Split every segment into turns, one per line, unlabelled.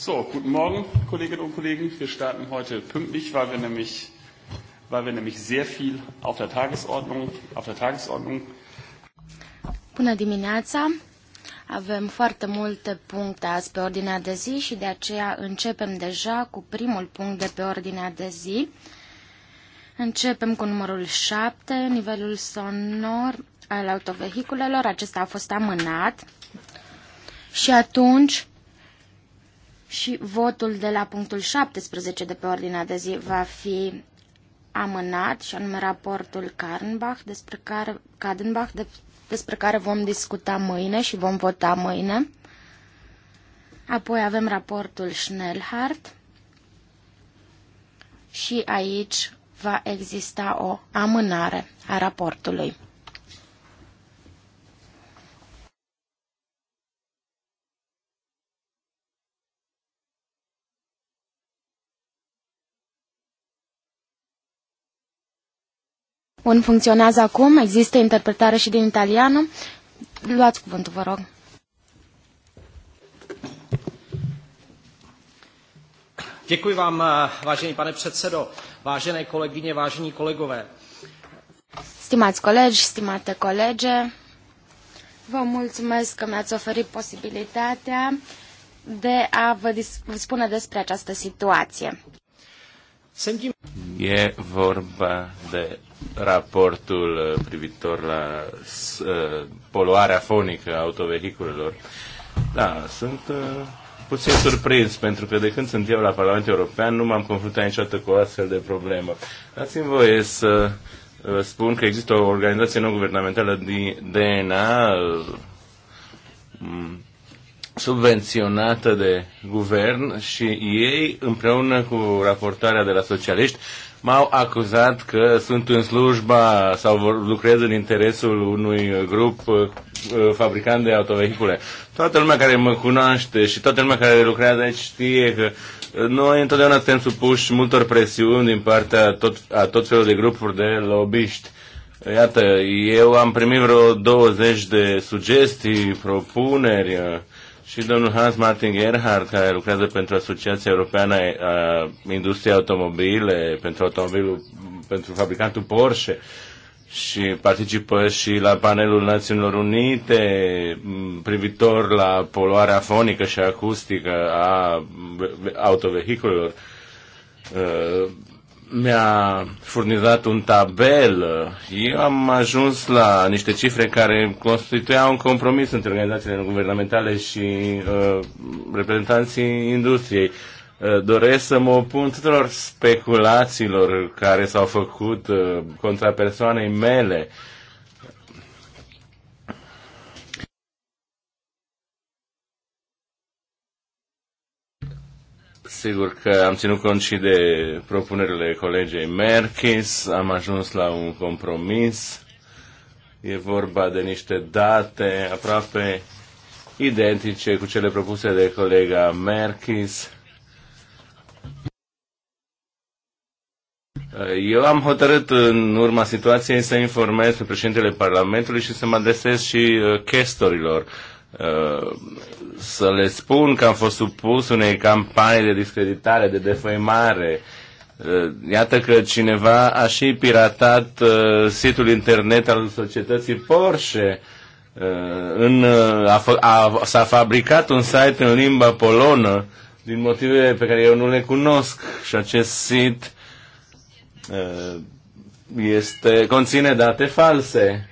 So, guten Morgen, Kolleginnen und Kollegen. Wir starten heute pünktlich, weil wir nämlich, weil wir nämlich sehr viel auf der Tagesordnung, auf der Tagesordnung.
Bună dimineața. Avem foarte multe puncte azi pe ordinea de zi și de aceea începem deja cu primul punct de pe ordinea de zi. Începem cu numărul 7, nivelul sonor al autovehiculelor. Acesta a fost amânat. Și atunci și votul de la punctul 17 de pe ordinea de zi va fi amânat, și anume raportul Karnbach, despre care, Kadenbach, de, despre care vom discuta mâine și vom vota mâine. Apoi avem raportul Schnellhardt și aici va exista o amânare a raportului. Un funcționează acum, există interpretare și din italiană. Luați cuvântul, vă rog. Děkuji vám, eh, vážený pane předsedo, vážené kolegyně, vážení kolegové. Stimați colegi, stimate colege, vă mulțumesc că mi-ați oferit posibilitatea de a vă spune despre această situație.
E vorba de raportul uh, privitor la uh, poluarea fonică a autovehiculelor. Da, sunt uh, puțin surprins, pentru că de când sunt eu la Parlamentul European nu m-am confruntat niciodată cu o astfel de problemă. Dați-mi voie să uh, spun că există o organizație non-guvernamentală, DNA, uh, subvenționată de guvern și ei, împreună cu raportarea de la socialiști, m-au acuzat că sunt în slujba sau lucrez în interesul unui grup uh, uh, fabricant de autovehicule. Toată lumea care mă cunoaște și toată lumea care lucrează aici știe că uh, noi întotdeauna suntem supuși multor presiuni din partea tot, a tot felul de grupuri de lobbyști. Iată, eu am primit vreo 20 de sugestii, propuneri, și domnul Hans Martin Gerhard, care lucrează pentru Asociația Europeană a Industriei Automobile, pentru automobilul, pentru fabricantul Porsche și participă și la panelul Națiunilor Unite privitor la poluarea fonică și acustică a autovehiculelor uh, mi-a furnizat un tabel. Eu am ajuns la niște cifre care constituiau un compromis între organizațiile guvernamentale și uh, reprezentanții industriei. Uh, doresc să mă opun tuturor speculațiilor care s-au făcut uh, contra persoanei mele. Uh, Sigur că am ținut cont și de propunerile colegei Merkis, am ajuns la un compromis. E vorba de niște date aproape identice cu cele propuse de colega Merkis. Eu am hotărât în urma situației să informez pe președintele Parlamentului și să mă adresez și uh, chestorilor. Uh, să le spun că am fost supus unei campanii de discreditare, de defăimare. Uh, iată că cineva a și piratat uh, situl internet al societății Porsche. În, a, a, s-a fabricat un site în limba polonă din motive pe care eu nu le cunosc și acest sit este, conține date false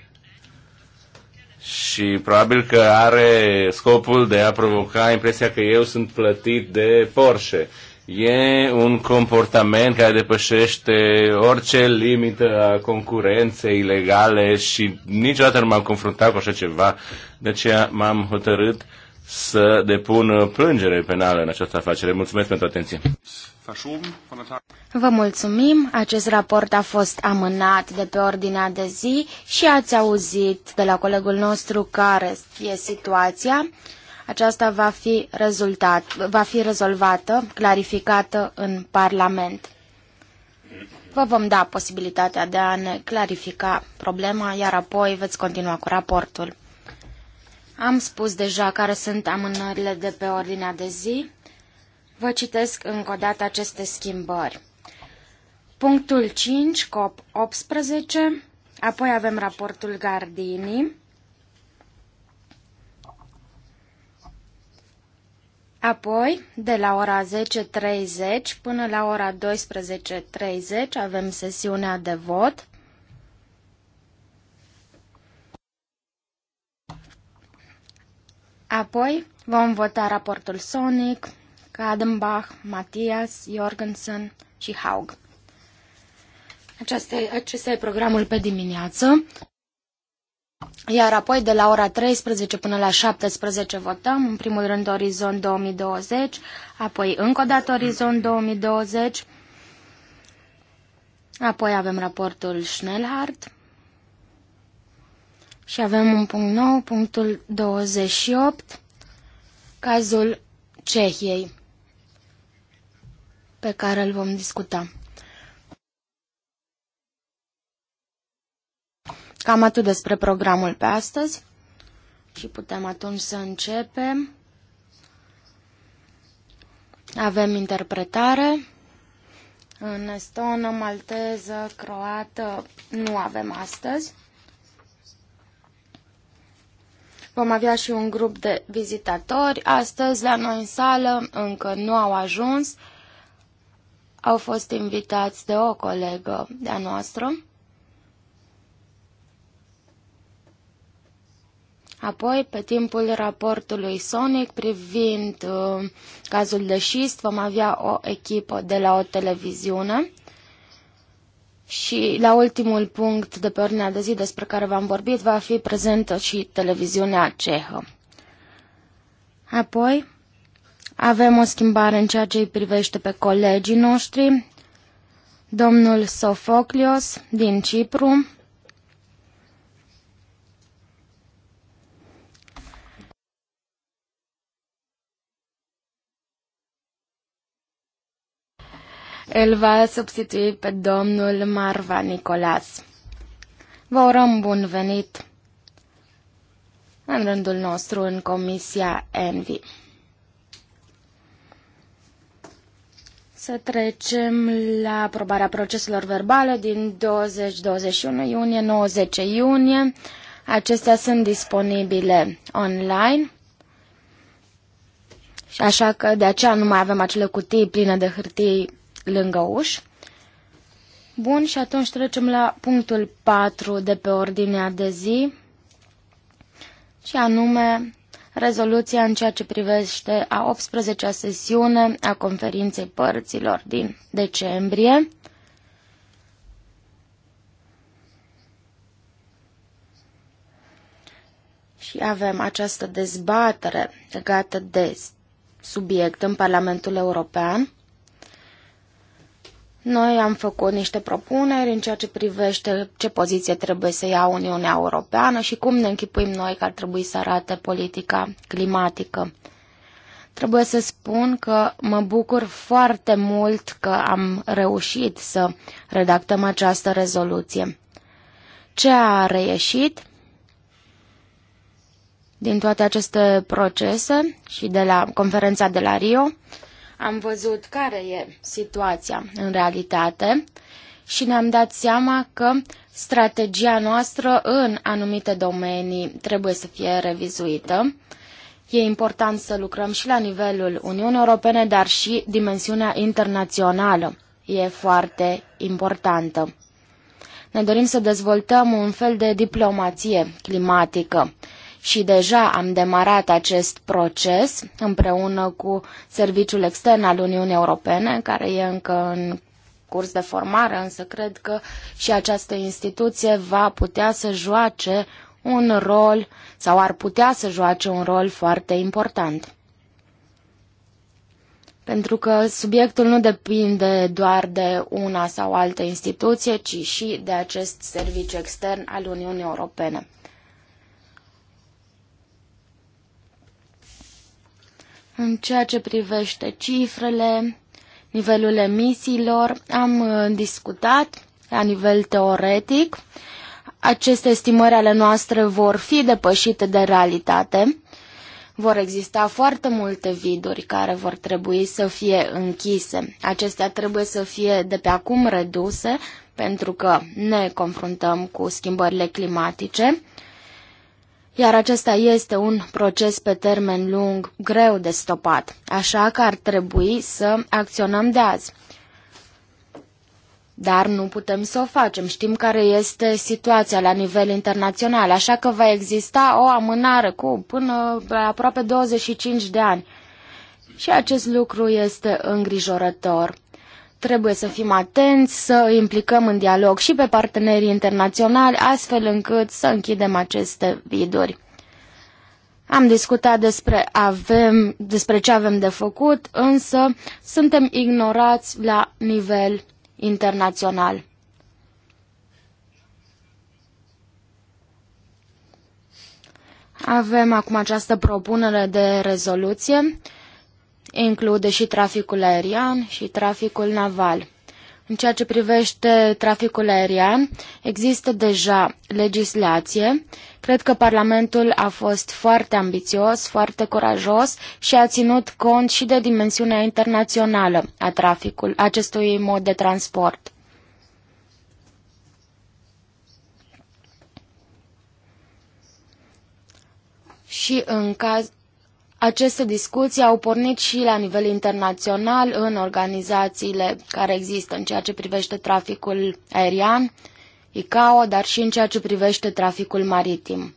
și probabil că are scopul de a provoca impresia că eu sunt plătit de Porsche. E un comportament care depășește orice limită a concurenței ilegale și niciodată nu m-am confruntat cu așa ceva. De aceea m-am hotărât să depun plângere penală în această afacere. Mulțumesc pentru atenție.
Vă mulțumim, acest raport a fost amânat de pe ordinea de zi și ați auzit de la colegul nostru care e situația. Aceasta va fi, rezultat, va fi rezolvată, clarificată în Parlament. Vă vom da posibilitatea de a ne clarifica problema, iar apoi veți continua cu raportul. Am spus deja care sunt amânările de pe ordinea de zi. Vă citesc încă o dată aceste schimbări. Punctul 5, COP 18, apoi avem raportul Gardini, apoi de la ora 10.30 până la ora 12.30 avem sesiunea de vot, apoi vom vota raportul Sonic, Kadenbach, Matias, Jorgensen și Haug. Aceasta, acesta e programul pe dimineață. Iar apoi de la ora 13 până la 17 votăm, în primul rând Orizont 2020, apoi încă o dată Orizont 2020, apoi avem raportul Schnellhardt și avem un punct nou, punctul 28, cazul Cehiei pe care îl vom discuta. Cam atât despre programul pe astăzi și putem atunci să începem. Avem interpretare. În estonă, malteză, croată nu avem astăzi. Vom avea și un grup de vizitatori. Astăzi la noi în sală încă nu au ajuns au fost invitați de o colegă de-a noastră. Apoi, pe timpul raportului Sonic privind uh, cazul de șist, vom avea o echipă de la o televiziune. Și la ultimul punct de pe ordinea de zi despre care v-am vorbit va fi prezentă și televiziunea cehă. Apoi, avem o schimbare în ceea ce îi privește pe colegii noștri. Domnul Sofoclios din Cipru. El va substitui pe domnul Marva Nicolas. Vă urăm bun venit în rândul nostru în Comisia Envi. Să trecem la aprobarea proceselor verbale din 20-21 iunie, 90 iunie. Acestea sunt disponibile online. Și Așa că de aceea nu mai avem acele cutii pline de hârtii lângă uși. Bun, și atunci trecem la punctul 4 de pe ordinea de zi, și anume rezoluția în ceea ce privește a 18-a sesiune a conferinței părților din decembrie. Și avem această dezbatere legată de subiect în Parlamentul European. Noi am făcut niște propuneri în ceea ce privește ce poziție trebuie să ia Uniunea Europeană și cum ne închipuim noi că ar trebui să arate politica climatică. Trebuie să spun că mă bucur foarte mult că am reușit să redactăm această rezoluție. Ce a reieșit din toate aceste procese și de la conferința de la Rio? Am văzut care e situația în realitate și ne-am dat seama că strategia noastră în anumite domenii trebuie să fie revizuită. E important să lucrăm și la nivelul Uniunii Europene, dar și dimensiunea internațională e foarte importantă. Ne dorim să dezvoltăm un fel de diplomație climatică și deja am demarat acest proces împreună cu Serviciul Extern al Uniunii Europene, care e încă în curs de formare, însă cred că și această instituție va putea să joace un rol sau ar putea să joace un rol foarte important. Pentru că subiectul nu depinde doar de una sau altă instituție, ci și de acest serviciu extern al Uniunii Europene. În ceea ce privește cifrele, nivelul emisiilor, am uh, discutat la nivel teoretic. Aceste estimări ale noastre vor fi depășite de realitate. Vor exista foarte multe viduri care vor trebui să fie închise. Acestea trebuie să fie de pe acum reduse pentru că ne confruntăm cu schimbările climatice iar acesta este un proces pe termen lung greu de stopat, așa că ar trebui să acționăm de azi. Dar nu putem să o facem. Știm care este situația la nivel internațional, așa că va exista o amânare cu până la aproape 25 de ani. Și acest lucru este îngrijorător. Trebuie să fim atenți, să implicăm în dialog și pe partenerii internaționali, astfel încât să închidem aceste viduri. Am discutat despre, avem, despre ce avem de făcut, însă suntem ignorați la nivel internațional. Avem acum această propunere de rezoluție include și traficul aerian și traficul naval. În ceea ce privește traficul aerian, există deja legislație. Cred că Parlamentul a fost foarte ambițios, foarte curajos și a ținut cont și de dimensiunea internațională a traficul acestui mod de transport. Și în caz aceste discuții au pornit și la nivel internațional în organizațiile care există în ceea ce privește traficul aerian, ICAO, dar și în ceea ce privește traficul maritim.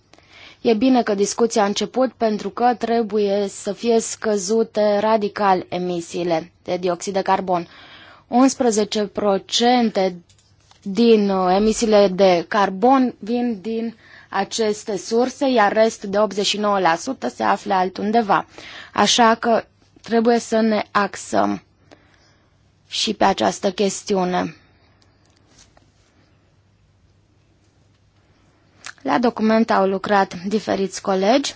E bine că discuția a început pentru că trebuie să fie scăzute radical emisiile de dioxid de carbon. 11% din uh, emisiile de carbon vin din aceste surse, iar rest de 89% se află altundeva. Așa că trebuie să ne axăm și pe această chestiune. La document au lucrat diferiți colegi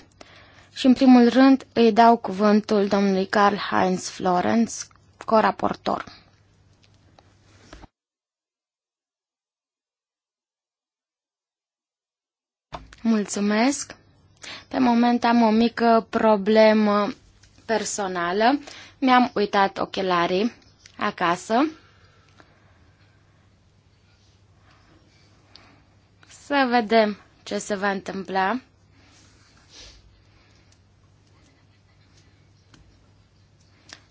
și în primul rând îi dau cuvântul domnului Karl Heinz Florenz, coraportor. Mulțumesc. Pe moment am o mică problemă personală. Mi-am uitat ochelarii acasă. Să vedem ce se va întâmpla.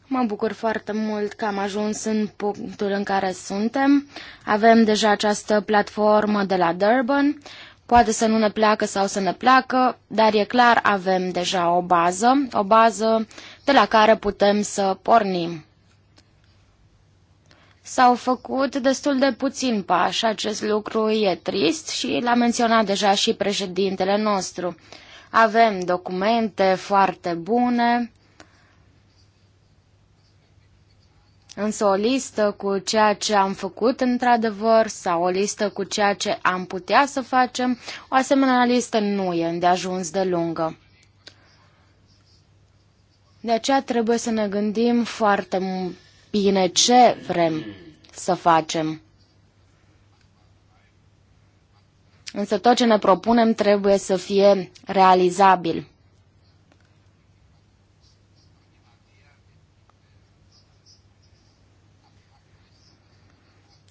Mă bucur foarte mult că am ajuns în punctul în care suntem. Avem deja această platformă de la Durban Poate să nu ne placă sau să ne placă, dar e clar avem deja o bază, o bază de la care putem să pornim. S-au făcut destul de puțin pași, acest lucru e trist și l-a menționat deja și președintele nostru. Avem documente foarte bune, Însă o listă cu ceea ce am făcut într-adevăr sau o listă cu ceea ce am putea să facem, o asemenea listă nu e îndeajuns de lungă. De aceea trebuie să ne gândim foarte bine ce vrem să facem. Însă tot ce ne propunem trebuie să fie realizabil.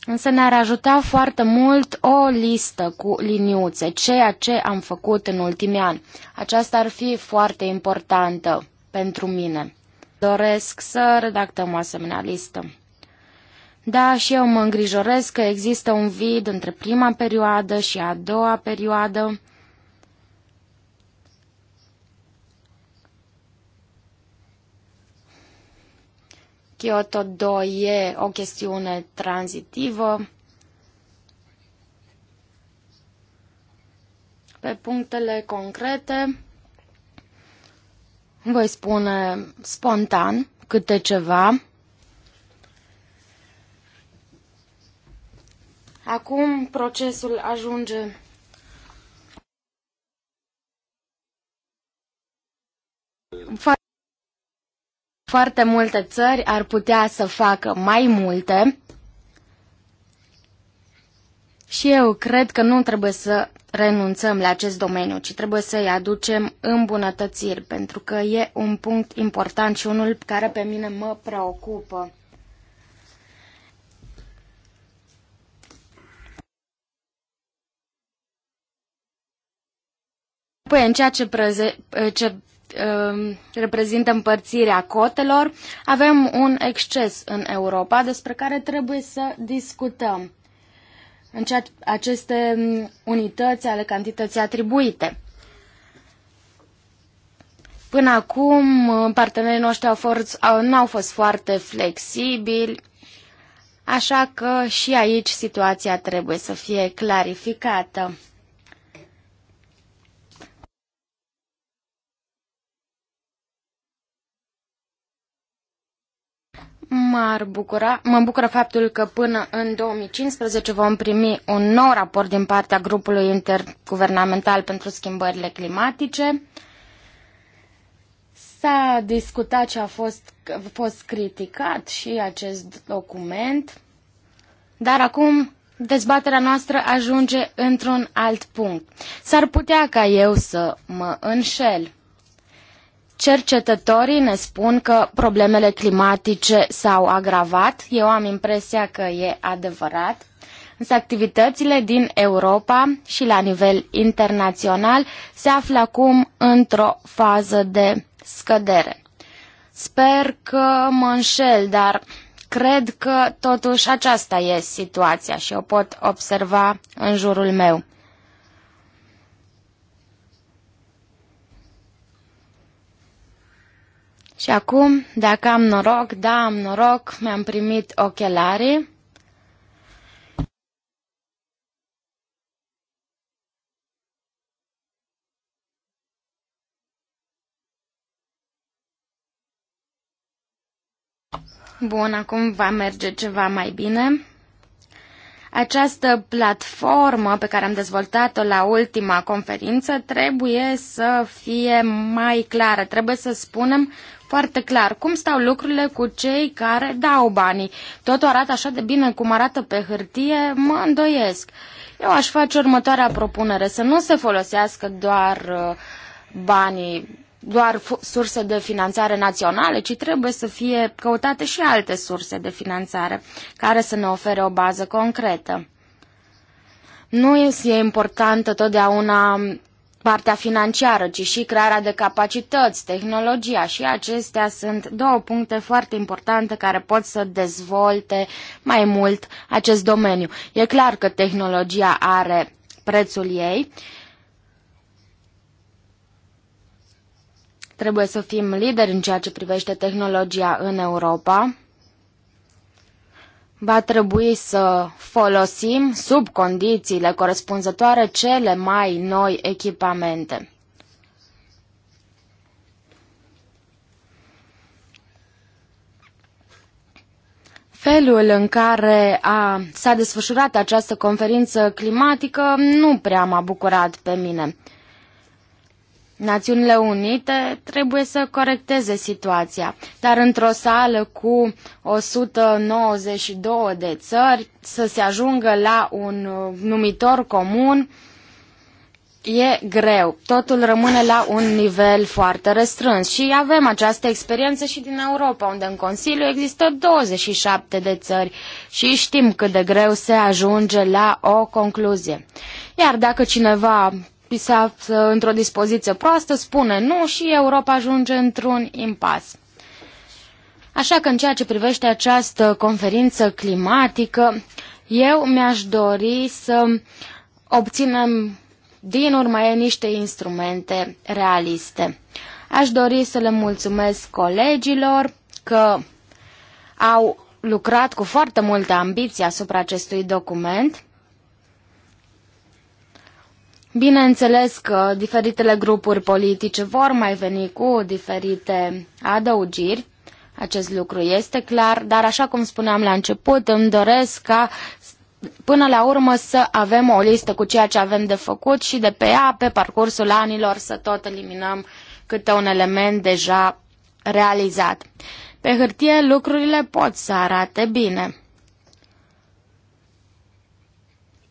Însă ne-ar ajuta foarte mult o listă cu liniuțe, ceea ce am făcut în ultimii ani. Aceasta ar fi foarte importantă pentru mine. Doresc să redactăm o asemenea listă. Da, și eu mă îngrijoresc că există un vid între prima perioadă și a doua perioadă. Kyoto 2 e o chestiune tranzitivă. Pe punctele concrete voi spune spontan câte ceva. Acum procesul ajunge foarte multe țări ar putea să facă mai multe și eu cred că nu trebuie să renunțăm la acest domeniu, ci trebuie să-i aducem îmbunătățiri, pentru că e un punct important și unul care pe mine mă preocupă. Păi, în ceea ce, preze, ce Um, reprezintă împărțirea cotelor, avem un exces în Europa despre care trebuie să discutăm în ceea, aceste um, unități ale cantității atribuite. Până acum, um, partenerii noștri au fost, au, nu au fost foarte flexibili, așa că și aici situația trebuie să fie clarificată. M-ar bucura, mă bucură faptul că până în 2015 vom primi un nou raport din partea grupului interguvernamental pentru schimbările climatice. S-a discutat și a fost, a fost criticat și acest document, dar acum dezbaterea noastră ajunge într-un alt punct. S-ar putea ca eu să mă înșel. Cercetătorii ne spun că problemele climatice s-au agravat. Eu am impresia că e adevărat. Însă activitățile din Europa și la nivel internațional se află acum într-o fază de scădere. Sper că mă înșel, dar cred că totuși aceasta e situația și o pot observa în jurul meu. Și acum, dacă am noroc, da, am noroc, mi-am primit ochelari. Bun, acum va merge ceva mai bine. Această platformă pe care am dezvoltat-o la ultima conferință trebuie să fie mai clară, trebuie să spunem foarte clar cum stau lucrurile cu cei care dau banii. Totul arată așa de bine cum arată pe hârtie, mă îndoiesc. Eu aș face următoarea propunere, să nu se folosească doar uh, banii doar surse de finanțare naționale, ci trebuie să fie căutate și alte surse de finanțare care să ne ofere o bază concretă. Nu este importantă totdeauna partea financiară, ci și crearea de capacități, tehnologia și acestea sunt două puncte foarte importante care pot să dezvolte mai mult acest domeniu. E clar că tehnologia are prețul ei Trebuie să fim lideri în ceea ce privește tehnologia în Europa. Va trebui să folosim, sub condițiile corespunzătoare, cele mai noi echipamente. Felul în care a, s-a desfășurat această conferință climatică nu prea m-a bucurat pe mine. Națiunile Unite trebuie să corecteze situația, dar într-o sală cu 192 de țări să se ajungă la un uh, numitor comun e greu. Totul rămâne la un nivel foarte restrâns și avem această experiență și din Europa, unde în Consiliu există 27 de țări și știm cât de greu se ajunge la o concluzie. Iar dacă cineva și se află uh, într-o dispoziție proastă, spune nu și Europa ajunge într-un impas. Așa că în ceea ce privește această conferință climatică, eu mi-aș dori să obținem din urmă niște instrumente realiste. Aș dori să le mulțumesc colegilor că au lucrat cu foarte multă ambiție asupra acestui document Bineînțeles că diferitele grupuri politice vor mai veni cu diferite adăugiri, acest lucru este clar, dar așa cum spuneam la început, îmi doresc ca până la urmă să avem o listă cu ceea ce avem de făcut și de pe ea, pe parcursul anilor, să tot eliminăm câte un element deja realizat. Pe hârtie lucrurile pot să arate bine.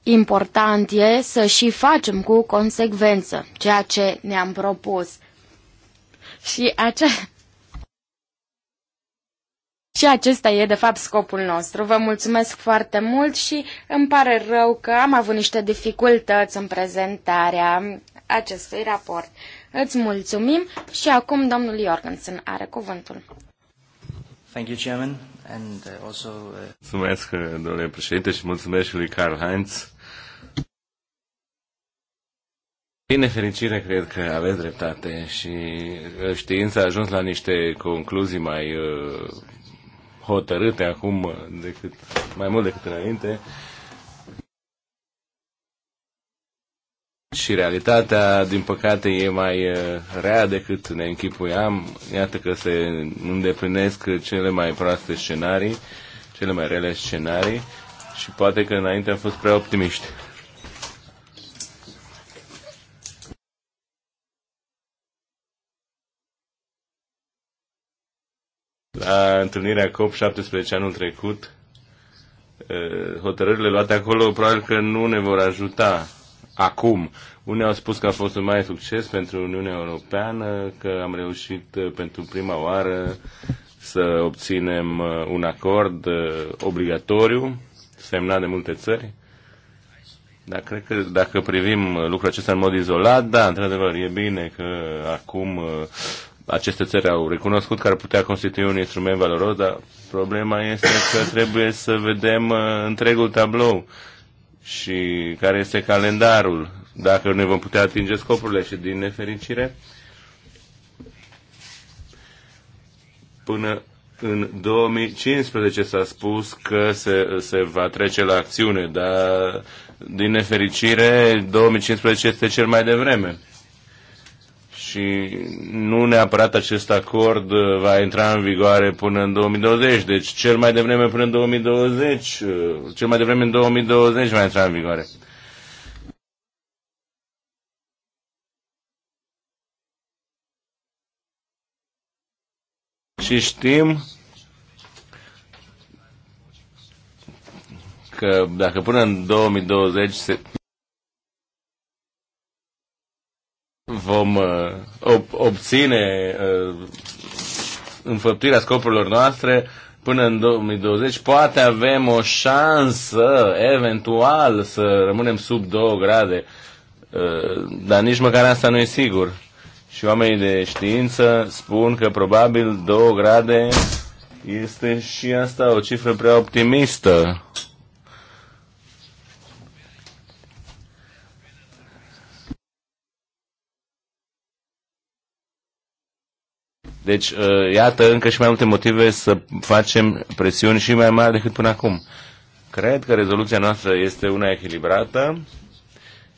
Important e să și facem cu consecvență ceea ce ne-am propus. Și, ace... și acesta e, de fapt, scopul nostru. Vă mulțumesc foarte mult și îmi pare rău că am avut niște dificultăți în prezentarea acestui raport. Îți mulțumim și acum domnul Jorgensen are cuvântul.
Thank you, Chairman and uh, also... Uh,
mulțumesc, uh, domnule președinte, și mulțumesc și lui Karl Heinz. Din nefericire, cred că aveți dreptate și știința a ajuns la niște concluzii mai hotărâte acum decât, mai mult decât înainte Și realitatea, din păcate, e mai uh, rea decât ne închipuiam. Iată că se îndeplinesc cele mai proaste scenarii, cele mai rele scenarii și poate că înainte am fost prea optimiști. La întâlnirea COP17 anul trecut, uh, hotărârile luate acolo probabil că nu ne vor ajuta acum. Unii au spus că a fost un mare succes pentru Uniunea Europeană, că am reușit uh, pentru prima oară să obținem uh, un acord uh, obligatoriu, semnat de multe țări. Dar cred că dacă privim lucrul acesta în mod izolat, da, într-adevăr, e bine că acum aceste țări au recunoscut că ar putea constitui un instrument valoros, dar problema este că trebuie să vedem întregul tablou și care este calendarul, dacă ne vom putea atinge scopurile și din nefericire, până în 2015 s-a spus că se, se va trece la acțiune, dar din nefericire 2015 este cel mai devreme și nu neapărat acest acord uh, va intra în vigoare până în 2020, deci cel mai devreme până în 2020, uh, cel mai devreme în 2020 va intra în vigoare. Și știm că dacă până în 2020 se vom uh, ob obține uh, înfăptuirea scopurilor noastre până în 2020, poate avem o șansă, eventual, să rămânem sub 2 grade, uh, dar nici măcar asta nu e sigur. Și oamenii de știință spun că probabil 2 grade este și asta o cifră prea optimistă Deci, uh, iată, încă și mai multe motive să facem presiuni și mai mari decât până acum. Cred că rezoluția noastră este una echilibrată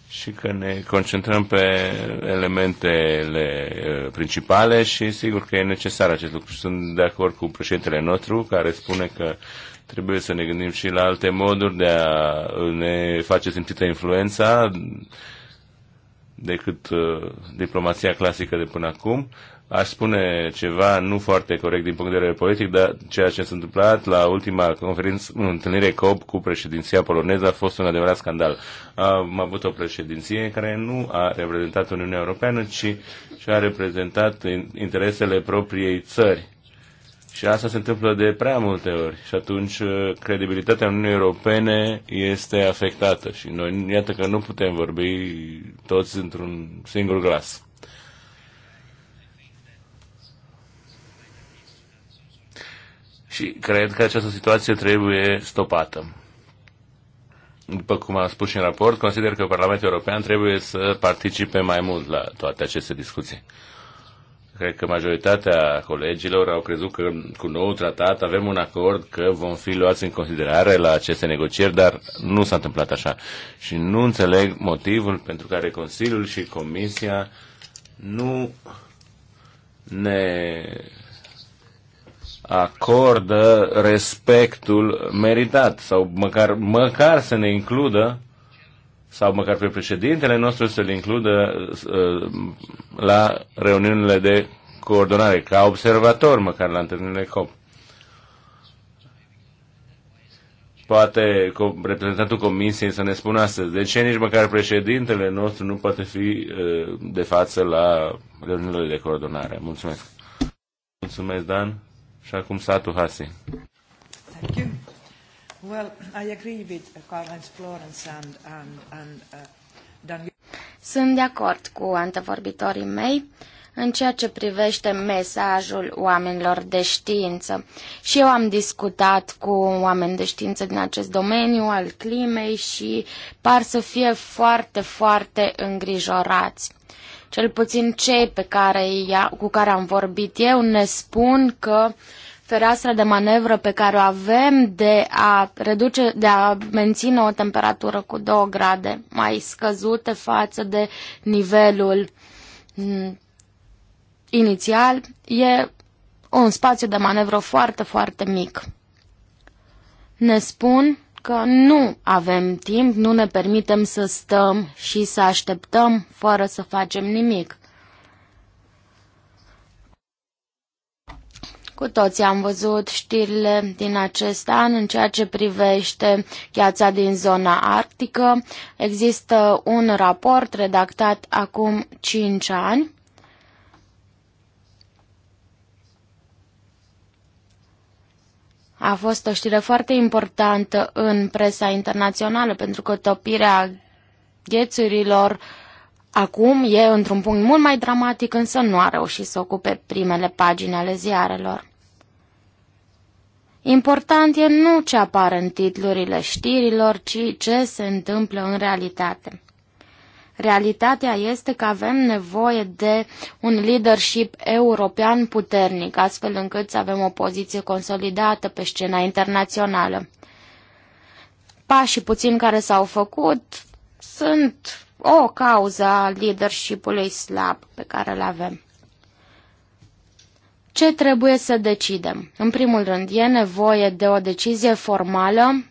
și că ne concentrăm pe elementele uh, principale și sigur că e necesar acest lucru. Sunt de acord cu președintele nostru care spune că trebuie să ne gândim și la alte moduri de a ne face simțită influența decât uh, diplomația clasică de până acum aș spune ceva nu foarte corect din punct de vedere politic, dar ceea ce s-a întâmplat la ultima conferință, întâlnire COP cu președinția poloneză a fost un adevărat scandal. Am avut o președinție care nu a reprezentat Uniunea Europeană, ci și-a reprezentat interesele propriei țări. Și asta se întâmplă de prea multe ori. Și atunci uh, credibilitatea Uniunii Europene este afectată. Și noi, iată că nu putem vorbi toți într-un singur glas. Și cred că această situație trebuie stopată. După cum am spus și în raport, consider că Parlamentul European trebuie să participe mai mult la toate aceste discuții. Cred că majoritatea colegilor au crezut că cu noul tratat avem un acord că vom fi luați în considerare la aceste negocieri, dar nu s-a întâmplat așa. Și nu înțeleg motivul pentru care Consiliul și Comisia nu ne acordă respectul meritat sau măcar, măcar să ne includă sau măcar pe președintele nostru să-l includă uh, la reuniunile de coordonare, ca observator măcar la întâlnirile COP. Poate reprezentantul Comisiei să ne spună astăzi de ce nici măcar președintele nostru nu poate fi uh, de față la reuniunile de coordonare. Mulțumesc! Mulțumesc, Dan! Și acum Satu Hasi.
Thank you. Well, I agree with Karl-Heinz Florence and, and, and uh, Daniel.
Sunt de acord cu antevorbitorii mei în ceea ce privește mesajul oamenilor de știință. Și eu am discutat cu oameni de știință din acest domeniu al climei și par să fie foarte, foarte îngrijorați. Cel puțin cei pe care ia, cu care am vorbit eu ne spun că fereastra de manevră pe care o avem de a, reduce, de a menține o temperatură cu 2 grade mai scăzute față de nivelul mm, inițial e un spațiu de manevră foarte, foarte mic. Ne spun că nu avem timp, nu ne permitem să stăm și să așteptăm fără să facem nimic. Cu toții am văzut știrile din acest an în ceea ce privește gheața din zona arctică. Există un raport redactat acum 5 ani A fost o știre foarte importantă în presa internațională pentru că topirea ghețurilor acum e într-un punct mult mai dramatic, însă nu a reușit să ocupe primele pagini ale ziarelor. Important e nu ce apare în titlurile știrilor, ci ce se întâmplă în realitate. Realitatea este că avem nevoie de un leadership european puternic, astfel încât să avem o poziție consolidată pe scena internațională. Pașii puțin care s-au făcut sunt o cauză leadership-ului slab pe care îl avem. Ce trebuie să decidem? În primul rând, e nevoie de o decizie formală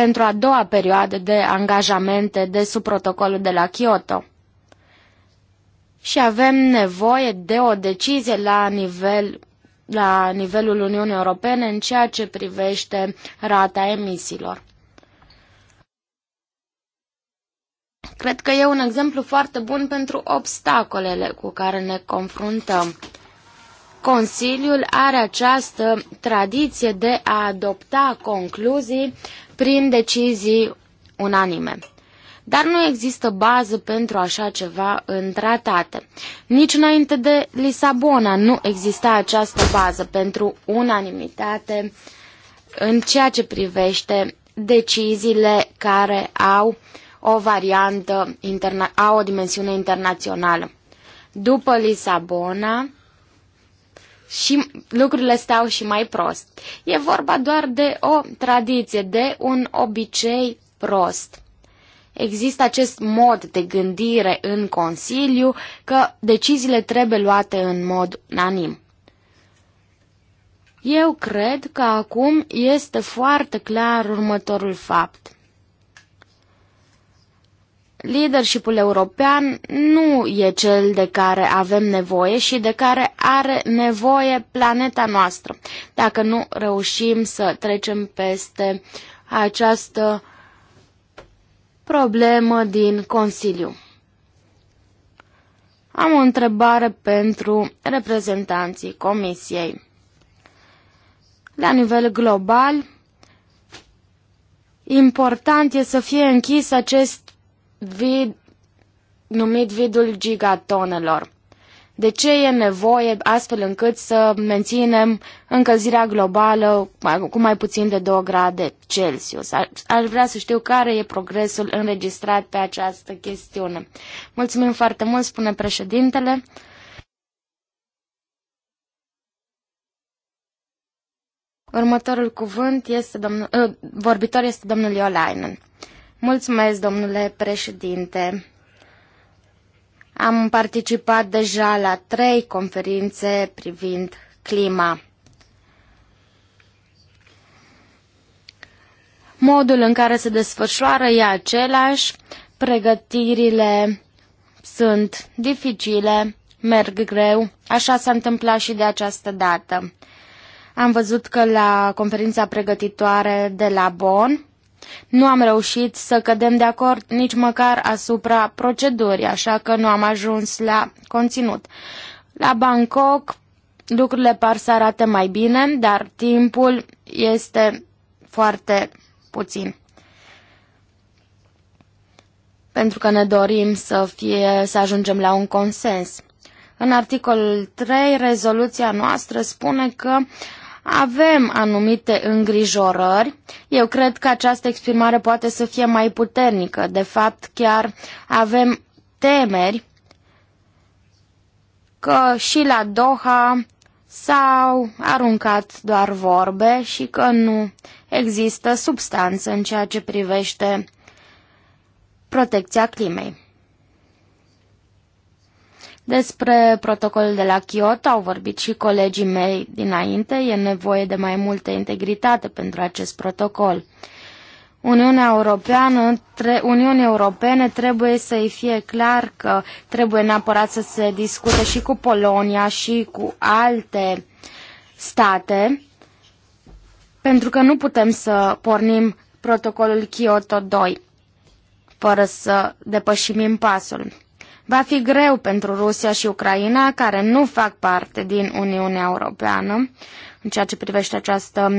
pentru a doua perioadă de angajamente de sub protocolul de la Kyoto. Și avem nevoie de o decizie la, nivel, la nivelul Uniunii Europene în ceea ce privește rata emisiilor. Cred că e un exemplu foarte bun pentru obstacolele cu care ne confruntăm. Consiliul are această tradiție de a adopta concluzii prin decizii unanime. Dar nu există bază pentru așa ceva în tratate. Nici înainte de Lisabona nu exista această bază pentru unanimitate în ceea ce privește deciziile care au o variantă, au o dimensiune internațională. După Lisabona, și lucrurile stau și mai prost. E vorba doar de o tradiție, de un obicei prost. Există acest mod de gândire în Consiliu că deciziile trebuie luate în mod unanim. Eu cred că acum este foarte clar următorul fapt. Leadershipul european nu e cel de care avem nevoie și de care are nevoie planeta noastră, dacă nu reușim să trecem peste această problemă din Consiliu. Am o întrebare pentru reprezentanții Comisiei. La nivel global, important e să fie închis acest vid, numit vidul gigatonelor. De ce e nevoie astfel încât să menținem încălzirea globală cu mai puțin de 2 grade Celsius? Aș vrea să știu care e progresul înregistrat pe această chestiune. Mulțumim foarte mult, spune președintele. Următorul cuvânt este domnul, uh, vorbitor este domnul Iolainen. Mulțumesc, domnule președinte. Am participat deja la trei conferințe privind clima. Modul în care se desfășoară e același, pregătirile sunt dificile, merg greu, așa s-a întâmplat și de această dată. Am văzut că la conferința pregătitoare de la Bonn, nu am reușit să cădem de acord nici măcar asupra procedurii, așa că nu am ajuns la conținut. La Bangkok lucrurile par să arate mai bine, dar timpul este foarte puțin. Pentru că ne dorim să, fie, să ajungem la un consens. În articolul 3, rezoluția noastră spune că uh, avem anumite îngrijorări. Eu cred că această exprimare poate să fie mai puternică. De fapt, chiar avem temeri că și la Doha s-au aruncat doar vorbe și că nu există substanță în ceea ce privește protecția climei. Despre protocolul de la Kyoto au vorbit și colegii mei dinainte. E nevoie de mai multă integritate pentru acest protocol. Uniunea Europeană, tre, Uniunii Europene trebuie să i fie clar că trebuie neapărat să se discute și cu Polonia și cu alte state, pentru că nu putem să pornim protocolul Kyoto 2 fără să depășim impasul. Va fi greu pentru Rusia și Ucraina, care nu fac parte din Uniunea Europeană, în ceea ce privește această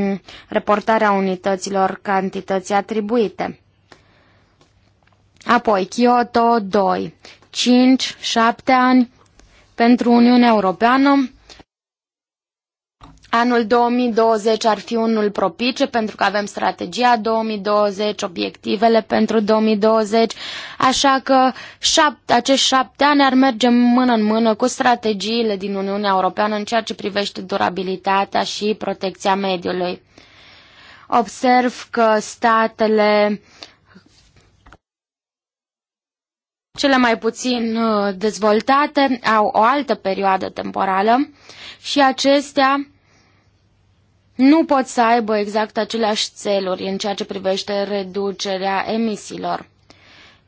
reportare a unităților cantității atribuite. Apoi, Kyoto 2, 5-7 ani pentru Uniunea Europeană, Anul 2020 ar fi unul propice pentru că avem strategia 2020, obiectivele pentru 2020, așa că șapte, acești șapte ani ar merge mână în mână cu strategiile din Uniunea Europeană în ceea ce privește durabilitatea și protecția mediului. Observ că statele cele mai puțin uh, dezvoltate au o altă perioadă temporală și acestea nu pot să aibă exact aceleași țeluri în ceea ce privește reducerea emisiilor.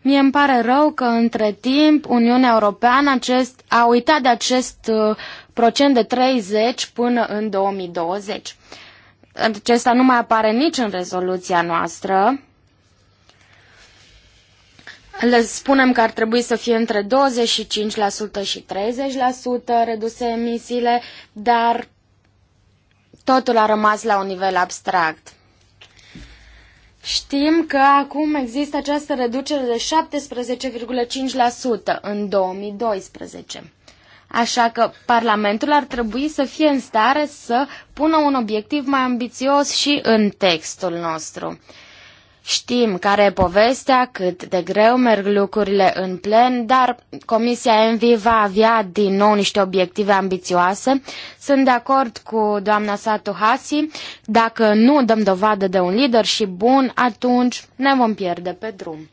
Mie îmi pare rău că între timp Uniunea Europeană acest, a uitat de acest uh, procent de 30 până în 2020. Acesta nu mai apare nici în rezoluția noastră. Le spunem că ar trebui să fie între 25% și 30% reduse emisiile, dar totul a rămas la un nivel abstract. Știm că acum există această reducere de 17,5% în 2012. Așa că Parlamentul ar trebui să fie în stare să pună un obiectiv mai ambițios și în textul nostru. Știm care e povestea, cât de greu merg lucrurile în plen, dar Comisia Envi va avea din nou niște obiective ambițioase. Sunt de acord cu doamna Satu Hasi, dacă nu dăm dovadă de un lider și bun, atunci ne vom pierde pe drum.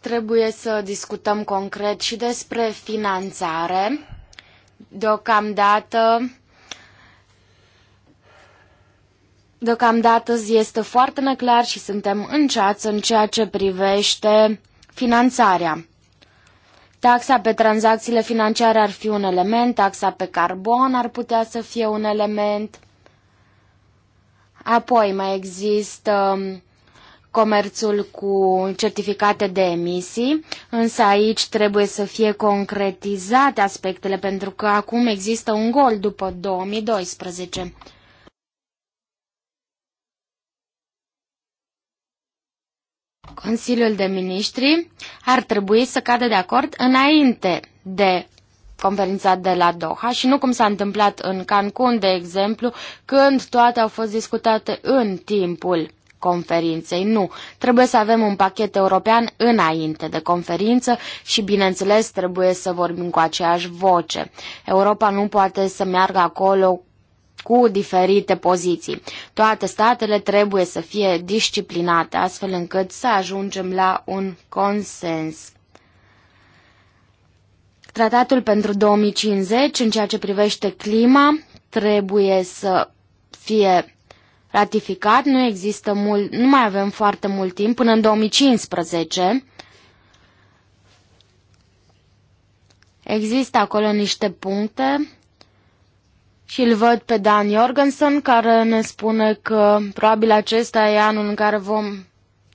Trebuie să discutăm concret și despre finanțare. Deocamdată, Deocamdată este foarte neclar și suntem în ceață în ceea ce privește finanțarea. Taxa pe tranzacțiile financiare ar fi un element, taxa pe carbon ar putea să fie un element. Apoi mai există um, comerțul cu certificate de emisii, însă aici trebuie să fie concretizate aspectele pentru că acum există un gol după 2012. Consiliul de Ministri ar trebui să cadă de acord înainte de conferința de la Doha și nu cum s-a întâmplat în Cancun, de exemplu, când toate au fost discutate în timpul conferinței. Nu, trebuie să avem un pachet european înainte de conferință și, bineînțeles, trebuie să vorbim cu aceeași voce. Europa nu poate să meargă acolo cu diferite poziții. Toate statele trebuie să fie disciplinate astfel încât să ajungem la un consens. Tratatul pentru 2050 în ceea ce privește clima trebuie să fie ratificat. Nu există mult, nu mai avem foarte mult timp până în 2015. Există acolo niște puncte și îl văd pe Dan Jorgensen care ne spune că probabil acesta e anul în care vom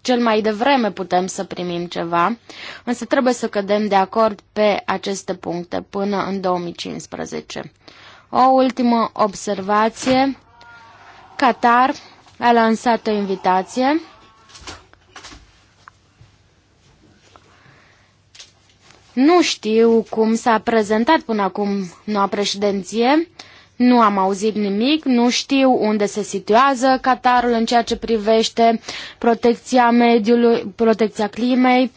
cel mai devreme putem să primim ceva, însă trebuie să cădem de acord pe aceste puncte până în 2015. O ultimă observație. Qatar a lansat o invitație Nu știu cum s-a prezentat până acum noua președinție, nu am auzit nimic, nu știu unde se situează Qatarul în ceea ce privește protecția mediului, protecția climei.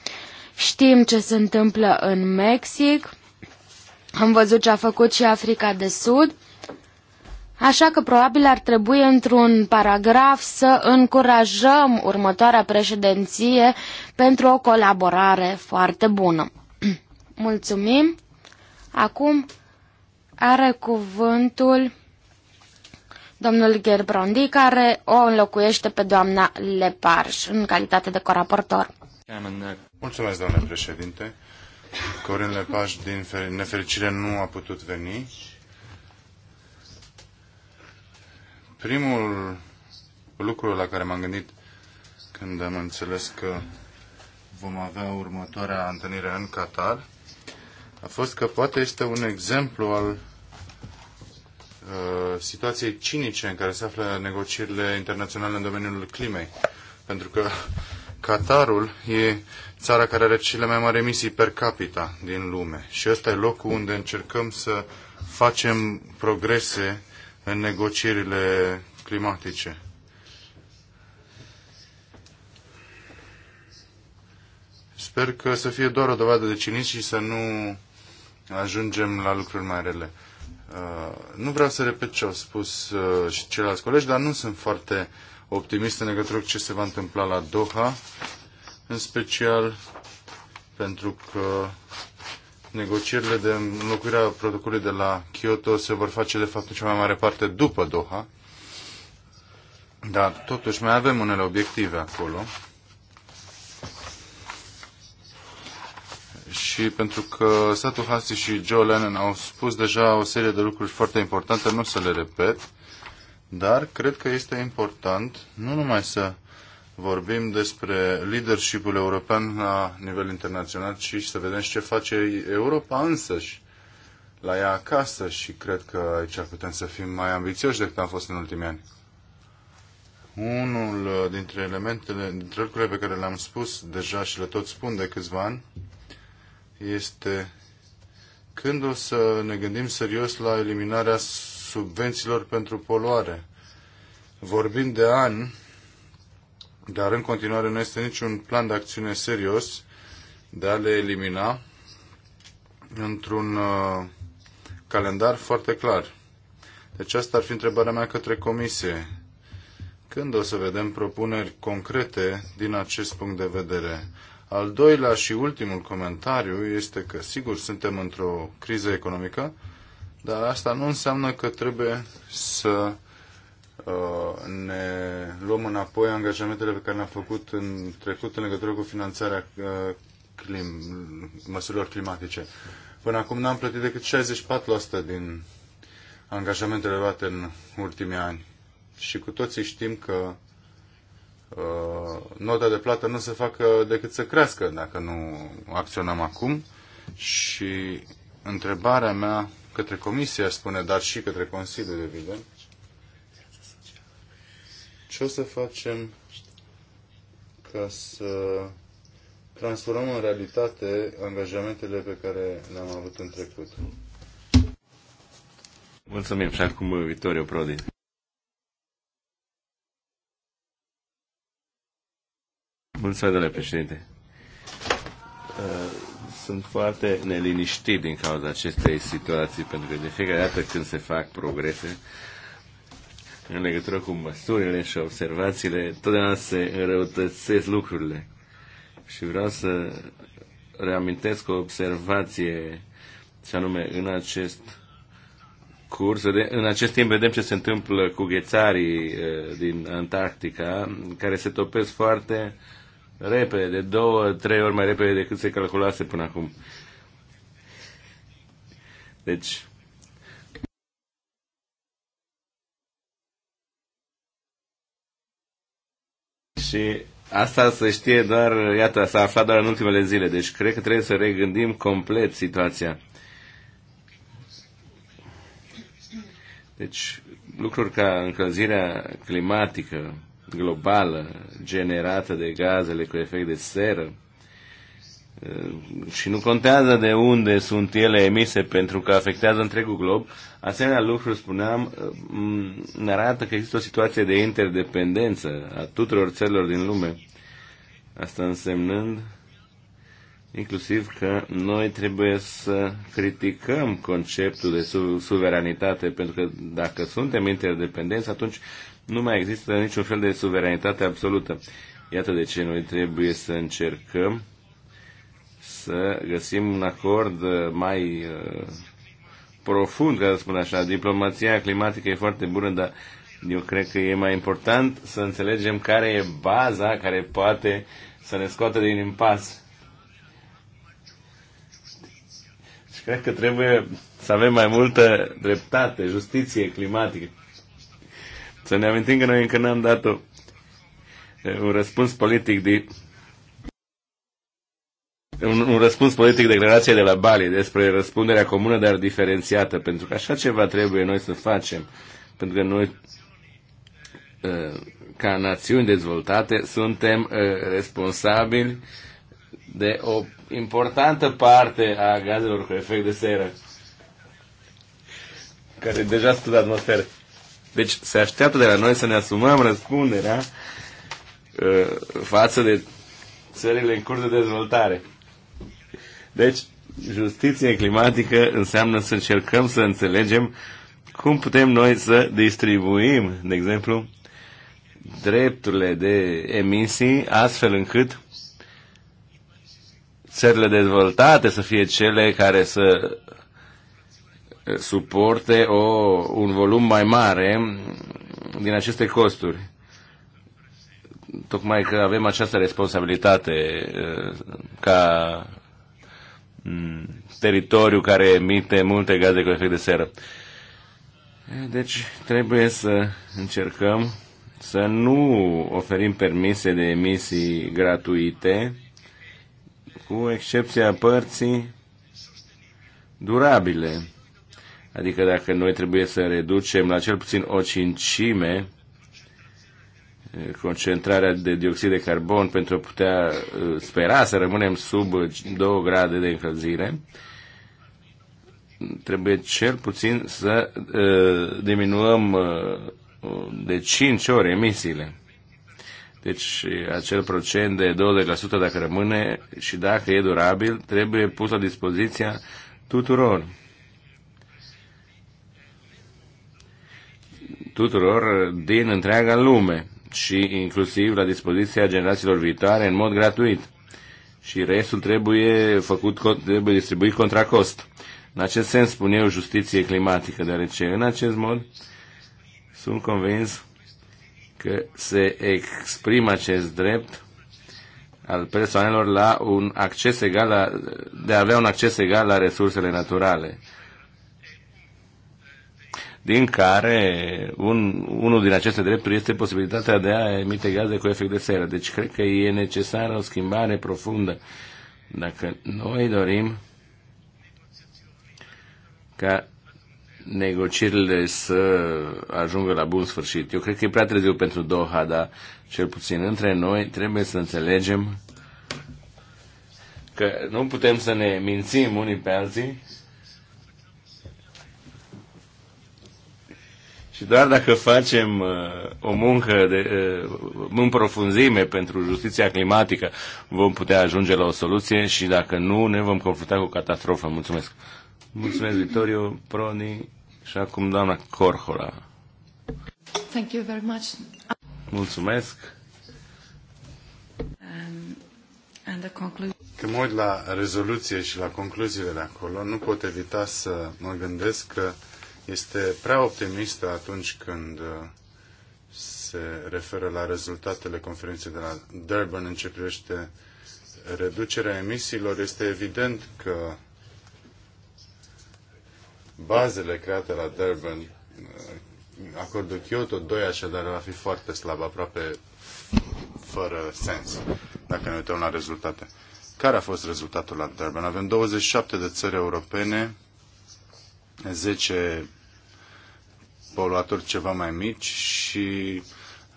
Știm ce se întâmplă în Mexic. Am văzut ce a făcut și Africa de Sud. Așa că probabil ar trebui într-un paragraf să încurajăm următoarea președinție pentru o colaborare foarte bună. Mulțumim! Acum are cuvântul domnul Gerbrandi, care o înlocuiește pe doamna Leparș în calitate de coraportor.
Mulțumesc, doamne președinte. Corin Lepaș, din nefericire, nu a putut veni. Primul lucru la care m-am gândit când am înțeles că vom avea următoarea întâlnire în Qatar a fost că poate este un exemplu al uh, situației cinice în care se află negocierile internaționale în domeniul climei. Pentru că Qatarul e țara care are cele mai mari emisii per capita din lume. Și ăsta e locul unde încercăm să facem progrese în negocierile climatice. Sper că să fie doar o dovadă de cinism și să nu ajungem la lucruri mai rele. Uh, nu vreau să repet ce au spus uh, și ceilalți colegi, dar nu sunt foarte optimist în legătură cu ce se va întâmpla la Doha, în special pentru că negocierile de înlocuirea protocolului de la Kyoto se vor face de fapt în cea mai mare parte după Doha, dar totuși mai avem unele obiective acolo și pentru că Satu Hasi și Joe Lennon au spus deja o serie de lucruri foarte importante, nu să le repet, dar cred că este important nu numai să vorbim despre leadership-ul european la nivel internațional, ci să vedem și ce face Europa însăși la ea acasă și cred că aici putem să fim mai ambițioși decât am fost în ultimii ani. Unul dintre elementele, dintre lucrurile pe care le-am spus deja și le tot spun de câțiva ani, este când o să ne gândim serios la eliminarea subvențiilor pentru poluare. Vorbim de ani, dar în continuare nu este niciun plan de acțiune serios de a le elimina într-un uh, calendar foarte clar. Deci asta ar fi întrebarea mea către comisie. Când o să vedem propuneri concrete din acest punct de vedere? Al doilea și ultimul comentariu este că, sigur, suntem într-o criză economică, dar asta nu înseamnă că trebuie să uh, ne luăm înapoi angajamentele pe care le-am făcut în trecut în legătură cu finanțarea uh, clim, măsurilor climatice. Până acum n-am plătit decât 64% din angajamentele luate în ultimii ani și cu toții știm că Uh, nota de plată nu se facă decât să crească dacă nu acționăm acum. Și întrebarea mea către Comisie, spune, dar și către Consiliu, evident, ce o să facem ca să transformăm în realitate angajamentele pe care le-am avut în trecut?
Mulțumim și acum Vitorio Prodi. Mulțumesc, domnule președinte. Uh, sunt foarte neliniștit din cauza acestei situații, pentru că de fiecare dată când se fac progrese, în legătură cu măsurile și observațiile, totdeauna se înrăutățesc lucrurile. Și vreau să reamintesc o observație, și anume, în acest curs, de, în acest timp vedem ce se întâmplă cu ghețarii uh, din Antarctica, care se topesc foarte repede, de două, trei ori mai repede decât se calculase până acum. Deci, Și asta se știe doar, iată, s-a aflat doar în ultimele zile, deci cred că trebuie să regândim complet situația. Deci, lucruri ca încălzirea climatică, globală generată de gazele cu efect de seră și nu contează de unde sunt ele emise pentru că afectează întregul glob, asemenea lucruri, spuneam, ne arată că există o situație de interdependență a tuturor țărilor din lume. Asta însemnând inclusiv că noi trebuie să criticăm conceptul de su- suveranitate, pentru că dacă suntem interdependenți, atunci nu mai există niciun fel de suveranitate absolută. Iată de ce noi trebuie să încercăm să găsim un acord uh, mai uh, profund, ca să spun așa. Diplomația climatică e foarte bună, dar eu cred că e mai important să înțelegem care e baza care poate să ne scoată din impas. Și cred că trebuie să avem mai multă dreptate, justiție climatică. Să ne amintim că noi încă n-am dat un răspuns politic de un, un răspuns politic declarației de la Bali despre răspunderea comună, dar diferențiată, pentru că așa ceva trebuie noi să facem, pentru că noi ca națiuni dezvoltate suntem responsabili de o importantă parte a gazelor cu efect de seră care deja sunt atmosferă. Deci se așteaptă de la noi să ne asumăm răspunderea uh, față de țările în curs de dezvoltare. Deci, justiție climatică înseamnă să încercăm să înțelegem cum putem noi să distribuim, de exemplu, drepturile de emisii astfel încât țările dezvoltate să fie cele care să suporte o, un volum mai mare din aceste costuri. Tocmai că avem această responsabilitate uh, ca mm, teritoriu care emite multe gaze cu efect de seră. Deci trebuie să încercăm să nu oferim permise de emisii gratuite, cu excepția părții durabile Adică dacă noi trebuie să reducem la cel puțin o cincime concentrarea de dioxid de carbon pentru a putea spera să rămânem sub 2 grade de încălzire, trebuie cel puțin să diminuăm de 5 ori emisiile. Deci acel procent de 20% dacă rămâne și dacă e durabil, trebuie pus la dispoziția tuturor. tuturor din întreaga lume și inclusiv la dispoziția generațiilor viitoare în mod gratuit. Și restul trebuie făcut, trebuie distribuit contra cost. În acest sens spun eu justiție climatică, deoarece în acest mod sunt convins că se exprimă acest drept al persoanelor la un acces egal la, de a avea un acces egal la resursele naturale din care un, unul din aceste drepturi este posibilitatea de a emite gaze cu efect de seră. Deci cred că e necesară o schimbare profundă. Dacă noi dorim ca negocierile să ajungă la bun sfârșit. Eu cred că e prea târziu pentru Doha, dar cel puțin între noi trebuie să înțelegem că nu putem să ne mințim unii pe alții Și doar dacă facem uh, o muncă de, uh, în profunzime pentru justiția climatică, vom putea ajunge la o soluție și dacă nu, ne vom confrunta cu o catastrofă. Mulțumesc! Mulțumesc, Vittorio Proni și acum doamna Corhola.
Thank you very much. Mulțumesc! Um, and the Când mă uit la rezoluție și la concluziile de acolo, nu pot evita să mă gândesc că este prea optimistă atunci când uh, se referă la rezultatele conferinței de la Durban în ce privește reducerea emisiilor. Este evident că bazele create la Durban, uh, acordul Kyoto 2 așadar va fi foarte slab, aproape fără sens, dacă ne uităm la rezultate. Care a fost rezultatul la Durban? Avem 27 de țări europene, 10 poluatori ceva mai mici și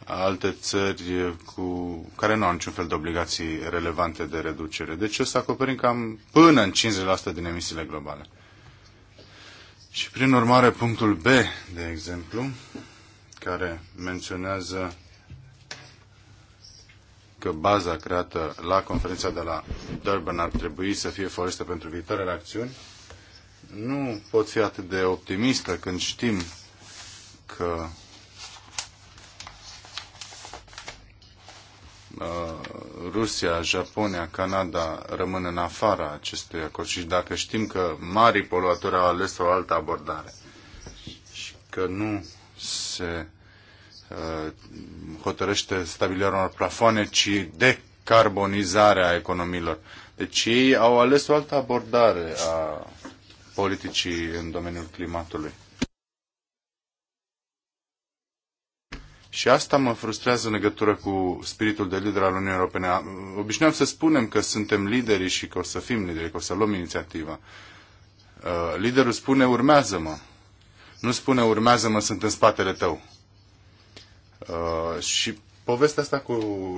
alte țări cu, care nu au niciun fel de obligații relevante de reducere. Deci o să acoperim cam până în 50% din emisiile globale. Și prin urmare, punctul B, de exemplu, care menționează că baza creată la conferința de la Durban ar trebui să fie folosită pentru viitoarele acțiuni, nu pot fi atât de optimistă când știm că uh, Rusia, Japonia, Canada rămân în afara acestui acord și dacă știm că mari poluatori au ales o altă abordare și că nu se uh, hotărăște stabilirea unor plafoane, ci decarbonizarea economiilor. Deci ei au ales o altă abordare a politicii în domeniul climatului. Și asta mă frustrează în legătură cu spiritul de lider al Uniunii Europene. Obișnuiam să spunem că suntem lideri și că o să fim lideri, că o să luăm inițiativa. Uh, liderul spune urmează-mă. Nu spune urmează-mă, sunt în spatele tău. Uh, și povestea asta cu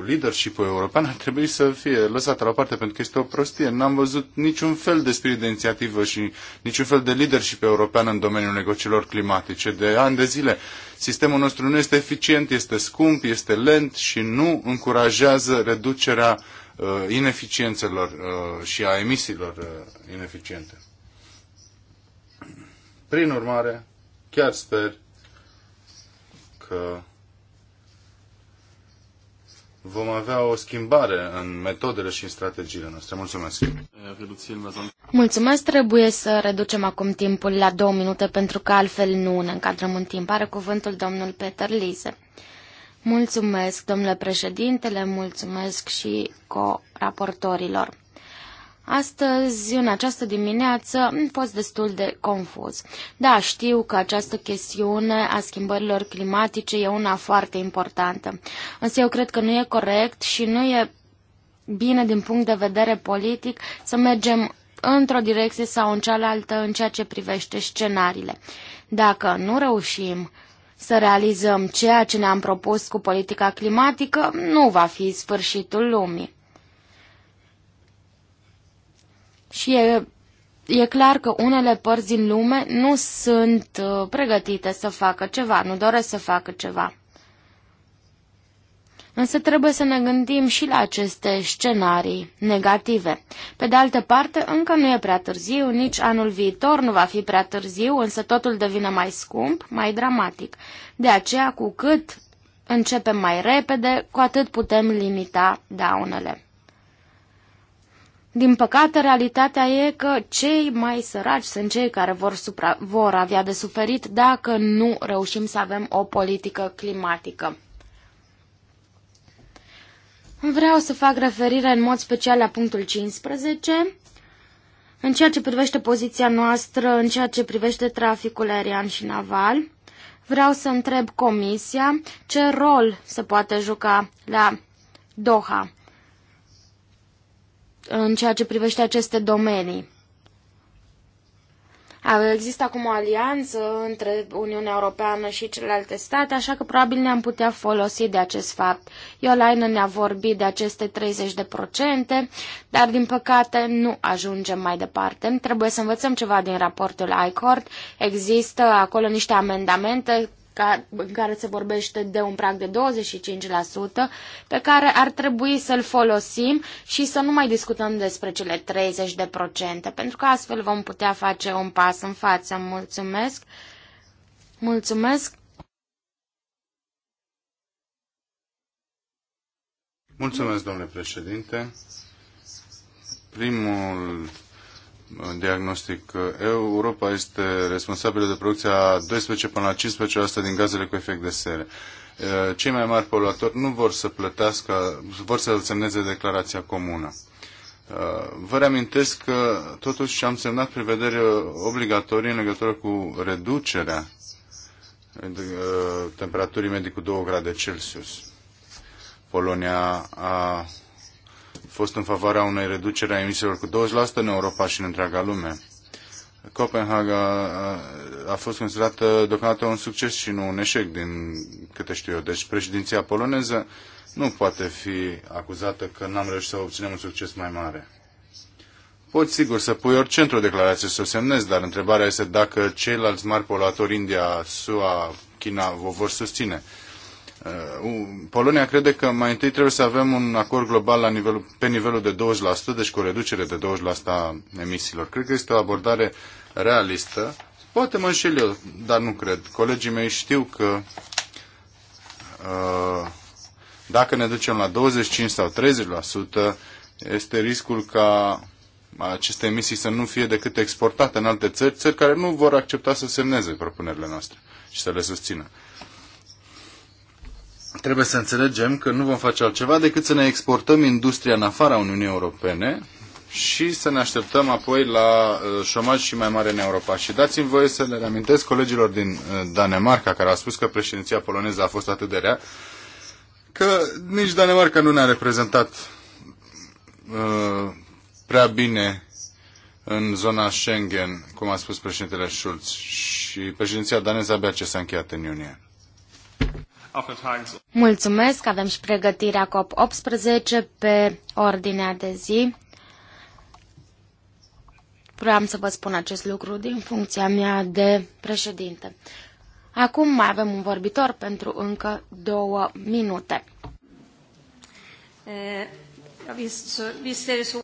leadership-ul european ar trebui să fie lăsată la parte pentru că este o prostie. N-am văzut niciun fel de spirit de inițiativă și niciun fel de leadership european în domeniul negocierilor climatice. De ani de zile sistemul nostru nu este eficient, este scump, este lent și nu încurajează reducerea uh, ineficiențelor uh, și a emisiilor uh, ineficiente. Prin urmare, chiar sper că vom avea o schimbare în metodele și în strategiile noastre. Mulțumesc!
Mulțumesc! Trebuie să reducem acum timpul la două minute pentru că altfel nu ne încadrăm în timp. Are cuvântul domnul Peter Lise. Mulțumesc, domnule președintele, mulțumesc și co-raportorilor. Astăzi, în această dimineață, am fost destul de confuz. Da, știu că această chestiune a schimbărilor climatice e una foarte importantă, însă eu cred că nu e corect și nu e bine din punct de vedere politic să mergem într-o direcție sau în cealaltă în ceea ce privește scenariile. Dacă nu reușim să realizăm ceea ce ne-am propus cu politica climatică, nu va fi sfârșitul lumii. Și e, e clar că unele părți din lume nu sunt uh, pregătite să facă ceva, nu doresc să facă ceva. Însă trebuie să ne gândim și la aceste scenarii negative. Pe de altă parte, încă nu e prea târziu, nici anul viitor nu va fi prea târziu, însă totul devine mai scump, mai dramatic. De aceea, cu cât începem mai repede, cu atât putem limita daunele. Din păcate, realitatea e că cei mai săraci sunt cei care vor, supra, vor avea de suferit dacă nu reușim să avem o politică climatică. Vreau să fac referire în mod special la punctul 15, în ceea ce privește poziția noastră, în ceea ce privește traficul aerian și naval. Vreau să întreb Comisia ce rol se poate juca la Doha în ceea ce privește aceste domenii. Există acum o alianță între Uniunea Europeană și celelalte state, așa că probabil ne-am putea folosi de acest fapt. Iolaina ne-a vorbit de aceste 30%, dar din păcate nu ajungem mai departe. Trebuie să învățăm ceva din raportul ICORD. Există acolo niște amendamente în care se vorbește de un prag de 25% pe care ar trebui să-l folosim și să nu mai discutăm despre cele 30% pentru că astfel vom putea face un pas în față. Mulțumesc! Mulțumesc!
Mulțumesc, domnule președinte! Primul diagnostic. Europa este responsabilă de producția 12 până la 15% din gazele cu efect de seră. Eh, cei mai mari poluatori nu vor să plătească, vor să semneze declarația comună. Eh, vă reamintesc că totuși am semnat prevedere obligatorii în legătură cu reducerea eh, temperaturii medii cu 2 grade Celsius. Polonia a fost în favoarea unei reduceri a emisiilor cu 20% în Europa și în întreaga lume. Copenhaga uh, a fost considerată deocamdată un succes și nu un eșec, din câte știu eu. Deci președinția poloneză nu poate fi acuzată că n-am reușit să obținem un succes mai mare. Poți sigur să pui orice într-o declarație să o semnezi, dar întrebarea este dacă ceilalți mari poluatori, India, SUA, China, vă vor susține. Uh, Polonia crede că mai întâi trebuie să avem un acord global la nivelul, pe nivelul de 20%, deci cu o reducere de 20% a emisiilor. Cred că este o abordare realistă. Poate mă înșel eu, dar nu cred. Colegii mei știu că uh, dacă ne ducem la 25 sau 30%, este riscul ca aceste emisii să nu fie decât exportate în alte țări, țări care nu vor accepta să semneze propunerile noastre și să le susțină trebuie să înțelegem că nu vom face altceva decât să ne exportăm industria în afara Uniunii Europene și să ne așteptăm apoi la uh, șomaj și mai mare în Europa. Și dați-mi voie să le reamintesc colegilor din uh, Danemarca, care a spus că președinția poloneză a fost atât de rea, că nici Danemarca nu ne-a reprezentat uh, prea bine în zona Schengen, cum a spus președintele Schulz. Și președinția daneză abia ce s-a încheiat în iunie.
Mulțumesc, avem și pregătirea COP18 pe ordinea de zi. Vreau să vă spun acest lucru din funcția mea de președinte. Acum mai avem un vorbitor pentru încă două minute.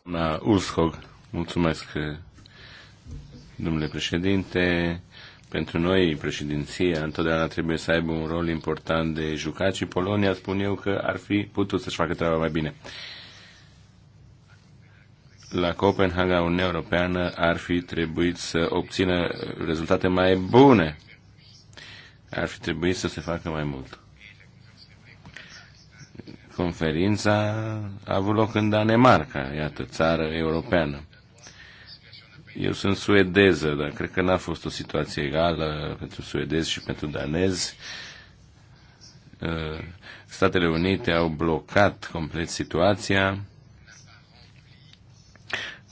Doamna mulțumesc, domnule președinte, pentru noi, președinția întotdeauna trebuie să aibă un rol important de jucat și Polonia, spun eu, că ar fi putut să-și facă treaba mai bine. La Copenhaga, Uniunea Europeană ar fi trebuit să obțină rezultate mai bune. Ar fi trebuit să se facă mai mult. Conferința a avut loc în Danemarca, iată, țară europeană. Eu sunt suedeză, dar cred că n-a fost o situație egală pentru suedezi și pentru danezi. Uh, Statele Unite au blocat complet situația.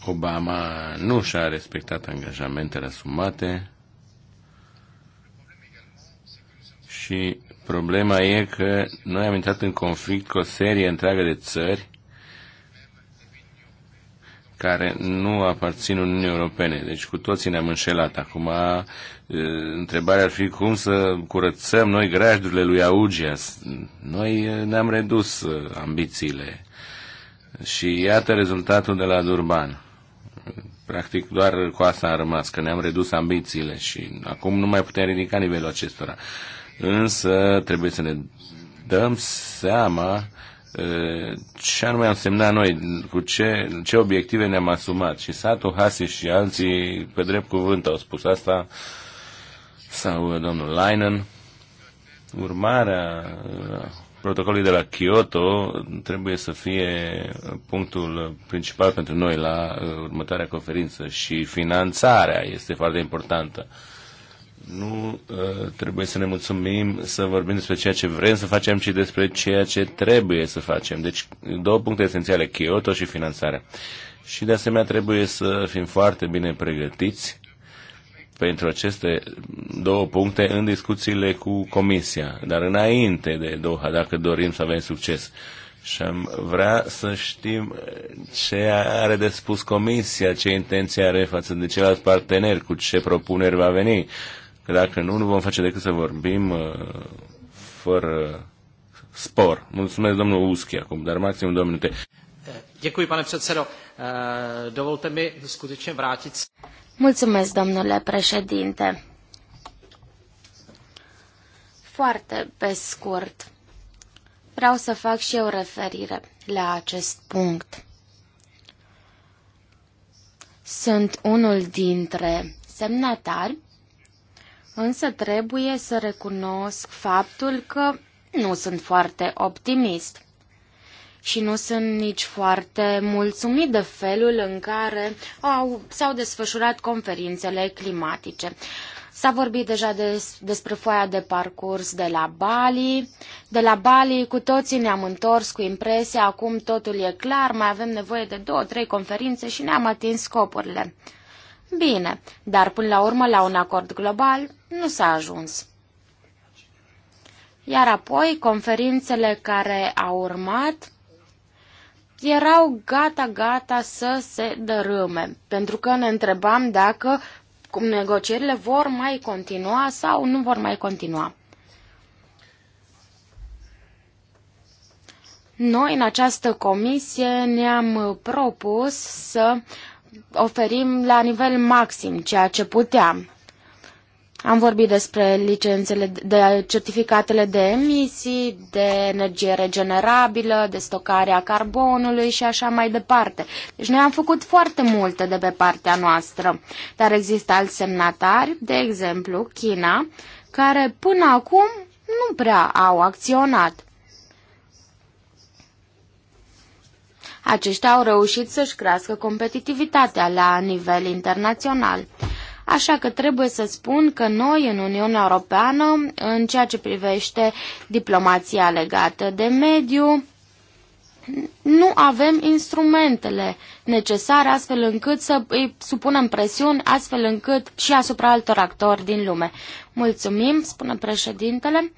Obama nu și-a respectat angajamentele asumate și problema e că noi am intrat în conflict cu o serie întreagă de țări care nu aparțin Uniunii Europene. Deci cu toții ne-am înșelat. Acum întrebarea ar fi cum să curățăm noi grajdurile lui Augias. Noi ne-am redus ambițiile. Și iată rezultatul de la Durban. Practic doar cu asta a rămas, că ne-am redus ambițiile și acum nu mai putem ridica nivelul acestora. Însă trebuie să ne dăm seama ce anume am semnat noi, cu ce, ce obiective ne-am asumat. Și Satu Hasi și alții, pe drept cuvânt, au spus asta, sau uh, domnul Leinen. Urmarea uh, protocolului de la Kyoto trebuie să fie punctul principal pentru noi la uh, următoarea conferință și finanțarea este foarte importantă. Uh, nu uh, trebuie să ne mulțumim să vorbim despre ceea ce vrem să facem, ci despre ceea ce trebuie să facem. Deci, două puncte esențiale, Kyoto și finanțarea. Și, de asemenea, trebuie să fim foarte bine pregătiți pentru aceste două puncte în discuțiile cu Comisia, dar înainte de Doha, dacă dorim să avem succes. Și am vrea să știm ce are de spus Comisia, ce intenție are față de ceilalți parteneri, cu ce propuneri va veni Că dacă nu, nu vom face decât să vorbim uh, fără spor. Mulțumesc, domnul Uschi, acum, dar maxim două minute.
Děkuji, pane předsedo. Eh, dovolte mi skutečně vrátit.
Mulțumesc, domnule președinte. Foarte pe scurt. Vreau să fac și eu referire la acest punct. Sunt unul dintre semnatari Însă trebuie să recunosc faptul că nu sunt foarte optimist și nu sunt nici foarte mulțumit de felul în care au, s-au desfășurat conferințele climatice. S-a vorbit deja des, despre foaia de parcurs de la Bali. De la Bali cu toții ne-am întors cu impresia, acum totul e clar, mai avem nevoie de două, trei conferințe și ne-am atins scopurile. Bine, dar până la urmă la un acord global nu s-a ajuns. Iar apoi, conferințele care au urmat erau gata-gata să se dărâme, pentru că ne întrebam dacă negocierile vor mai continua sau nu vor mai continua. Noi, în această comisie, ne-am propus să oferim la nivel maxim ceea ce puteam. Am vorbit despre licențele, de certificatele de emisii, de energie regenerabilă, de stocarea carbonului și așa mai departe. Deci noi am făcut foarte multe de pe partea noastră, dar există alți semnatari, de exemplu China, care până acum nu prea au acționat. Aceștia au reușit să-și crească competitivitatea la nivel internațional. Așa că trebuie să spun că noi în Uniunea Europeană, în ceea ce privește diplomația legată de mediu, nu avem instrumentele necesare astfel încât să îi supunem presiuni, astfel încât și asupra altor actori din lume. Mulțumim, spune președintele.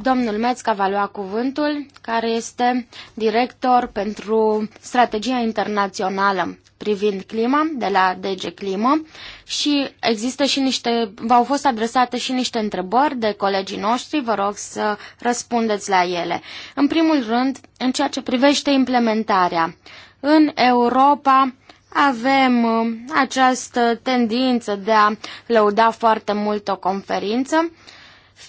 Domnul Mețca va lua cuvântul, care este director pentru strategia internațională privind clima de la DG Climă și există și niște, v-au fost adresate și niște întrebări de colegii noștri, vă rog să răspundeți la ele. În primul rând, în ceea ce privește implementarea. În Europa, avem uh, această tendință de a lăuda foarte mult o conferință,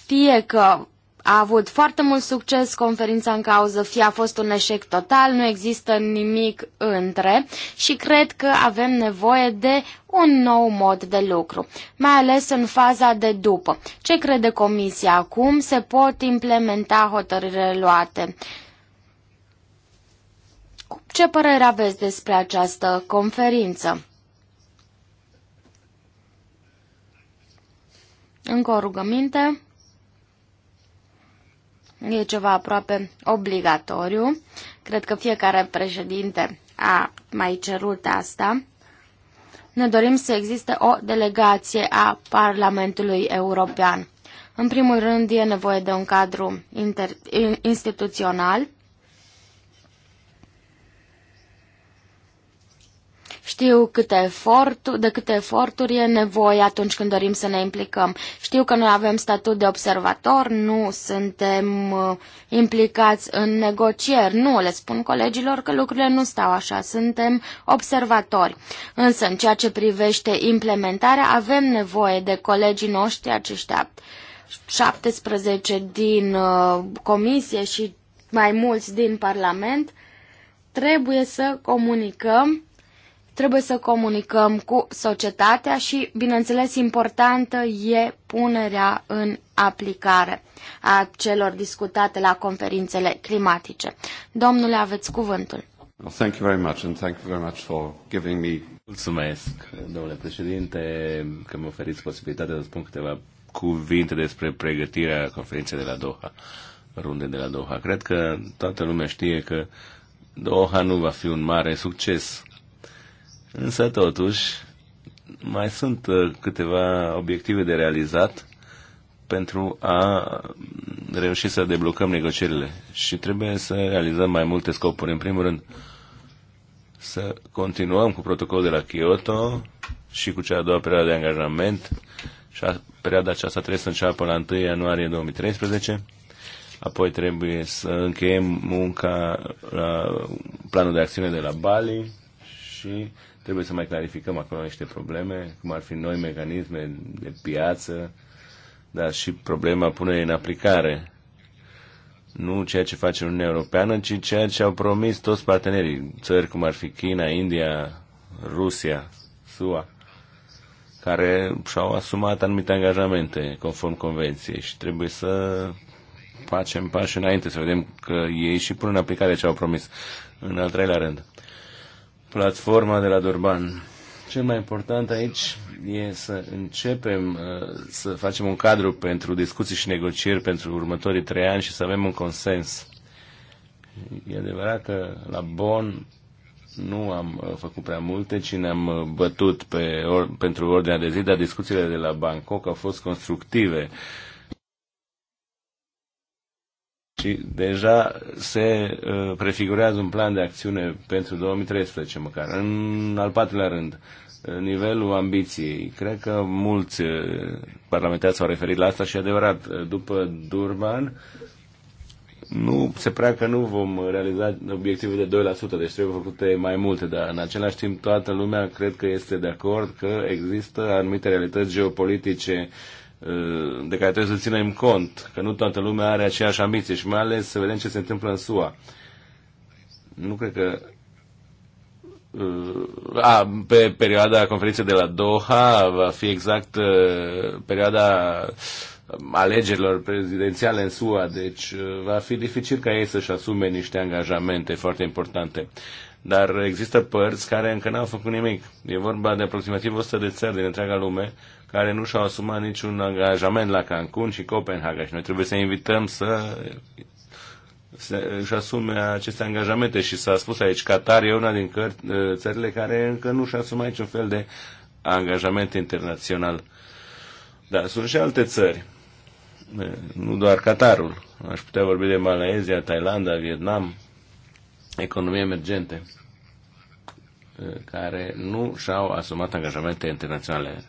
fie că a avut foarte mult succes conferința în cauză, fie a fost un eșec total, nu există nimic între și cred că avem nevoie de un nou mod de lucru, mai ales în faza de după. Ce crede Comisia acum? Se pot implementa hotărârile luate. Ce părere aveți despre această conferință? Încă o rugăminte. E ceva aproape obligatoriu. Cred că fiecare președinte a mai cerut asta. Ne dorim să existe o delegație a Parlamentului European. În primul rând, e nevoie de un cadru inter- instituțional Știu câte eforturi, de câte eforturi e nevoie atunci când dorim să ne implicăm. Știu că noi avem statut de observator, nu suntem uh, implicați în negocieri. Nu, le spun colegilor că lucrurile nu stau așa, suntem observatori. Însă, în ceea ce privește implementarea, avem nevoie de colegii noștri aceștia 17 din uh, comisie și mai mulți din Parlament, trebuie să comunicăm Trebuie să comunicăm cu societatea și, bineînțeles, importantă e punerea în aplicare a celor discutate la conferințele climatice. Domnule, aveți cuvântul.
Thank you very much and thank you very much for giving me
Mulțumesc, domnule președinte, că mi oferiți posibilitatea să spun câteva cuvinte despre pregătirea conferinței de la Doha, runde de la Doha. Cred că toată lumea știe că Doha nu va fi un mare succes. Însă, totuși, mai sunt uh, câteva obiective de realizat pentru a mm, reuși să deblocăm negocierile și trebuie să realizăm mai multe scopuri. În primul rând, să continuăm cu protocolul de la Kyoto și cu cea a doua perioadă de angajament și a, perioada aceasta trebuie să înceapă la 1 ianuarie 2013. Apoi trebuie să încheiem munca la planul de acțiune de la Bali și Trebuie să mai clarificăm acolo niște probleme, cum ar fi noi mecanisme de piață, dar și problema punerii în aplicare. Nu ceea ce face Uniunea Europeană, ci ceea ce au promis toți partenerii, țări cum ar fi China, India, Rusia, SUA, care și-au asumat anumite angajamente conform convenției și trebuie să facem pași înainte, să vedem că ei și pun în aplicare ce au promis. În al treilea rând, platforma de la Durban. Cel mai important aici e să începem uh, să facem un cadru pentru discuții și negocieri pentru următorii trei ani și să avem un consens. E adevărat că la Bonn nu am uh, făcut prea multe, ci ne-am uh, bătut pe or, pentru ordinea de zi, dar discuțiile de la Bangkok au fost constructive. Uh, și deja se uh, prefigurează un plan de acțiune pentru 2013 măcar. În al patrulea rând, nivelul ambiției. Cred că mulți uh, parlamentari s-au referit la asta și adevărat, uh, după Durban, nu, se prea că nu vom realiza obiectivul de 2%, deci trebuie făcute mai multe, dar în același timp toată lumea cred că este de acord că există anumite realități geopolitice uh, Uh, de care trebuie să ținem cont, că nu toată lumea are aceeași ambiție și mai ales să vedem ce se întâmplă în SUA. Nu cred că uh, a, pe perioada conferinței de la Doha va fi exact uh, perioada alegerilor prezidențiale în SUA, deci va fi dificil ca ei să-și asume niște angajamente foarte importante. Dar există părți care încă n-au făcut nimic. E vorba de aproximativ 100 de țări din întreaga lume care nu și-au asumat niciun angajament la Cancun și Copenhaga și noi trebuie să invităm să își asume aceste angajamente și s-a spus aici, Qatar e una din ă, țările care încă nu și-a asumat niciun fel de angajament internațional. Dar sunt și alte țări, ă, nu doar Qatarul. Aș putea vorbi de Malaezia, Thailanda, Vietnam, economii emergente ă, care nu și-au asumat angajamente internaționale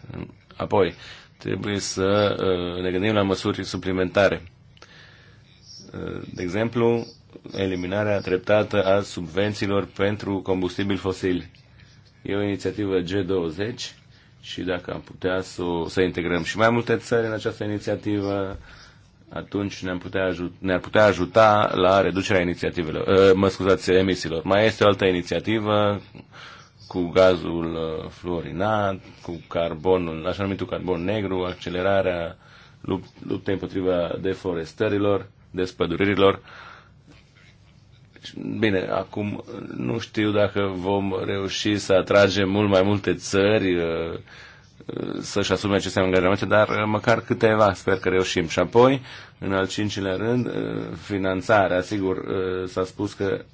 Apoi, trebuie să uh, ne gândim la măsuri suplimentare. Uh, de exemplu, eliminarea treptată a subvențiilor pentru combustibil fosil. E o inițiativă G20 și dacă am putea să, să integrăm și mai multe țări în această inițiativă, atunci ne-ar putea, ajut, ne putea ajuta la reducerea inițiativelor, uh, mă scuzați, emisiilor. Mai este o altă inițiativă cu gazul uh, fluorinat, cu carbonul, așa numitul carbon negru, accelerarea luptei împotriva deforestărilor, despăduririlor. Bine, acum nu știu dacă vom reuși să atragem mult mai multe țări uh, să-și asume aceste angajamente, dar uh, măcar câteva sper că reușim. Și apoi, în al cincilea rând, finanțarea. Sigur, s-a spus că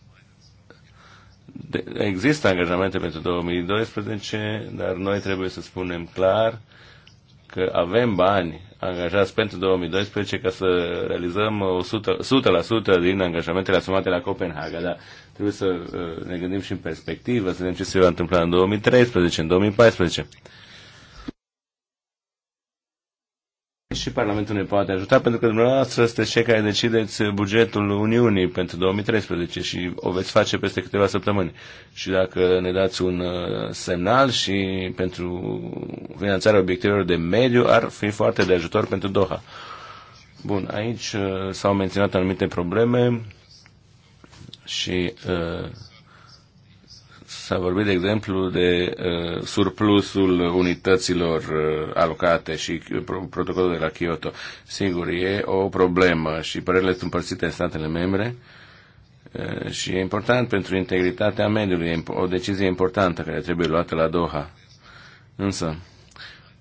există angajamente pentru 2012, dar noi trebuie să spunem clar că avem bani angajați pentru 2012 ca să realizăm 100%, 100 din angajamentele asumate la Copenhaga, dar trebuie să uh, ne gândim și în perspectivă, să vedem ce se va întâmpla în 2013, în 2014. și Parlamentul ne poate ajuta, pentru că dumneavoastră sunteți cei care decideți bugetul Uniunii pentru 2013 și o veți face peste câteva săptămâni. Și dacă ne dați un uh, semnal și pentru finanțarea obiectivelor de mediu, ar fi foarte de ajutor pentru Doha. Bun, aici uh, s-au menționat anumite probleme și uh, S-a vorbit, de exemplu, de uh, surplusul unităților uh, alocate și uh, protocolul de la Kyoto. Sigur, e o problemă și părerile sunt părțite în statele membre uh, și e important pentru integritatea mediului, e o decizie importantă care trebuie luată la Doha. Însă,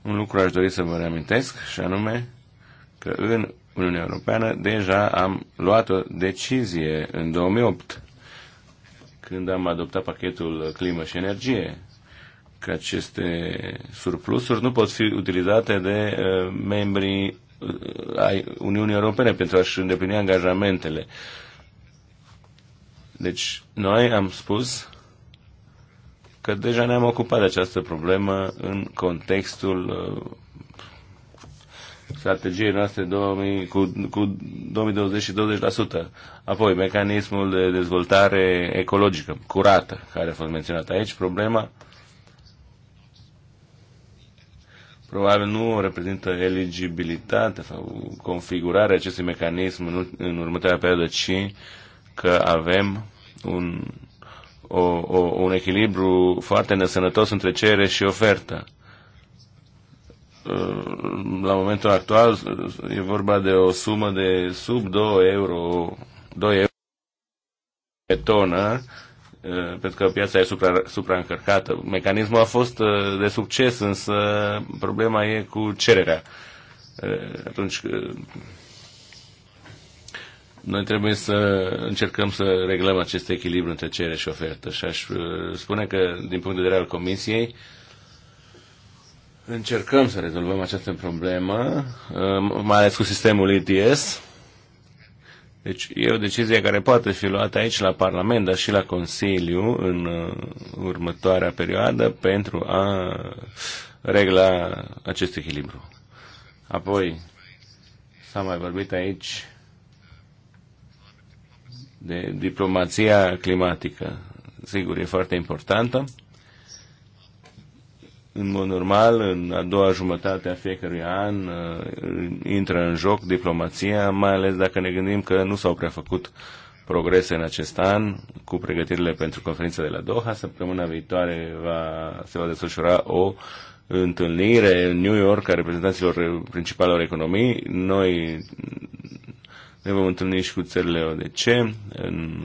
un lucru aș dori să vă reamintesc și anume că în Uniunea Europeană deja am luat o decizie în 2008 când am adoptat pachetul climă și energie, că aceste surplusuri nu pot fi utilizate de uh, membrii uh, ai Uniunii Europene pentru a-și îndeplini angajamentele. Deci, noi am spus că deja ne-am ocupat de această problemă în contextul uh, strategiei noastre 2000, cu, cu 2020 20%. Apoi, mecanismul de dezvoltare ecologică, curată, care a fost menționat aici. Problema probabil nu reprezintă eligibilitatea sau configurarea acestui mecanism în, în următoarea perioadă, ci că avem un, o, o, un echilibru foarte nesănătos între cerere și ofertă la momentul actual e vorba de o sumă de sub 2 euro, 2 euro pe tonă, eh, pentru că piața e supra, supraîncărcată. Mecanismul a fost eh, de succes, însă problema e cu cererea. Eh, atunci noi trebuie să încercăm să reglăm acest echilibru între cerere și ofertă și aș spune că, din punct de vedere al Comisiei, încercăm să rezolvăm această problemă, uh, mai ales cu sistemul ETS. Deci e o decizie care poate fi luată aici la Parlament, dar și la Consiliu în uh, următoarea perioadă pentru a regla acest echilibru. Apoi s-a mai vorbit aici de diplomația climatică. Sigur, e foarte importantă în mod normal, în a doua jumătate a fiecărui an uh, intră în joc diplomația, mai ales dacă ne gândim că nu s-au prea făcut progrese în acest an cu pregătirile pentru conferința de la Doha. Săptămâna viitoare va, se va desfășura o întâlnire în New York a reprezentanților principalelor economii. Noi ne vom întâlni și cu țările ODC în,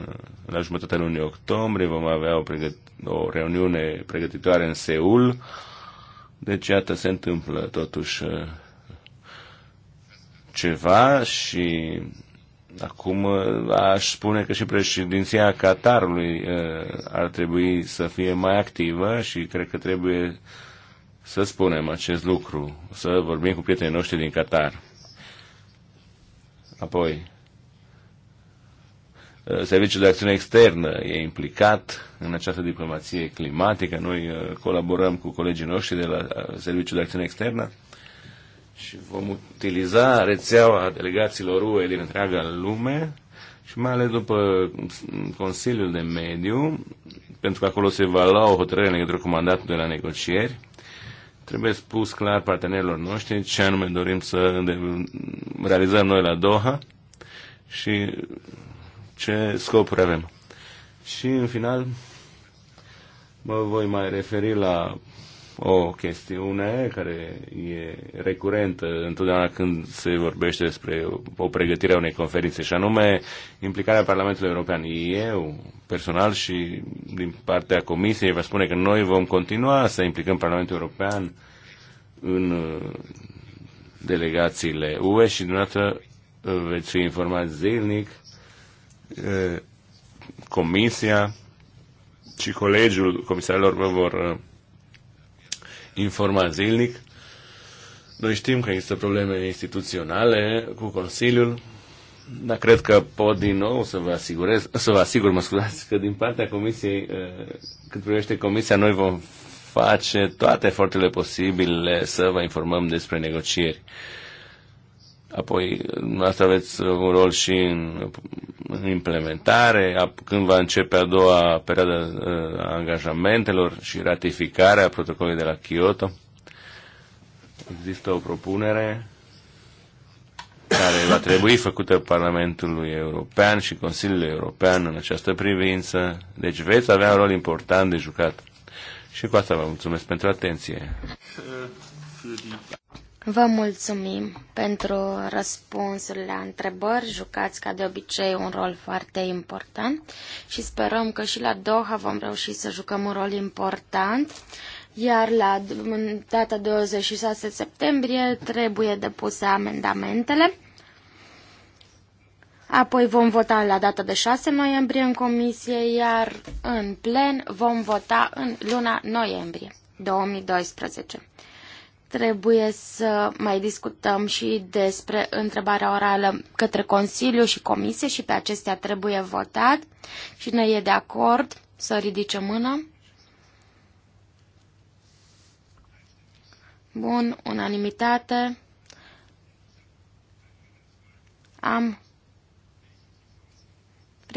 la jumătatea lunii octombrie. Vom avea o, pregăt- o reuniune pregătitoare în Seul deci, iată, se întâmplă totuși uh, ceva și acum uh, aș spune că și președinția Qatarului uh, ar trebui să fie mai activă și cred că trebuie să spunem acest lucru, să vorbim cu prietenii noștri din Qatar. Apoi, Uh, Serviciul de Acțiune Externă e implicat în această diplomație climatică. Noi uh, colaborăm cu colegii noștri de la uh, Serviciul de Acțiune Externă și vom utiliza rețeaua delegațiilor UE din întreaga lume și mai ales după Consiliul de Mediu, pentru că acolo se va lua o hotărâre în legătură cu mandatul de la negocieri, trebuie spus clar partenerilor noștri ce anume dorim să realizăm noi la Doha și ce scopuri avem. Și în final mă voi mai referi la o chestiune care e recurentă întotdeauna când se vorbește despre o pregătire a unei conferințe și anume implicarea Parlamentului European. Eu personal și din partea Comisiei vă spune că noi vom continua să implicăm Parlamentul European în uh, delegațiile UE și dumneavoastră uh, veți fi informați zilnic Eh, comisia și Colegiul Comisarilor vă vor eh, informa zilnic. Noi știm că există probleme instituționale cu Consiliul, dar cred că pot din nou să vă, asigurez, să vă asigur, mă scuzați, că din partea Comisiei, eh, cât privește Comisia, noi vom face toate eforturile posibile să vă informăm despre negocieri. Apoi, asta aveți un rol și în, în implementare, când va începe a doua perioadă uh, a angajamentelor și ratificarea protocolului de la Kyoto. Există o propunere care va trebui făcută Parlamentului European și Consiliul European în această privință. Deci veți avea un rol important de jucat. Și cu asta vă mulțumesc pentru atenție.
Vă mulțumim pentru răspunsurile la întrebări. Jucați ca de obicei un rol foarte important și sperăm că și la Doha vom reuși să jucăm un rol important. Iar la data 26 septembrie trebuie depuse amendamentele. Apoi vom vota la data de 6 noiembrie în comisie, iar în plen vom vota în luna noiembrie 2012. Trebuie să mai discutăm și despre întrebarea orală către Consiliu și Comisie și pe acestea trebuie votat. Cine e de acord să ridice mâna? Bun, unanimitate. Am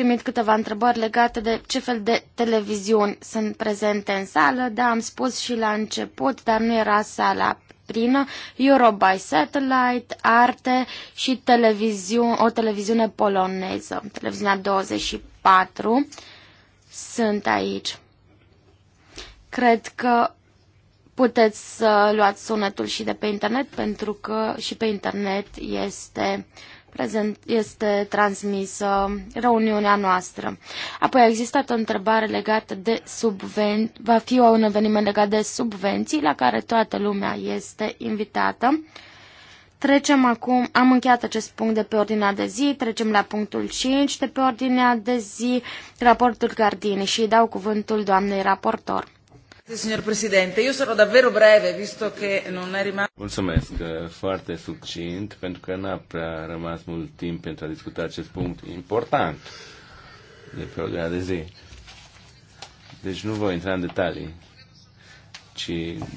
primit câteva întrebări legate de ce fel de televiziuni sunt prezente în sală. Da, am spus și la început, dar nu era sala plină, Euro by Satellite, Arte și televiziun, o televiziune poloneză, televiziunea 24, sunt aici. Cred că puteți să luați sunetul și de pe internet, pentru că și pe internet este uh, prezent, este transmisă reuniunea noastră. Apoi a existat o întrebare legată de subvenții, va fi un eveniment legat de subvenții la care toată lumea este invitată. Trecem acum, am încheiat acest punct de pe ordinea de zi, trecem la punctul 5 de pe ordinea de zi, raportul Gardini și îi dau cuvântul doamnei raportor.
Signor Presidente, sarò davvero breve, visto che non è rimasto...
Mulțumesc, eh, foarte succint, pentru că n-a prea rămas mult timp pentru a discuta acest punct important de pe ordinea de zi. Deci nu voi intra în detalii, ci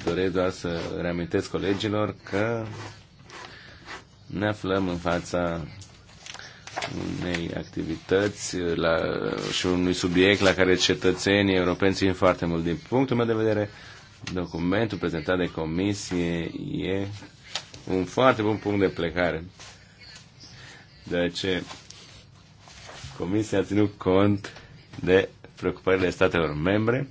doresc doar să reamintesc colegilor că ne aflăm în fața unei activități la, și unui subiect la care cetățenii europeni țin foarte mult. Din punctul meu de vedere, documentul prezentat de comisie e un foarte bun punct de plecare. De ce comisia a ținut cont de preocupările statelor membre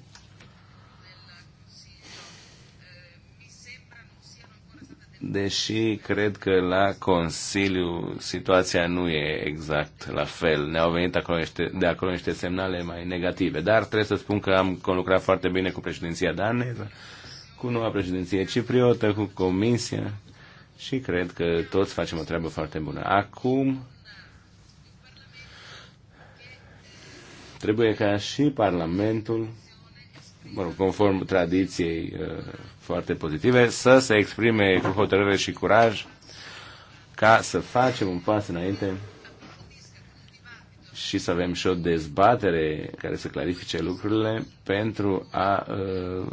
deși cred că la Consiliu situația nu e exact la fel. Ne-au venit acolo niște, de acolo niște semnale mai negative. Dar trebuie să spun că am conlucrat foarte bine cu președinția daneză, cu noua președinție cipriotă, cu Comisia și cred că toți facem o treabă foarte bună. Acum trebuie ca și Parlamentul, mă rog, conform tradiției uh, foarte pozitive, să se exprime cu hotărâre și curaj ca să facem un pas înainte și să avem și o dezbatere care să clarifice lucrurile pentru a uh,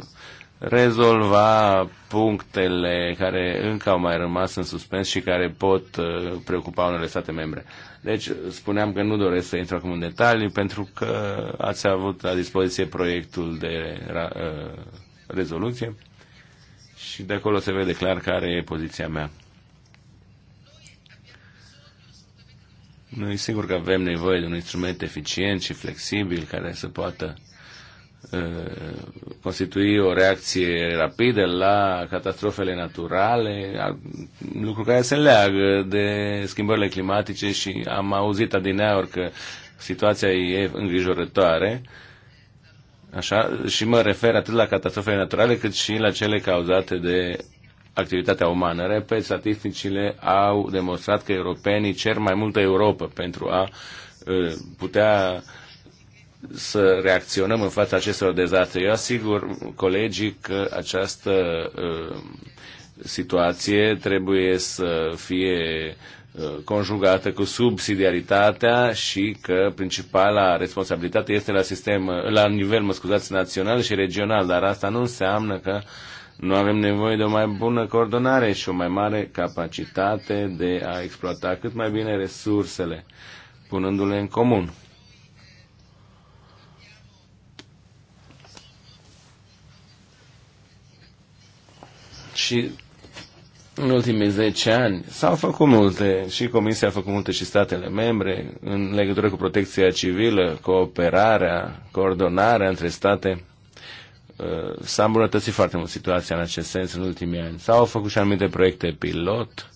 rezolva punctele care încă au mai rămas în suspens și care pot uh, preocupa unele state membre. Deci, spuneam că nu doresc să intru acum în detalii pentru că ați avut la dispoziție proiectul de uh, rezoluție și de acolo se vede clar care e poziția mea. Noi sigur că avem nevoie de un instrument eficient și flexibil care să poată uh, constitui o reacție rapidă la catastrofele naturale, lucru care se leagă de schimbările climatice și am auzit adineaori că situația e îngrijorătoare Așa, și mă refer atât la catastrofele naturale cât și la cele cauzate de activitatea umană. Repet, statisticile au demonstrat că europenii cer mai multă Europa pentru a putea să reacționăm în fața acestor dezastre. Eu asigur colegii că această uh, situație trebuie să fie Uh, conjugată cu subsidiaritatea și că principala responsabilitate este la sistem, uh, la nivel, mă scuzați, național și regional, dar asta nu înseamnă că nu avem nevoie de o mai bună coordonare și o mai mare capacitate de a exploata cât mai bine resursele, punându-le în comun. Și în ultimii 10 ani s-au făcut multe și Comisia a făcut multe și statele membre în legătură cu protecția civilă, cooperarea, coordonarea între state. Uh, S-a îmbunătățit foarte mult situația în acest sens în ultimii ani. S-au făcut și anumite proiecte pilot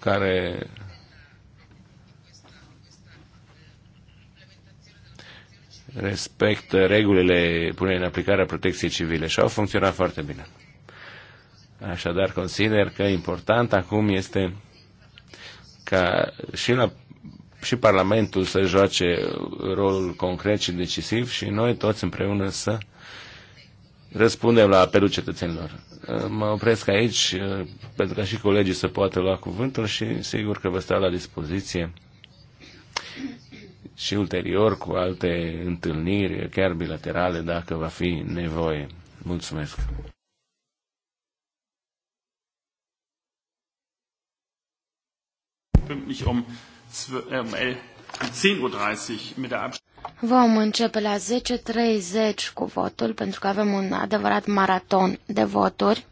care respectă regulile punerii în aplicare a protecției civile și au funcționat foarte bine. Așadar, consider că important acum este ca și, la, și Parlamentul să joace rolul concret și decisiv și noi toți împreună să răspundem la apelul cetățenilor. Mă opresc aici uh, pentru ca și colegii să poată lua cuvântul și sigur că vă stau la dispoziție și ulterior cu alte întâlniri, chiar bilaterale, dacă va fi nevoie. Mulțumesc!
pünktlich um, 10.30 äh, um um Uhr mit der Abstimmung.
Vom începe la 10.30 cu votul, pentru că avem un adevărat maraton de voturi.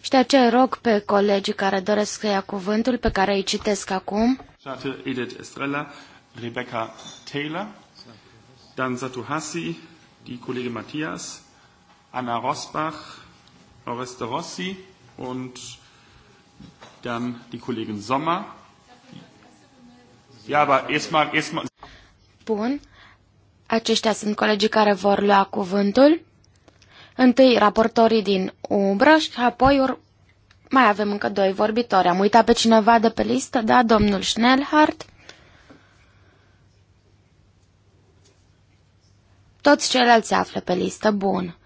Și de aceea rog pe colegii care doresc să ia cuvântul, pe care îi citesc acum.
Edith Estrella, Rebecca Taylor, Dan Satuhasi, die Kollege Matthias, Anna Rosbach, Oreste Rossi und dann die Kollegin Sommer
Bun. Aceștia sunt colegii care vor lua cuvântul. Întâi raportorii din umbră și apoi ur... mai avem încă doi vorbitori. Am uitat pe cineva de pe listă, da, domnul Schnellhardt. Toți ceilalți se află pe listă, bun.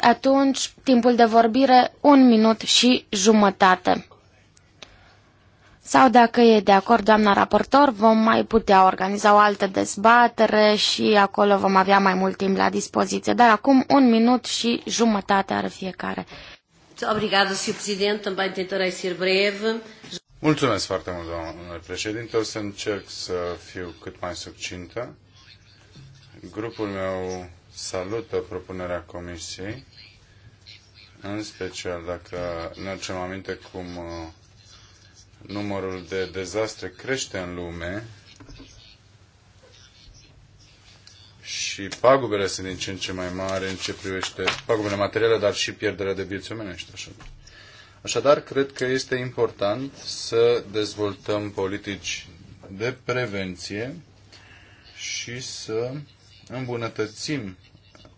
Atunci, timpul de vorbire, un minut și jumătate. Sau dacă e de acord doamna raportor, vom mai putea organiza o altă dezbatere și acolo vom avea mai mult timp la dispoziție. Dar acum un minut și jumătate are fiecare. Obrigada, Presidente. Também tentarei ser breve.
Mulțumesc foarte mult, domnule președinte. O să încerc să fiu cât mai succintă. Grupul meu salută propunerea Comisiei, în special dacă ne aducem aminte cum uh, numărul de dezastre crește în lume și pagubele sunt din ce în ce mai mari în ce privește pagubele materiale, dar și pierderea de vieți omenești. Așa. Așadar, cred că este important să dezvoltăm politici de prevenție și să îmbunătățim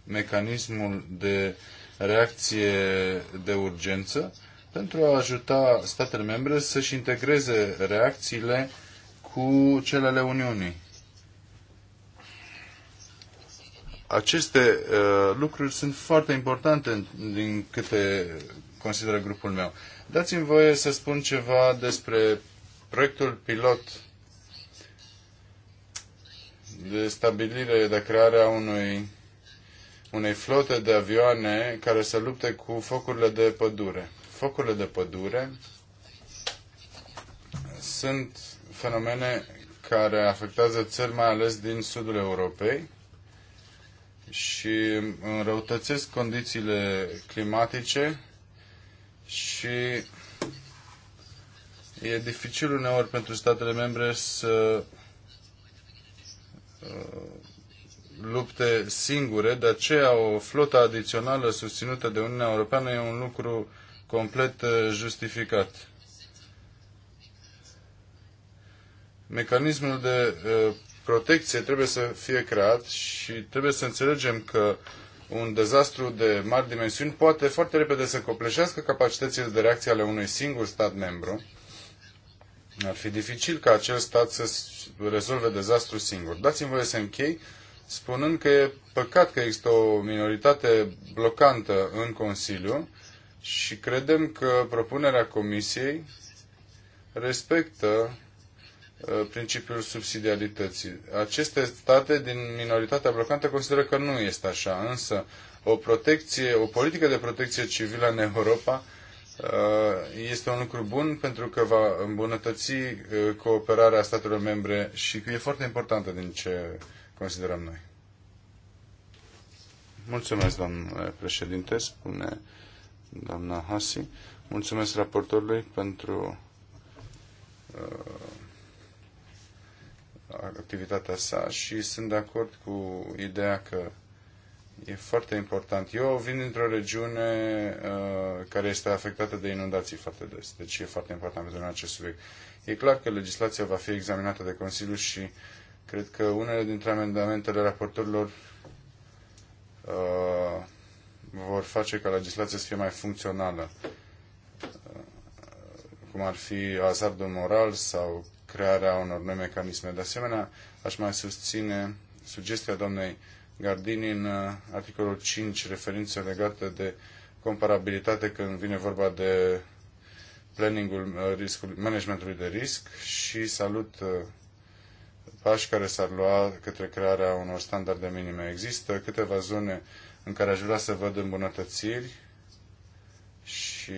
mecanismul de reacție de urgență pentru a ajuta statele membre să-și integreze reacțiile cu cele ale Uniunii. Aceste uh, lucruri sunt foarte importante din câte consideră grupul meu. Dați-mi voie să spun ceva despre proiectul pilot de stabilire, de crearea unui, unei flote de avioane care să lupte cu focurile de pădure focurile de pădure sunt fenomene care afectează țări mai ales din sudul Europei și înrăutățesc condițiile climatice și e dificil uneori pentru statele membre să uh, lupte singure, de aceea o flotă adițională susținută de Uniunea Europeană e un lucru complet uh, justificat. Mecanismul de uh, protecție trebuie să fie creat și trebuie să înțelegem că un dezastru de mari dimensiuni poate foarte repede să copleșească capacitățile de reacție ale unui singur stat membru. Ar fi dificil ca acel stat să rezolve dezastru singur. Dați-mi voie să închei spunând că e păcat că există o minoritate blocantă în Consiliu și credem că propunerea Comisiei respectă uh, principiul subsidiarității. Aceste state din minoritatea blocantă consideră că nu este așa, însă o protecție, o politică de protecție civilă în Europa uh, este un lucru bun pentru că va îmbunătăți uh, cooperarea statelor membre și e foarte importantă din ce considerăm noi. Mulțumesc, domnule președinte, spune doamna Hasi. Mulțumesc raportorului pentru uh, activitatea sa și sunt de acord cu ideea că e foarte important. Eu vin dintr-o regiune uh, care este afectată de inundații foarte des, deci e foarte important pentru noi acest subiect. E clar că legislația va fi examinată de Consiliu și cred că unele dintre amendamentele raportorilor uh, vor face ca legislația să fie mai funcțională, cum ar fi azardul moral sau crearea unor noi mecanisme. De asemenea, aș mai susține sugestia doamnei Gardini în articolul 5, referință legată de comparabilitate când vine vorba de planningul uh, riscului, managementului de risc și salut uh, pași care s-ar lua către crearea unor standarde minime. Există câteva zone în care aș vrea să văd îmbunătățiri și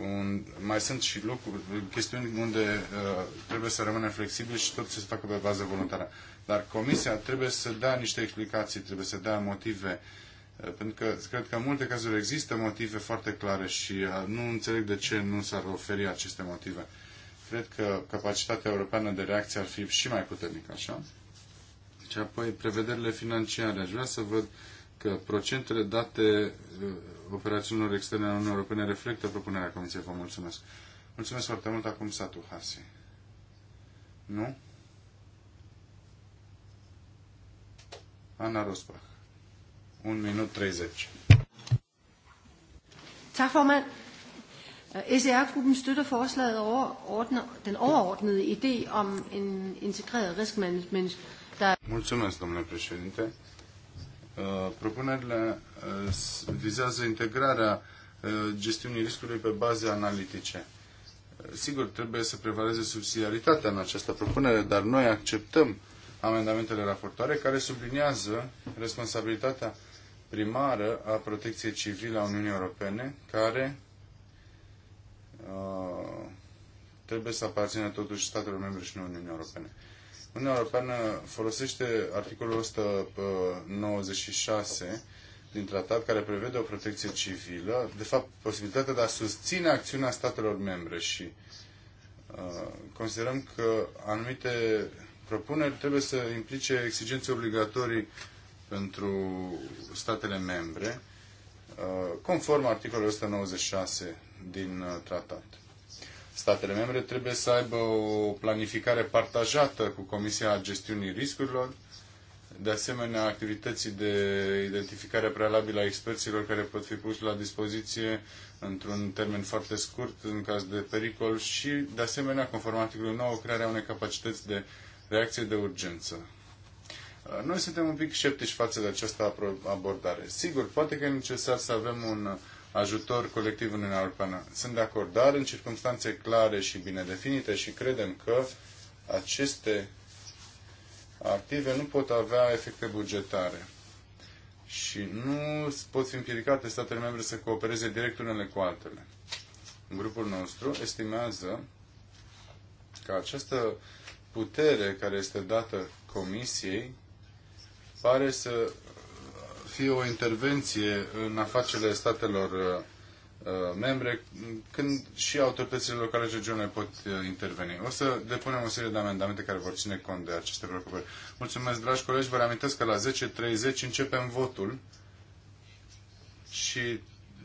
un, mai sunt și lucruri, chestiuni unde uh, trebuie să rămânem flexibili și tot să se facă pe bază voluntară. Dar comisia trebuie să dea niște explicații, trebuie să dea motive, uh, pentru că cred că în multe cazuri există motive foarte clare și uh, nu înțeleg de ce nu s-ar oferi aceste motive. Cred că capacitatea europeană de reacție ar fi și mai puternică, așa? Și apoi prevederile financiare. Aș vrea să văd uh, că procentele date uh, operațiunilor externe ale Uniunii Europene reflectă propunerea Comisiei. Vă mulțumesc. Mulțumesc foarte mult. Acum satul Hasi. Nu? Ana Rosbach. Un minut 30.
Tak, formand. Øh, SR-gruppen støtter forslaget over ordner, den overordnede idé om en integreret riskmanagement, der... Er-
mulțumesc, domnule președinte. Uh, propunerile uh, vizează integrarea uh, gestiunii riscului pe baze analitice. Sigur, trebuie să prevaleze subsidiaritatea în această propunere, dar noi acceptăm amendamentele raportoare care subliniază responsabilitatea primară a protecției civile a Uniunii Europene, care uh, trebuie să aparțină totuși statelor membre și nu Uniunii Europene. Uniunea Europeană folosește articolul 196 uh, din tratat care prevede o protecție civilă, de fapt posibilitatea de a susține acțiunea statelor membre și uh, considerăm că anumite propuneri trebuie să implice exigențe obligatorii pentru statele membre, uh, conform articolului 196 din tratat statele membre trebuie să aibă o planificare partajată cu Comisia Gestiunii Riscurilor, de asemenea activității de identificare prealabilă a experților care pot fi puși la dispoziție într-un termen foarte scurt în caz de pericol și, de asemenea, conform articolului 9, crearea unei capacități de reacție de urgență. Noi suntem un pic sceptici față de această abordare. Sigur, poate că e necesar să avem un ajutor colectiv în Uniunea Europeană. Sunt de acord, dar în circunstanțe clare și bine definite și credem că aceste active nu pot avea efecte bugetare și nu pot fi împiedicate statele membre să coopereze direct unele cu altele. Grupul nostru estimează că această putere care este dată Comisiei pare să fie o intervenție în afacerile statelor uh, uh, membre, când și autoritățile locale și regionale pot uh, interveni. O să depunem o serie de amendamente care vor ține cont de aceste preocupări. Mulțumesc, dragi colegi, vă reamintesc că la 10.30 începem votul și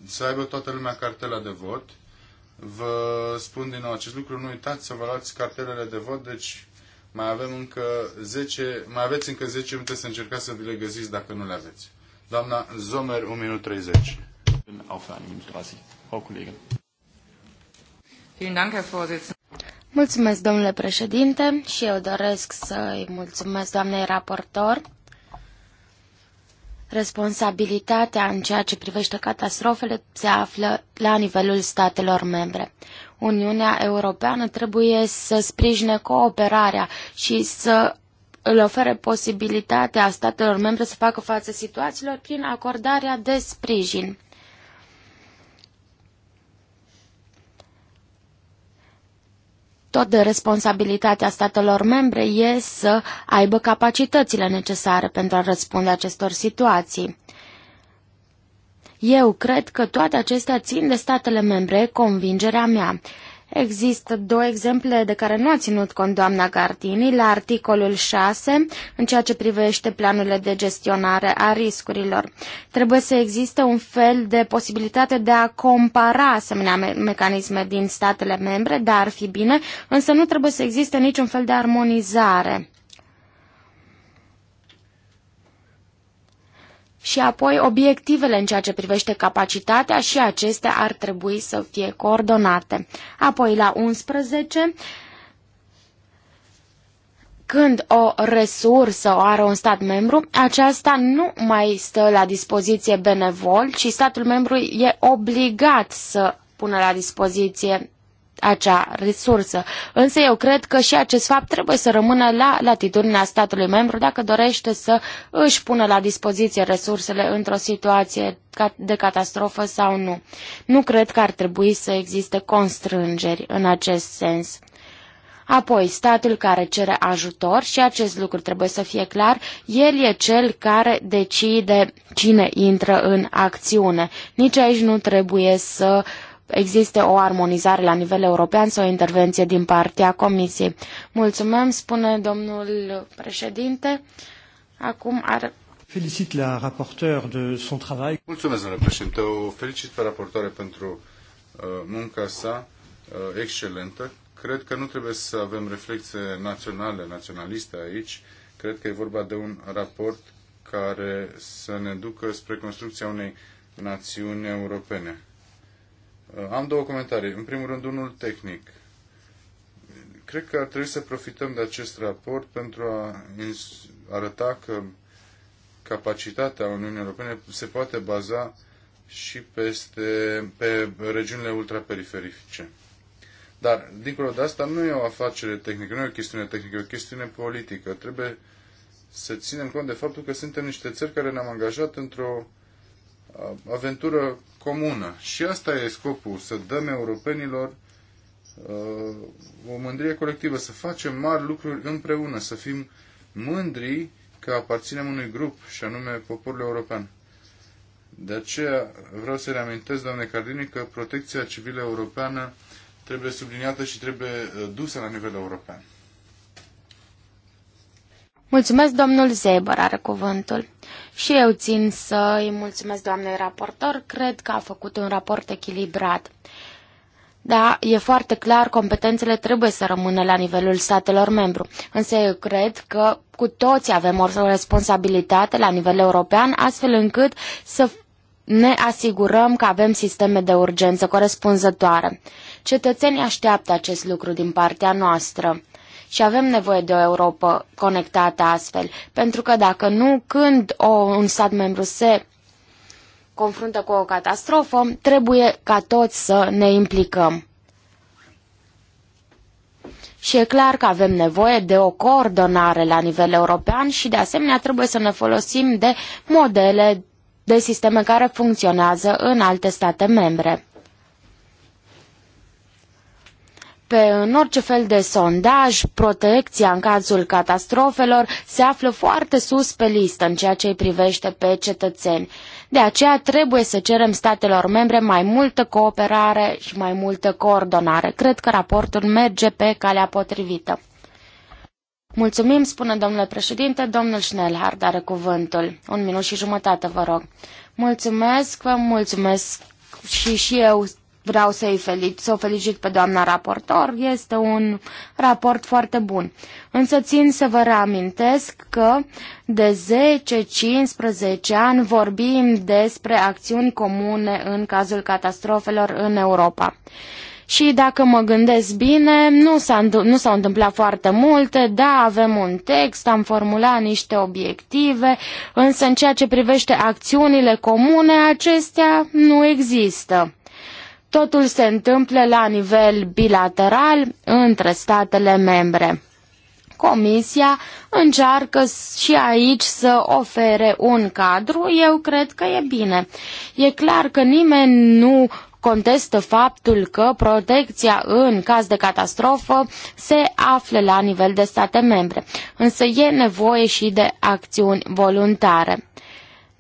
să aibă toată lumea cartela de vot. Vă spun din nou acest lucru, nu uitați să vă luați cartelele de vot, deci mai avem încă 10, mai aveți încă 10 minute să încercați să vi le găsiți dacă nu le aveți. Doamna Zomer, 1 minut 30.
Mulțumesc, domnule președinte, și eu doresc să-i mulțumesc doamnei raportor. Responsabilitatea în ceea ce privește catastrofele se află la nivelul statelor membre. Uniunea Europeană trebuie să sprijine cooperarea și să le ofere posibilitatea statelor membre să facă față situațiilor prin acordarea de sprijin. Tot de responsabilitatea statelor membre e să aibă capacitățile necesare pentru a răspunde acestor situații. Eu cred că toate acestea țin de statele membre, convingerea mea. Există două exemple de care nu a ținut cont doamna Gardini la articolul 6 în ceea ce privește planurile de gestionare a riscurilor. Trebuie să existe un fel de posibilitate de a compara asemenea me- mecanisme din statele membre, dar ar fi bine, însă nu trebuie să existe niciun fel de armonizare. și apoi obiectivele în ceea ce privește capacitatea și acestea ar trebui să fie coordonate. Apoi la 11 când o resursă o are un stat membru, aceasta nu mai stă la dispoziție benevol, ci statul membru e obligat să pună la dispoziție acea resursă. Însă eu cred că și acest fapt trebuie să rămână la latitudinea statului membru dacă dorește să își pună la dispoziție resursele într-o situație de catastrofă sau nu. Nu cred că ar trebui să existe constrângeri în acest sens. Apoi, statul care cere ajutor, și acest lucru trebuie să fie clar, el e cel care decide cine intră în acțiune. Nici aici nu trebuie să uh, existe o armonizare la nivel european sau o intervenție din partea Comisiei. Mulțumim, spune domnul președinte. Acum are...
Felicit la raporteur de son travail.
Mulțumesc, domnule președinte. O felicit pe raportoare pentru uh, munca sa uh, excelentă. Cred că nu trebuie să avem reflexe naționale, naționaliste aici. Cred că e vorba de un raport care să ne ducă spre construcția unei națiuni europene Uh, am două comentarii. În primul rând, unul tehnic. Cred că ar trebui să profităm de acest raport pentru a arăta că capacitatea Uniunii Europene se poate baza și peste, pe regiunile ultraperiferice. Dar, dincolo de asta, nu e o afacere tehnică, nu e o chestiune tehnică, e o chestiune politică. Trebuie să ținem cont de faptul că suntem niște țări care ne-am angajat într-o aventură comună. Și asta e scopul, să dăm europenilor uh, o mândrie colectivă, să facem mari lucruri împreună, să fim mândri că aparținem unui grup, și anume poporul european. De aceea vreau să reamintesc, doamne Cardini, că protecția civilă europeană trebuie subliniată și trebuie uh, dusă la nivel european.
Mulțumesc, domnul Zeber are cuvântul. Și eu țin să îi mulțumesc doamnei raportor, cred că a făcut un raport echilibrat. Da, e foarte clar, competențele trebuie să rămână la nivelul statelor membru, însă eu cred că cu toți avem o responsabilitate la nivel european, astfel încât să ne asigurăm că avem sisteme de urgență corespunzătoare. Cetățenii așteaptă acest lucru din partea noastră și avem nevoie de o Europa conectată astfel, pentru că dacă nu, când o, un stat membru se confruntă cu o catastrofă, trebuie ca toți să ne implicăm. Și e clar că avem nevoie de o coordonare la nivel european și de asemenea trebuie să ne folosim de modele de sisteme care funcționează în alte state membre. Pe, în orice fel de sondaj, protecția în cazul catastrofelor se află foarte sus pe listă în ceea ce îi privește pe cetățeni. De aceea trebuie să cerem statelor membre mai multă cooperare și mai multă coordonare. Cred că raportul merge pe calea potrivită. Mulțumim, spune domnule președinte, domnul Schnellhard are cuvântul. Un minut și jumătate, vă rog. Mulțumesc, vă mulțumesc și și eu Vreau să-i felic, să o felicit pe doamna raportor, este un raport foarte bun. Însă țin să vă reamintesc că de 10-15 ani vorbim despre acțiuni comune în cazul catastrofelor în Europa. Și dacă mă gândesc bine, nu, s-a, nu s-au întâmplat foarte multe, da, avem un text, am formulat niște obiective, însă în ceea ce privește acțiunile comune, acestea nu există. Totul se întâmplă la nivel bilateral între statele membre. Comisia încearcă și aici să ofere un cadru, eu cred că e bine. E clar că nimeni nu contestă faptul că protecția în caz de catastrofă se află la nivel de state membre, însă e nevoie și de acțiuni voluntare.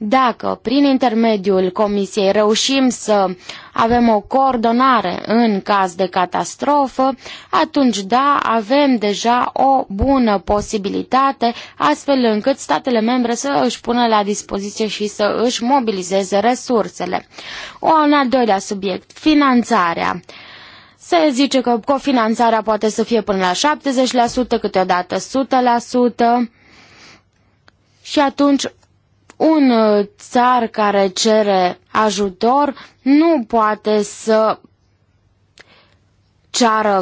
Dacă prin intermediul Comisiei reușim să avem o coordonare în caz de catastrofă, atunci da, avem deja o bună posibilitate astfel încât statele membre să își pună la dispoziție și să își mobilizeze resursele. O, un al doilea subiect, finanțarea. Se zice că cofinanțarea poate să fie până la 70%, câteodată 100%. Și atunci un uh, țar care cere ajutor nu poate să ceară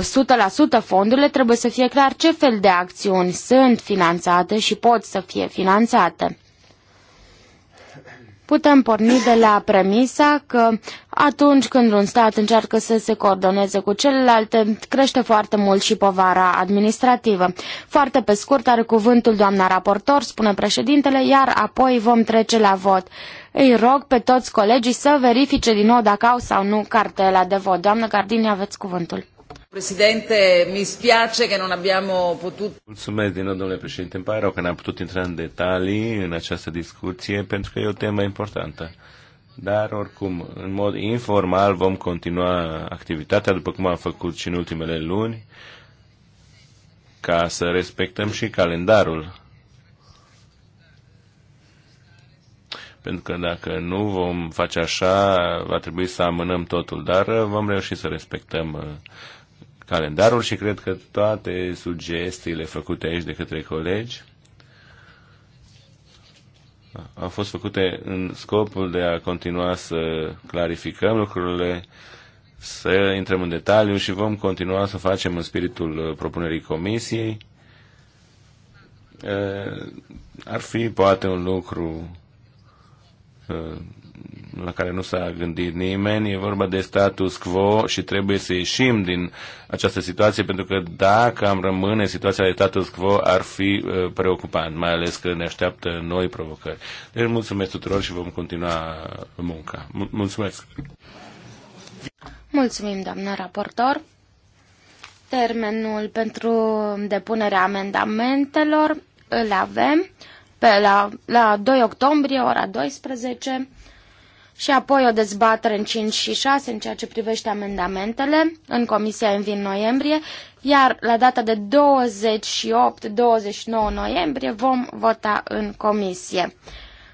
100% fondurile, trebuie să fie clar ce fel de acțiuni sunt finanțate și pot să fie finanțate. Putem porni de la premisa că atunci când un stat încearcă să se coordoneze cu celelalte, crește foarte mult și povara administrativă. Foarte pe scurt are cuvântul doamna raportor, spune președintele, iar apoi vom trece la vot. Îi rog pe toți colegii să verifice din nou dacă au sau nu cartela de vot. Doamnă Gardini, aveți cuvântul. Presidente, mi spiace che non abbiamo
potuto...
Mulțumesc din nou, domnule președinte. Îmi pare rău că n-am putut intra în detalii în această discuție, pentru că e o temă importantă. Dar, oricum, în mod informal vom continua activitatea, după cum am făcut și în ultimele luni, ca să respectăm și calendarul. Pentru că dacă nu vom face așa, va trebui să amânăm totul, dar uh, vom reuși să respectăm uh, calendarul și cred că toate sugestiile făcute aici de către colegi au fost făcute în scopul de a continua să clarificăm lucrurile, să intrăm în detaliu și vom continua să facem în spiritul propunerii comisiei. Eh, ar fi poate un lucru eh, la care nu s-a gândit nimeni. E vorba de status quo și trebuie să ieșim din această situație, pentru că dacă am rămâne, situația de status quo ar fi uh, preocupant, mai ales că ne așteaptă noi provocări. Deci mulțumesc tuturor și vom continua munca. Mulțumesc!
Mulțumim, doamnă raportor! Termenul pentru depunerea amendamentelor îl avem pe la, la 2 octombrie, ora 12 și apoi o dezbatere în 5 și 6 în ceea ce privește amendamentele în Comisia Envi în noiembrie, iar la data de 28-29 noiembrie vom vota în Comisie.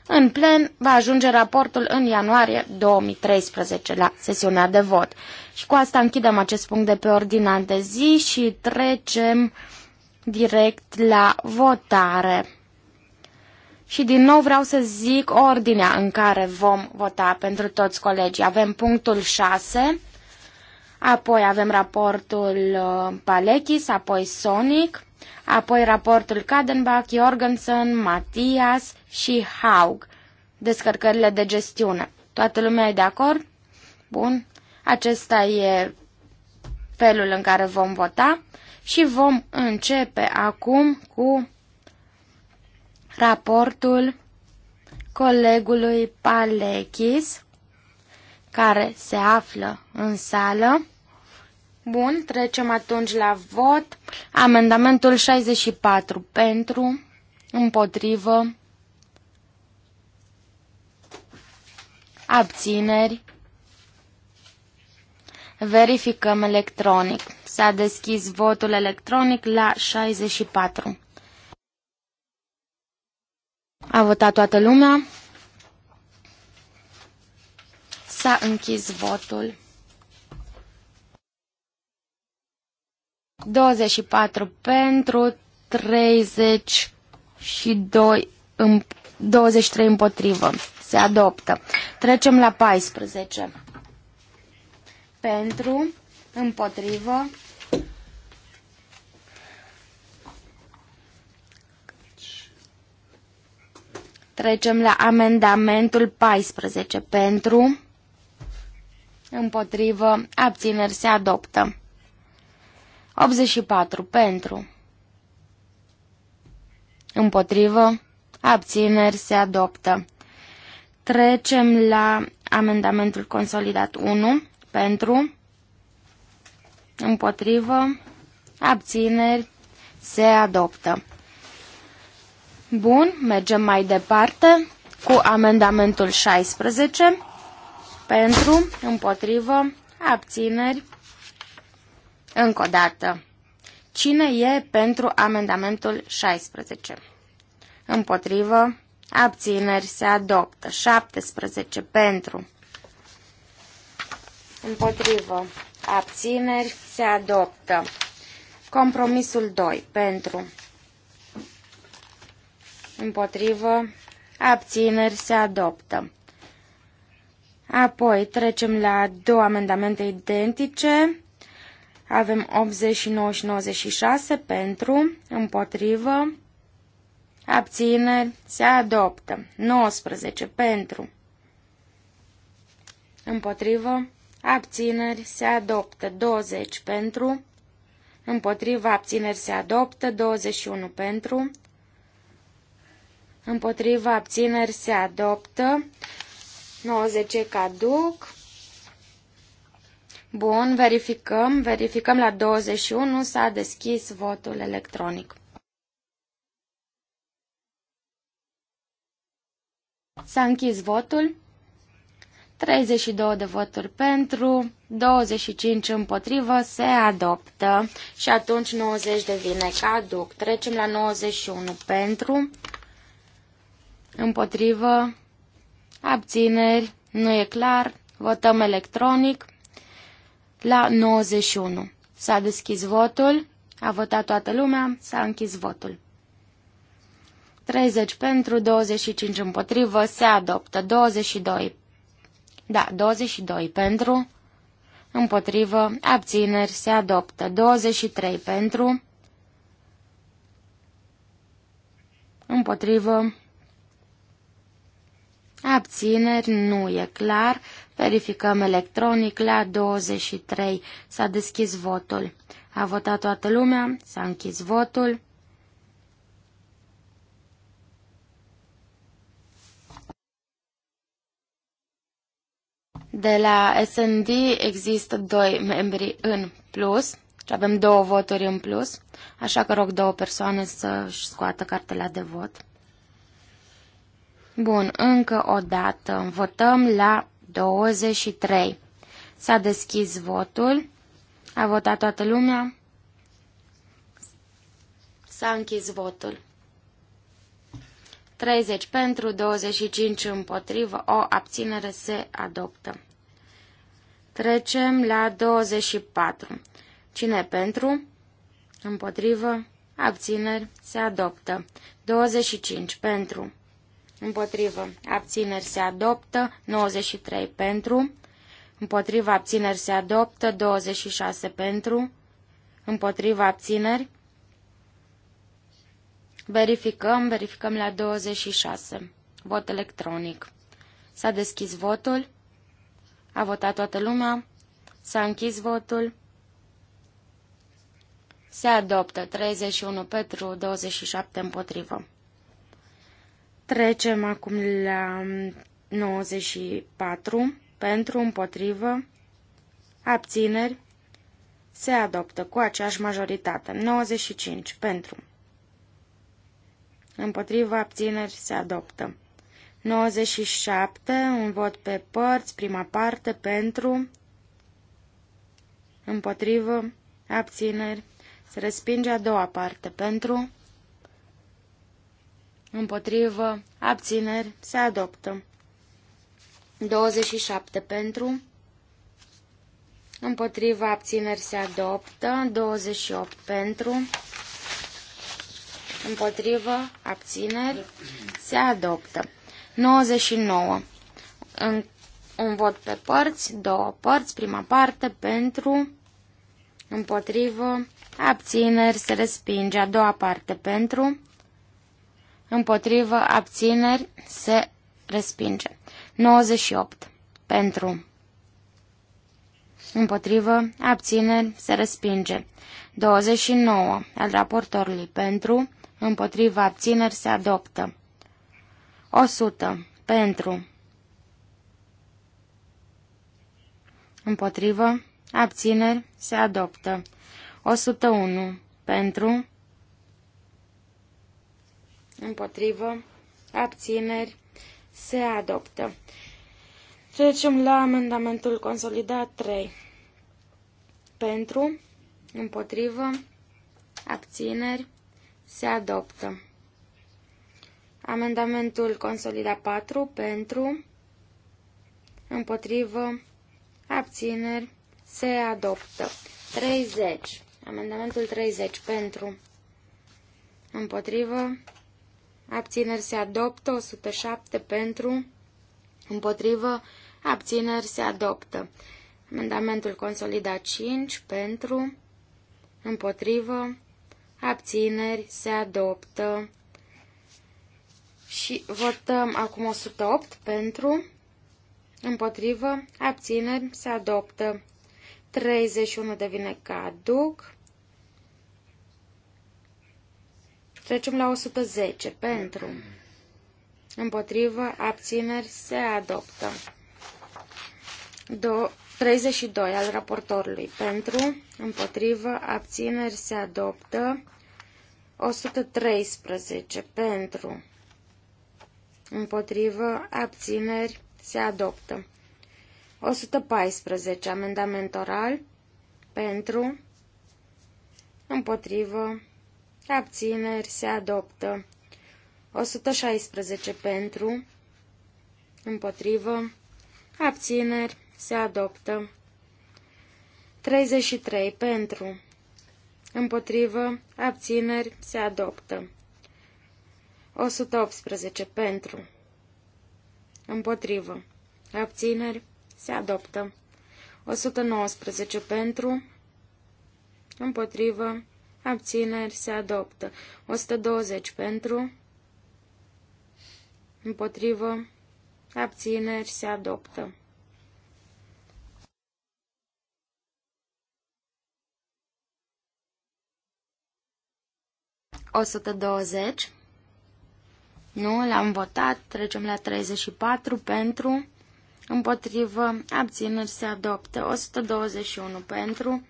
În plen va ajunge raportul în ianuarie 2013 la sesiunea de vot. Și cu asta închidem acest punct de pe ordinea de zi și trecem direct la votare. Și din nou vreau să zic ordinea în care vom vota pentru toți colegii. Avem punctul 6, apoi avem raportul uh, Palechis, apoi Sonic, apoi raportul Kadenbach, Jorgensen, Matias și Haug, descărcările de gestiune. Toată lumea e de acord? Bun. Acesta e felul în care vom vota și vom începe acum cu raportul colegului Palechis, care se află în sală. Bun, trecem atunci la vot. Amendamentul 64 pentru, împotrivă, abțineri. Verificăm electronic. S-a deschis votul electronic la 64. A votat toată lumea. S-a închis votul. 24 pentru, 32 împ 23 împotrivă. Se adoptă. Trecem la 14. Pentru, împotrivă, Trecem la amendamentul 14 pentru, împotrivă, abțineri se adoptă. 84 pentru, împotrivă, abțineri se adoptă. Trecem la amendamentul consolidat 1 pentru, împotrivă, abțineri se adoptă. Bun, mergem mai departe cu amendamentul 16 pentru, împotrivă, abțineri. Încă o dată. Cine e pentru amendamentul 16? Împotrivă, abțineri, se adoptă. 17 pentru, împotrivă, abțineri, se adoptă. Compromisul 2 pentru, împotrivă, abțineri se adoptă. Apoi trecem la două amendamente identice. Avem 89 și 96 pentru, împotrivă, abțineri, se adoptă. 19 pentru, împotrivă, abțineri, se adoptă. 20 pentru, împotrivă, abțineri, se adoptă. 21 pentru, împotriva abțineri se adoptă, 90 caduc. Bun, verificăm, verificăm la 21, s-a deschis votul electronic. S-a închis votul. 32 de voturi pentru, 25 împotrivă, se adoptă și atunci 90 devine caduc. Trecem la 91 pentru, împotrivă, abțineri, nu e clar, votăm electronic la 91. S-a deschis votul, a votat toată lumea, s-a închis votul. 30 pentru, 25 împotrivă, se adoptă 22. Da, 22 pentru, împotrivă, abțineri, se adoptă 23 pentru, împotrivă, Abțineri nu e clar. Verificăm electronic la 23. S-a deschis votul. A votat toată lumea, s-a închis votul. De la SND există doi membri în plus și avem două voturi în plus, așa că rog două persoane să-și scoată cartela de vot. Bun, încă o dată. Votăm la 23. S-a deschis votul. A votat toată lumea. S-a închis votul. 30 pentru, 25 împotrivă, o abținere se adoptă. Trecem la 24. Cine pentru? Împotrivă, abțineri, se adoptă. 25 pentru împotrivă, abțineri se adoptă, 93 pentru, împotrivă, abțineri se adoptă, 26 pentru, împotrivă, abțineri. Verificăm, verificăm la 26. Vot electronic. S-a deschis votul. A votat toată lumea. S-a închis votul. Se adoptă 31 pentru 27 împotrivă. Trecem acum la 94. Pentru, împotrivă, abțineri, se adoptă cu aceeași majoritate. 95. Pentru. Împotrivă, abțineri, se adoptă. 97. Un vot pe părți, prima parte, pentru, împotrivă, abțineri, se respinge a doua parte, pentru, împotrivă, abțineri, se adoptă. 27 pentru, împotrivă, abțineri, se adoptă. 28 pentru, împotrivă, abțineri, se adoptă. 99. În, un vot pe părți, două părți, prima parte, pentru, împotrivă, abțineri, se respinge. A doua parte, pentru, împotrivă, abțineri, se respinge. 98. Pentru, împotrivă, abțineri, se respinge. 29. Al raportorului, pentru, împotrivă, abțineri, se adoptă. 100. Pentru, împotrivă, abțineri, se adoptă. 101. Pentru, împotrivă, abțineri, se adoptă. Trecem la amendamentul consolidat 3. Pentru, împotrivă, abțineri, se adoptă. Amendamentul consolidat 4. Pentru, împotrivă, abțineri, se adoptă. 30. Amendamentul 30. Pentru, împotrivă, abțineri se adoptă, 107 pentru, împotrivă, abțineri se adoptă. Amendamentul consolidat 5 pentru, împotrivă, abțineri se adoptă. Și votăm acum 108 pentru, împotrivă, abțineri se adoptă. 31 devine caduc. Trecem la 110. Pentru. Împotrivă. Abțineri. Se adoptă. Do 32 al raportorului. Pentru. Împotrivă. Abțineri. Se adoptă. 113. Pentru. Împotrivă. Abțineri. Se adoptă. 114. Amendament oral. Pentru. Împotrivă. Abțineri se adoptă. 116 pentru, împotrivă, abțineri se adoptă. 33 pentru, împotrivă, abțineri se adoptă. 118 pentru, împotrivă, abțineri se adoptă. 119 pentru, împotrivă, Abțineri se adoptă. 120 pentru. Împotrivă. Abțineri se adoptă. O 120. Nu, l-am votat. Trecem la 34 pentru. Împotrivă. Abțineri se adoptă. 121 pentru.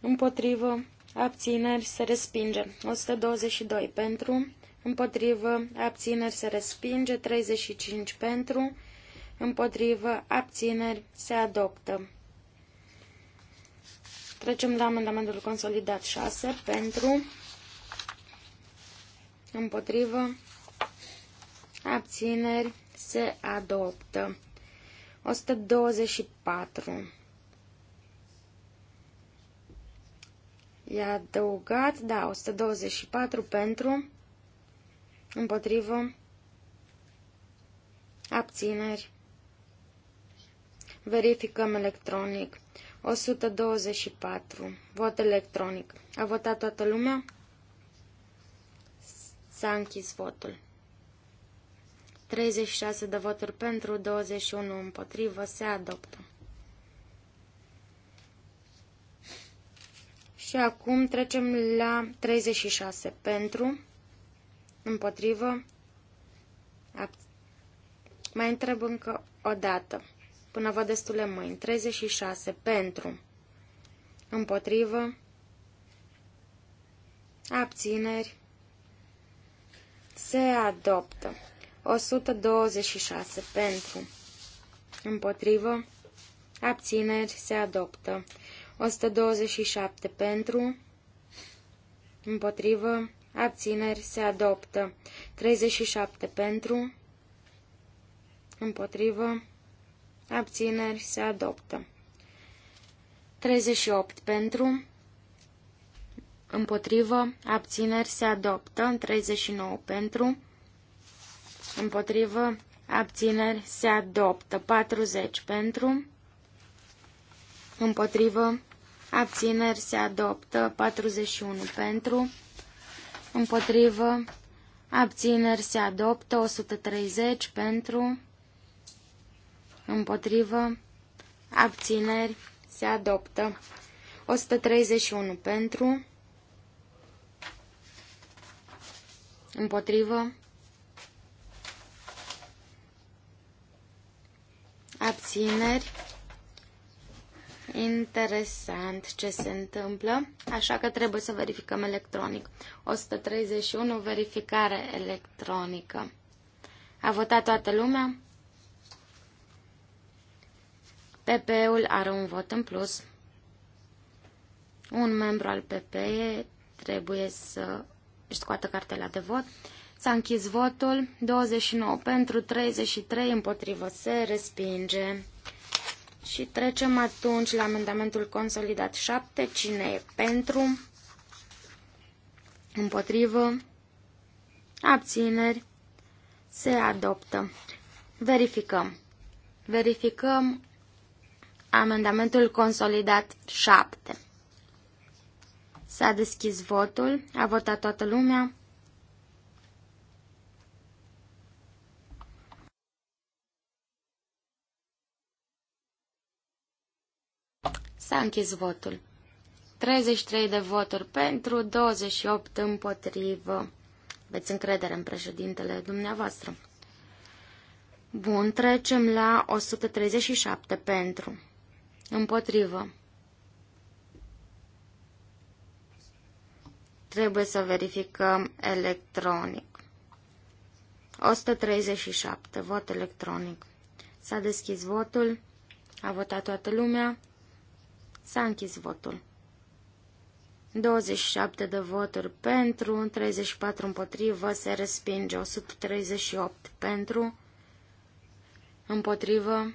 Împotrivă abțineri se respinge. 122 pentru, împotrivă, abțineri se respinge. 35 pentru, împotrivă, abțineri se adoptă. Trecem la amendamentul consolidat 6 pentru, împotrivă, abțineri se adoptă. 124 i adăugat, da, 124 pentru, împotrivă, abțineri. Verificăm electronic. 124. Vot electronic. A votat toată lumea? S-a închis votul. 36 de voturi pentru, 21 împotrivă, se adoptă. Și acum trecem la 36. Pentru, împotrivă, mai întreb încă o dată, până văd destule mâini. 36. Pentru, împotrivă, abțineri, se adoptă. 126. Pentru, împotrivă, abțineri, se adoptă. 127 pentru, împotrivă, abțineri se adoptă. 37 pentru, împotrivă, abțineri se adoptă. 38 pentru, împotrivă, abțineri se adoptă. 39 pentru, împotrivă, abțineri se adoptă. 40 pentru, împotrivă, abțineri se adoptă, 41 pentru, împotrivă, abțineri se adoptă, 130 pentru, împotrivă, abțineri se adoptă, 131 pentru, împotrivă, abțineri, Interesant ce se întâmplă, așa că trebuie să verificăm electronic. 131, verificare electronică. A votat toată lumea? pp ul are un vot în plus. Un membru al PP trebuie să își scoată cartela de vot. S-a închis votul, 29 pentru, 33 împotrivă, se respinge. Și trecem atunci la amendamentul consolidat 7. Cine e pentru? Împotrivă? Abțineri? Se adoptă. Verificăm. Verificăm amendamentul consolidat 7. S-a deschis votul, a votat toată lumea. S-a închis votul. 33 de voturi pentru, 28 împotrivă. Veți încredere în președintele dumneavoastră. Bun, trecem la 137 pentru. Împotrivă. Trebuie să verificăm electronic. 137. Vot electronic. S-a deschis votul. A votat toată lumea. S-a închis votul. 27 de voturi pentru, 34 împotrivă, se respinge, 138 pentru, împotrivă,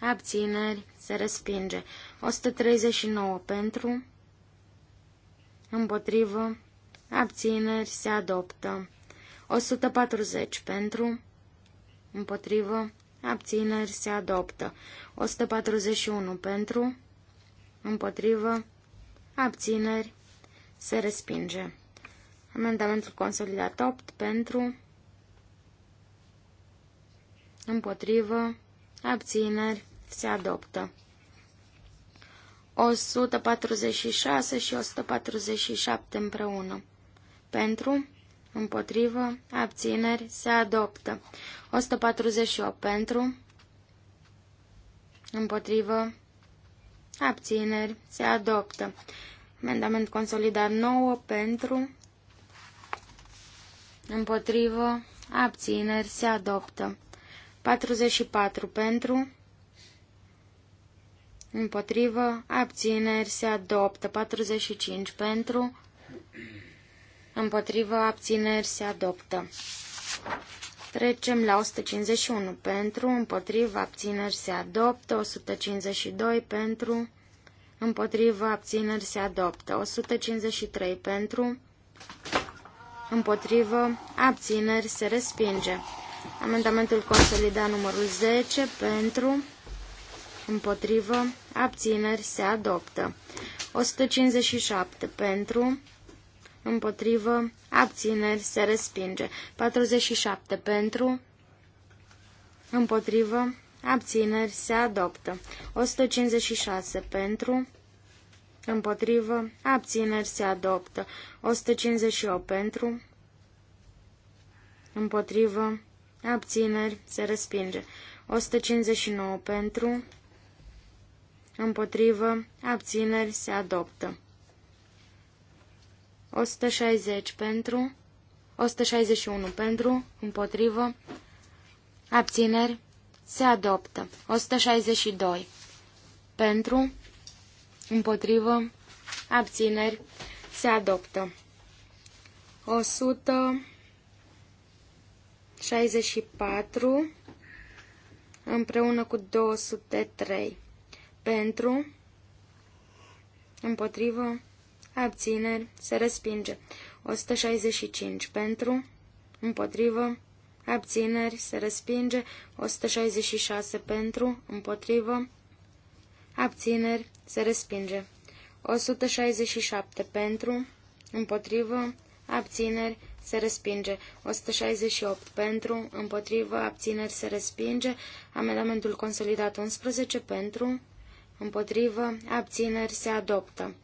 abțineri, se respinge, 139 pentru, împotrivă, abțineri, se adoptă, 140 pentru, împotrivă, abțineri se adoptă. 141 pentru, împotrivă, abțineri se respinge. Amendamentul consolidat 8 pentru, împotrivă, abțineri se adoptă. 146 și 147 împreună. Pentru, Împotrivă. Abțineri. Se adoptă. 148 pentru. Împotrivă. Abțineri. Se adoptă. Amendament consolidat 9 pentru. Împotrivă. Abțineri. Se adoptă. 44 pentru. Împotrivă. Abțineri. Se adoptă. 45 pentru. Împotrivă abțineri se adoptă. Trecem la 151 pentru, împotrivă abțineri se adoptă, 152 pentru, împotrivă abțineri se adoptă, 153 pentru, împotrivă abțineri se respinge. Amendamentul consolidat numărul 10 pentru, împotrivă abțineri se adoptă, 157 pentru, împotrivă, abțineri, se respinge. 47 pentru, împotrivă, abțineri, se adoptă. 156 pentru, împotrivă, abțineri, se adoptă. 158 pentru, împotrivă, abțineri, se respinge. 159 pentru, împotrivă, abțineri, se adoptă. 160 pentru, 161 pentru, împotrivă, abțineri, se adoptă. 162 pentru, împotrivă, abțineri, se adoptă. 164 împreună cu 203 pentru, împotrivă, abțineri, se respinge. 165 pentru, împotrivă, abțineri, se respinge. 166 pentru, împotrivă, abțineri, se respinge. 167 pentru, împotrivă, abțineri, se respinge. 168 pentru, împotrivă, abțineri, se respinge. Amendamentul consolidat 11 pentru, împotrivă, abțineri, se adoptă.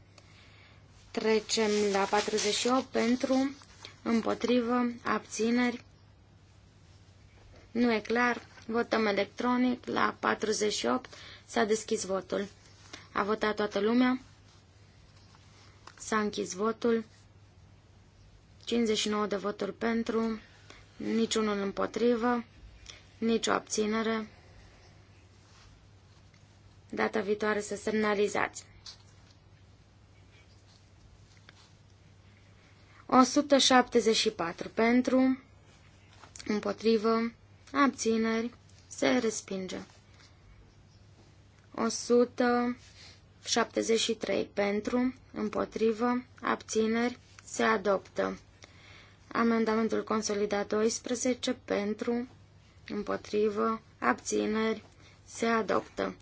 Trecem la 48 pentru, împotrivă, abțineri. Nu e clar. Votăm electronic. La 48 s-a deschis votul. A votat toată lumea. S-a închis votul. 59 de voturi pentru, niciunul împotrivă, nicio abținere. Data viitoare să semnalizați. 174 pentru, împotrivă, abțineri, se respinge. 173 pentru, împotrivă, abțineri, se adoptă. Amendamentul consolidat 12 pentru, împotrivă, abțineri, se adoptă.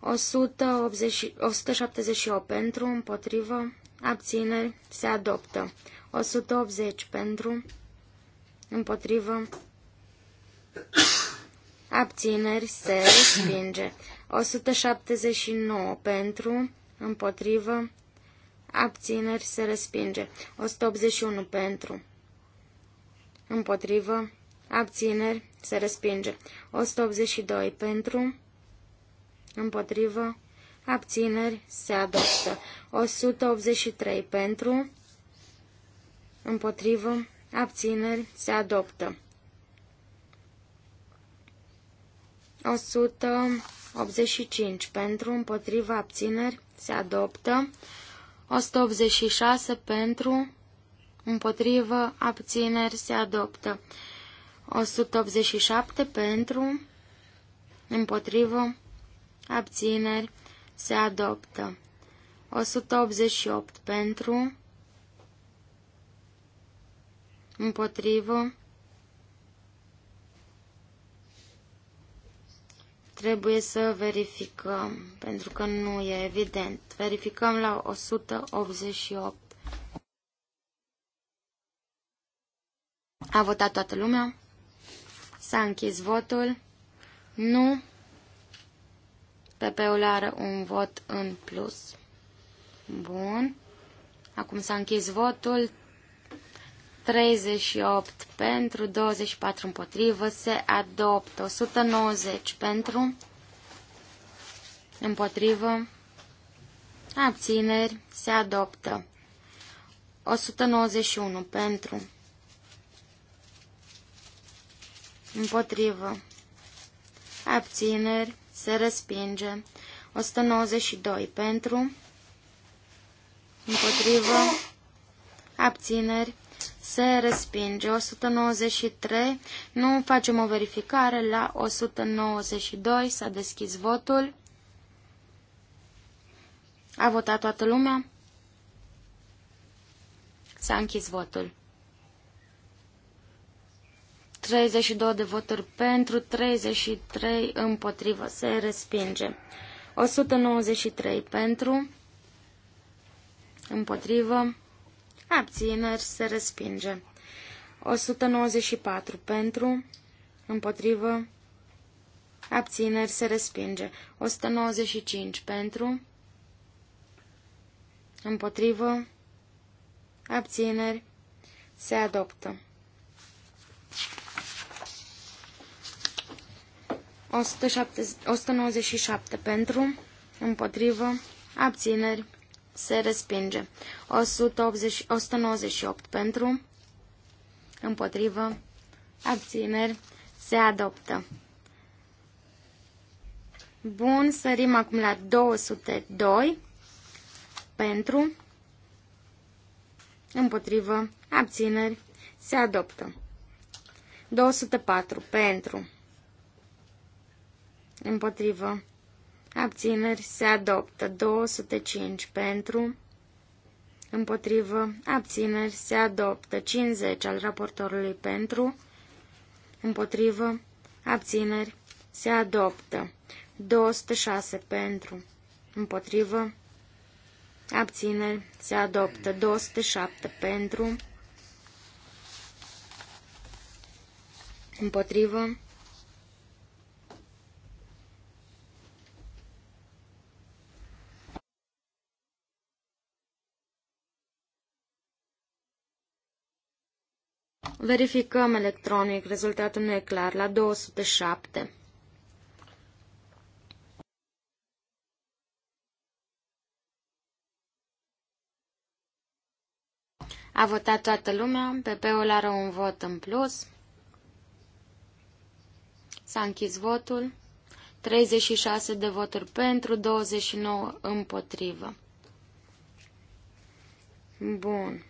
180, 178 pentru, împotrivă, abțineri, se adoptă. 180 pentru, împotrivă, abțineri, se respinge. 179 pentru, împotrivă, abțineri, se respinge. 181 pentru, împotrivă, abțineri, se respinge. 182 pentru, împotrivă, abțineri, se adoptă. 183 pentru, împotrivă, abțineri, se adoptă. 185 pentru, împotriva abțineri, se adoptă. 186 pentru, împotrivă, abțineri, se adoptă. 187 pentru, împotrivă, abțineri, se adoptă. 188 pentru, împotrivă, trebuie să verificăm, pentru că nu e evident. Verificăm la 188. A votat toată lumea? S-a închis votul? Nu. PP-ul are un vot în plus. Bun. Acum s-a închis votul. 38 pentru, 24 împotrivă, se adoptă. 190 pentru, împotrivă, abțineri, se adoptă. 191 pentru, împotrivă, abțineri, se respinge. 192 pentru, împotrivă, abțineri, se respinge. 193, nu facem o verificare, la 192 s-a deschis votul. A votat toată lumea? S-a închis votul. 32 de voturi pentru, 33 împotrivă. Se respinge. 193 pentru, împotrivă, abțineri se respinge. 194 pentru, împotrivă, abțineri se respinge. 195 pentru, împotrivă, abțineri se adoptă. 197 pentru, împotrivă, abțineri se respinge. 180, 198 pentru, împotrivă, abțineri, se adoptă. Bun, sărim acum la 202 pentru, împotrivă, abțineri, se adoptă. 204 pentru, împotrivă, Abțineri se adoptă 205 pentru. Împotrivă. Abțineri se adoptă 50 al raportorului pentru. Împotrivă. Abțineri se adoptă 206 pentru. Împotrivă. Abțineri se adoptă 207 pentru. Împotrivă. Verificăm electronic, rezultatul nu e clar, la 207. A votat toată lumea, PP-ul are un vot în plus. S-a închis votul. 36 de voturi pentru, 29 împotrivă. Bun.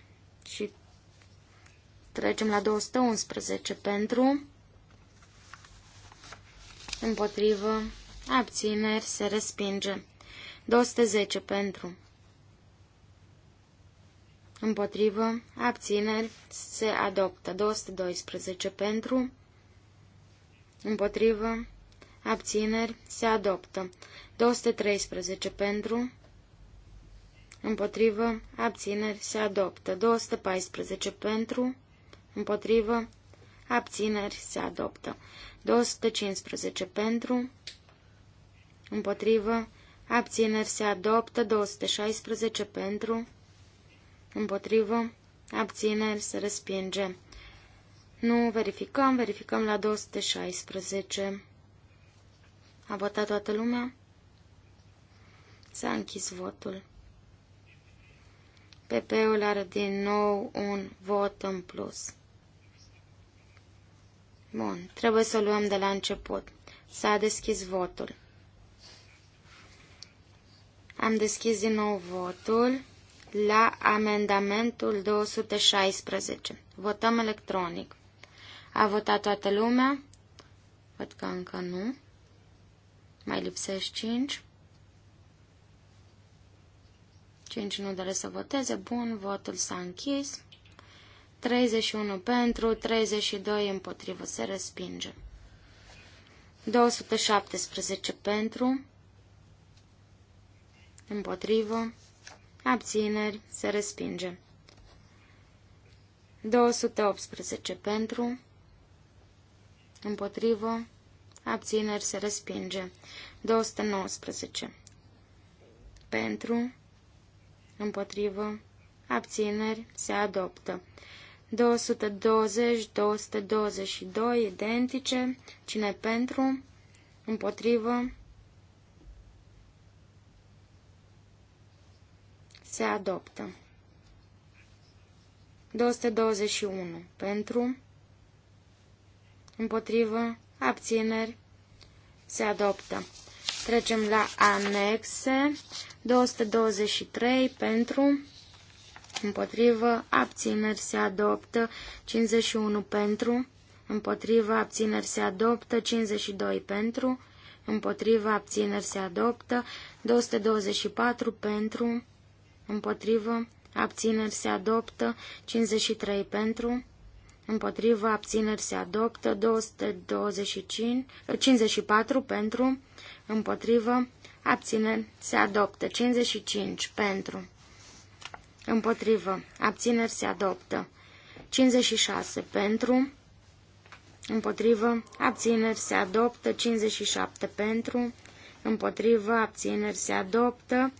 Și Trecem la 211 pentru, împotrivă, abțineri, se respinge. 210 pentru, împotrivă, abțineri, se adoptă. 212 pentru, împotrivă, abțineri, se adoptă. 213 pentru, Împotrivă, abțineri, se adoptă. 214 pentru, împotrivă, abțineri se adoptă. 215 pentru, împotrivă, abțineri se adoptă. 216 pentru, împotrivă, abțineri se respinge. Nu verificăm, verificăm la 216. A votat toată lumea? S-a închis votul. PP-ul are din nou un vot în plus. Bun, trebuie să o luăm de la început. S-a deschis votul. Am deschis din nou votul la amendamentul 216. Votăm electronic. A votat toată lumea? Văd că încă nu. Mai lipsesc 5. 5 nu doresc să voteze. Bun, votul s-a închis. 31 pentru, 32 împotrivă, se respinge. 217 pentru, împotrivă, abțineri, se respinge. 218 pentru, împotrivă, abțineri, se respinge. 219 pentru, împotrivă, abțineri, se adoptă. 220-222 identice. Cine pentru? Împotrivă? Se adoptă. 221 pentru? Împotrivă? Abțineri? Se adoptă. Trecem la anexe. 223 pentru? împotrivă, abțineri se adoptă, 51 pentru, împotrivă, abțineri se adoptă, 52 pentru, împotrivă, abțineri se adoptă, 224 pentru, împotrivă, abțineri se adoptă, 53 pentru, împotrivă, abțineri se adoptă, 225, 54 pentru, împotrivă, abțineri se adoptă, 55 pentru. Împotrivă. Abțineri se adoptă. 56 pentru. Împotrivă. Abțineri se adoptă. 57 pentru. Împotrivă. Abțineri se adoptă.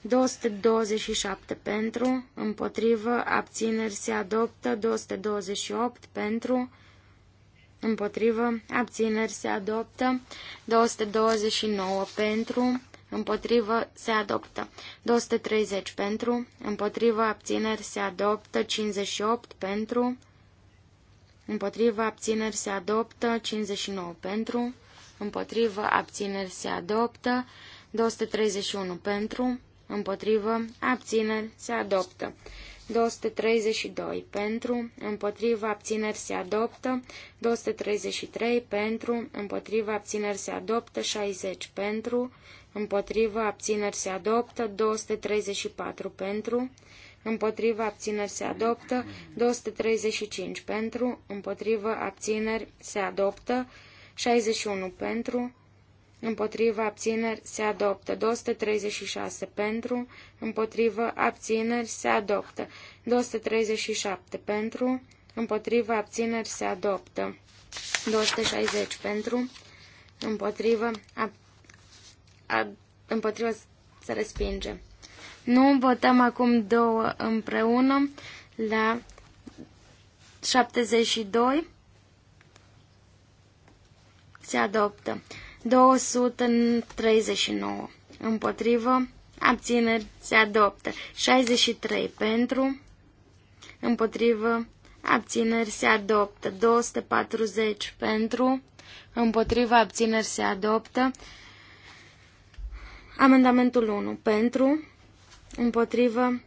227 pentru. Împotrivă. Abțineri se adoptă. 228 pentru. Împotrivă. Abțineri se adoptă. 229 pentru împotrivă, se adoptă. 230 pentru, împotrivă, abțineri, se adoptă. 58 pentru, împotrivă, abțineri, se adoptă. 59 pentru, împotrivă, abțineri, se adoptă. 231 pentru, împotrivă, abțineri, se adoptă. 232 pentru, împotriva abțineri se adoptă, 233 pentru, împotriva abțineri se adoptă, 60 pentru, împotrivă, abțineri se adoptă, 234 pentru, împotrivă, abțineri se adoptă, 235 pentru, împotrivă, abțineri se adoptă, 61 pentru, împotrivă, abțineri se adoptă, 236 pentru, împotrivă, abțineri se adoptă, 237 pentru, împotrivă, abțineri se adoptă, 260 pentru, împotrivă, abțineri a, împotrivă se respinge. Nu votăm acum două împreună la 72 se adoptă. 239 împotrivă, abțineri se adoptă. 63 pentru, împotrivă, abțineri se adoptă. 240 pentru, împotrivă, abțineri se adoptă. Amendamentul 1. Pentru, împotrivă,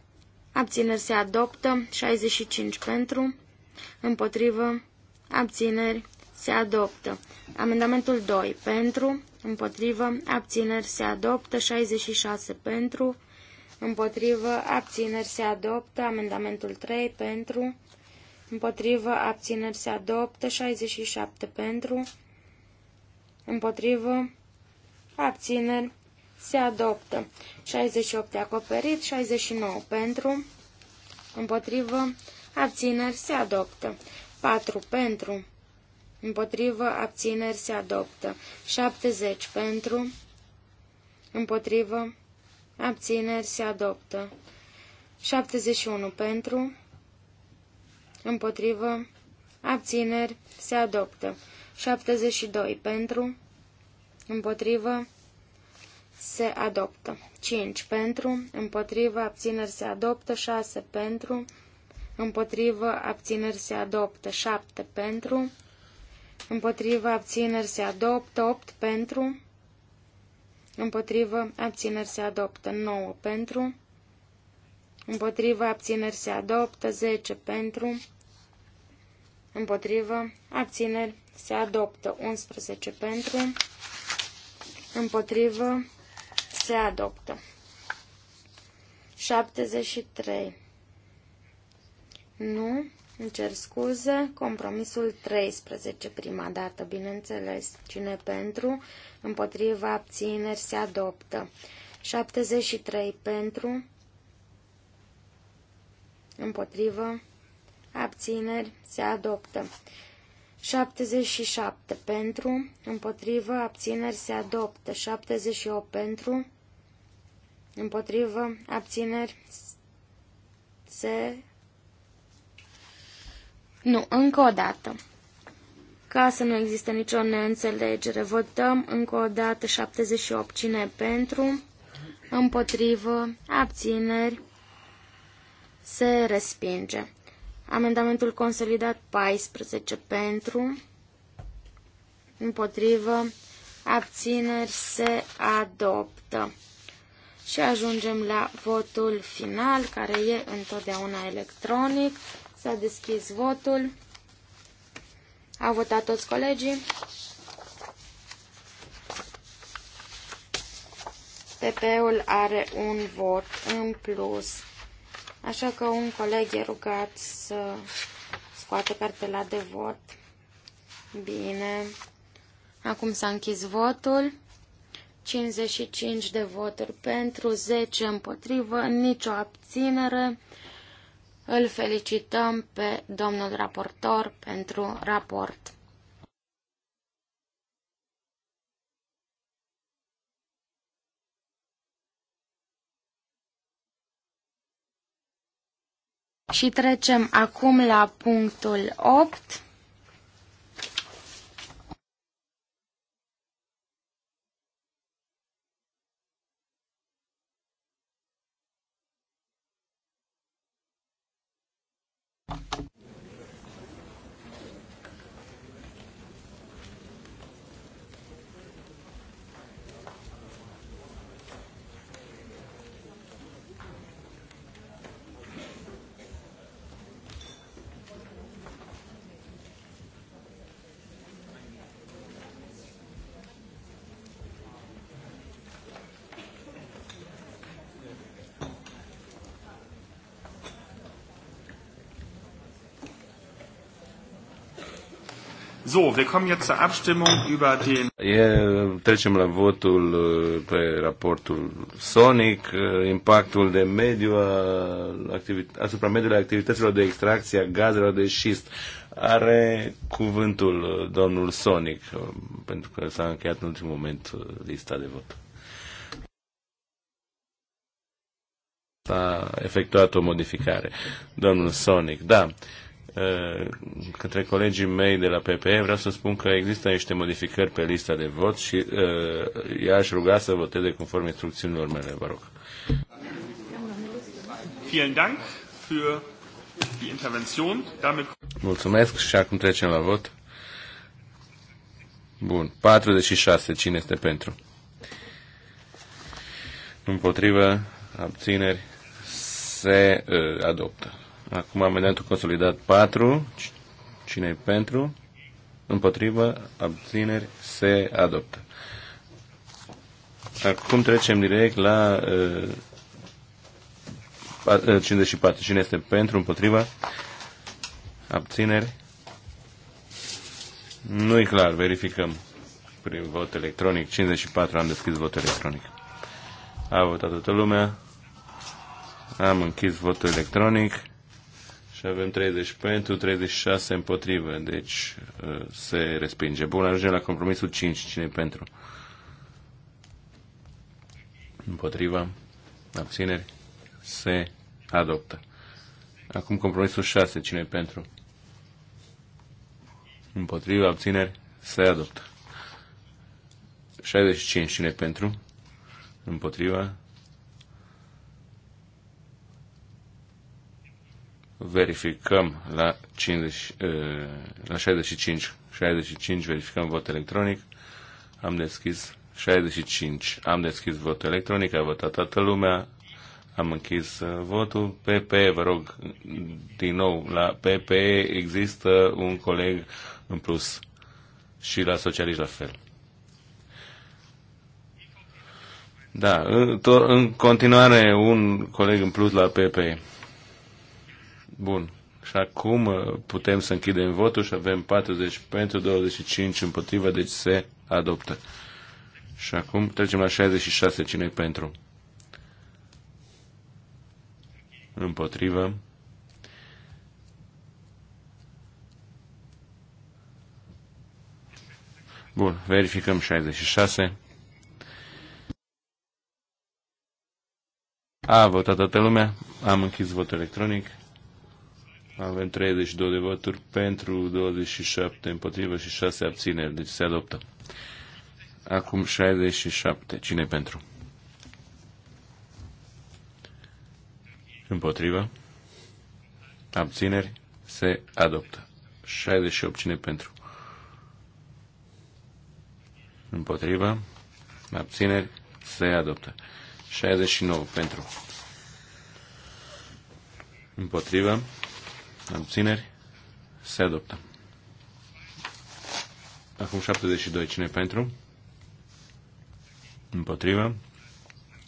abțineri se adoptă, 65 pentru, împotrivă, abțineri se adoptă. Amendamentul 2. Pentru, împotrivă, abțineri se adoptă, 66 pentru, împotrivă, abțineri se adoptă, amendamentul 3 pentru, împotrivă, abțineri se adoptă, 67 pentru, împotrivă, abțineri se adoptă. 68 acoperit, 69 pentru, împotrivă, abțineri, se adoptă. 4 pentru, împotrivă, abțineri, se adoptă. 70 pentru, împotrivă, abțineri, se adoptă. 71 pentru, împotrivă, abțineri, se adoptă. 72 pentru, împotrivă, se adoptă. 5 pentru, împotrivă, abțineri se adoptă. 6 pentru, împotrivă, abțineri se adoptă. 7 pentru, împotrivă, abțineri se adoptă. 8 pentru, împotrivă, abțineri se adoptă. 9 pentru, împotrivă, abțineri se adoptă. 10 pentru, împotrivă, abțineri se adoptă. 11 pentru, împotrivă, se adoptă. 73. Nu. Îmi cer scuze. Compromisul 13, prima dată, bineînțeles. Cine pentru? Împotriva abțineri se adoptă. 73 pentru. Împotrivă. Abțineri se adoptă. 77 pentru, împotrivă, abțineri se adoptă. 78 pentru, împotrivă, abțineri, se... Nu, încă o dată. Ca să nu existe nicio neînțelegere, votăm încă o dată 78. Cine pentru? Împotrivă, abțineri, se respinge. Amendamentul consolidat 14 pentru, împotrivă, abțineri se adoptă și ajungem la votul final, care e întotdeauna electronic. S-a deschis votul. Au votat toți colegii. PP-ul are un vot în plus. Așa că un coleg e rugat să scoate cartela de vot. Bine. Acum s-a închis votul. 55 de voturi pentru, 10 împotrivă, nicio abținere. Îl felicităm pe domnul raportor pentru raport. Și trecem acum la punctul 8.
So, wir kommen jetzt zur Abstimmung über den...
E, trecem la votul pe raportul Sonic, impactul de mediu a, asupra mediului activităților de extracție a gazelor de șist. Are cuvântul domnul Sonic, pentru că s-a încheiat în ultimul moment lista de vot. S-a efectuat o modificare. Domnul Sonic, da. Uh, către colegii mei de la PPE, vreau să spun că există niște modificări pe lista de vot și uh, i-aș ruga să voteze conform instrucțiunilor mele, vă rog. Mulțumesc și acum trecem la vot. Bun, 46, cine este pentru? Împotrivă, abțineri, se uh, adoptă. Acum amendamentul consolidat 4. Cine e pentru? Împotrivă, abțineri, se adoptă. Acum trecem direct la uh, 54. Uh, Cine este pentru, Împotrivă? Abțineri? Nu e clar, verificăm prin vot electronic. 54 am deschis vot electronic. A votat toată lumea. Am închis votul electronic avem 30 pentru, 36 împotrivă. Deci uh, se respinge. Bun, ajungem la compromisul 5. Cine pentru? Împotriva. Abțineri. Se adoptă. Acum compromisul 6. Cine pentru? Împotriva. Abțineri. Se adoptă. 65. Cine pentru? Împotriva. verificăm la, 50, eh, la 65, 65 verificăm vot electronic. Am deschis 65. Am deschis votul electronic, a votat toată lumea. Am închis eh, votul. PP, vă rog, din nou, la PP există un coleg în plus și la socialiști la fel. Da, în continuare un coleg în plus la PP. Bun. Și acum uh, putem să închidem votul și avem 40 pentru, 25 împotriva, deci se adoptă. Și acum trecem la 66. cine pentru? Împotrivă. Bun, verificăm 66. A votat toată lumea. Am închis votul electronic. Avem 32 de voturi pentru, 27 împotrivă și 6 abțineri, deci se adoptă. Acum 67. Cine pentru? Împotrivă. Abțineri. Se adoptă. 68. Cine pentru? Împotrivă. Abțineri. Se adoptă. 69. Pentru. Împotrivă. Abțineri? Se adoptă. Acum 72. Cine pentru? Împotrivă?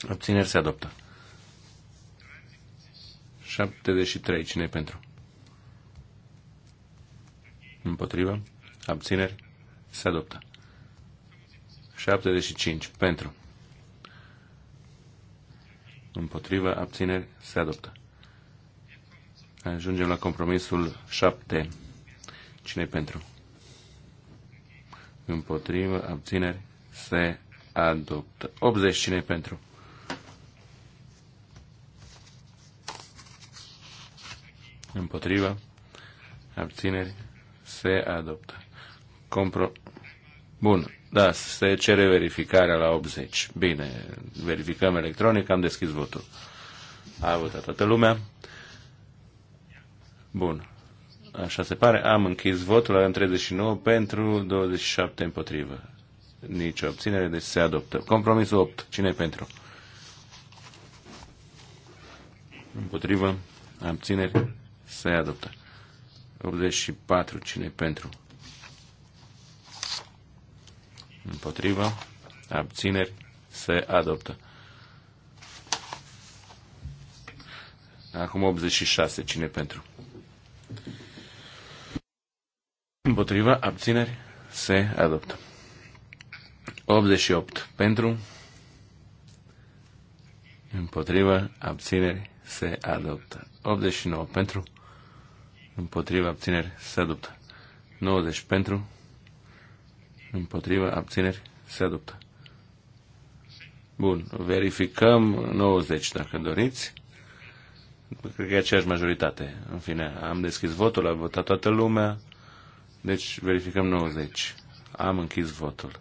Abțineri se adoptă. 73. Cine pentru? Împotrivă? Abțineri? Se adoptă. 75. Pentru. Împotrivă, abțineri, se adoptă. Ajungem la compromisul 7. cine pentru? Împotrivă, abțineri, se adoptă. 80 cine pentru? Împotrivă, abțineri, se adoptă. Compro... Bun, da, se cere verificarea la 80. Bine, verificăm electronic, am deschis votul. A votat toată lumea. Bun. Așa se pare. Am închis votul. Avem 39 pentru, 27 împotrivă. Nici obținere, deci se adoptă. Compromisul 8. Cine pentru? Împotrivă. Abțineri. Se adoptă. 84. Cine pentru? Împotrivă. Abțineri. Se adoptă. Acum 86. Cine pentru? Împotriva abțineri se adoptă. 88 pentru. Împotriva abțineri se adoptă. 89 pentru. Împotriva abțineri se adoptă. 90 pentru. Împotriva abțineri se adoptă. Bun, verificăm 90 dacă doriți. Cred că e aceeași majoritate. În fine, am deschis votul, a votat toată lumea. Deci verificăm 90. Am închis votul.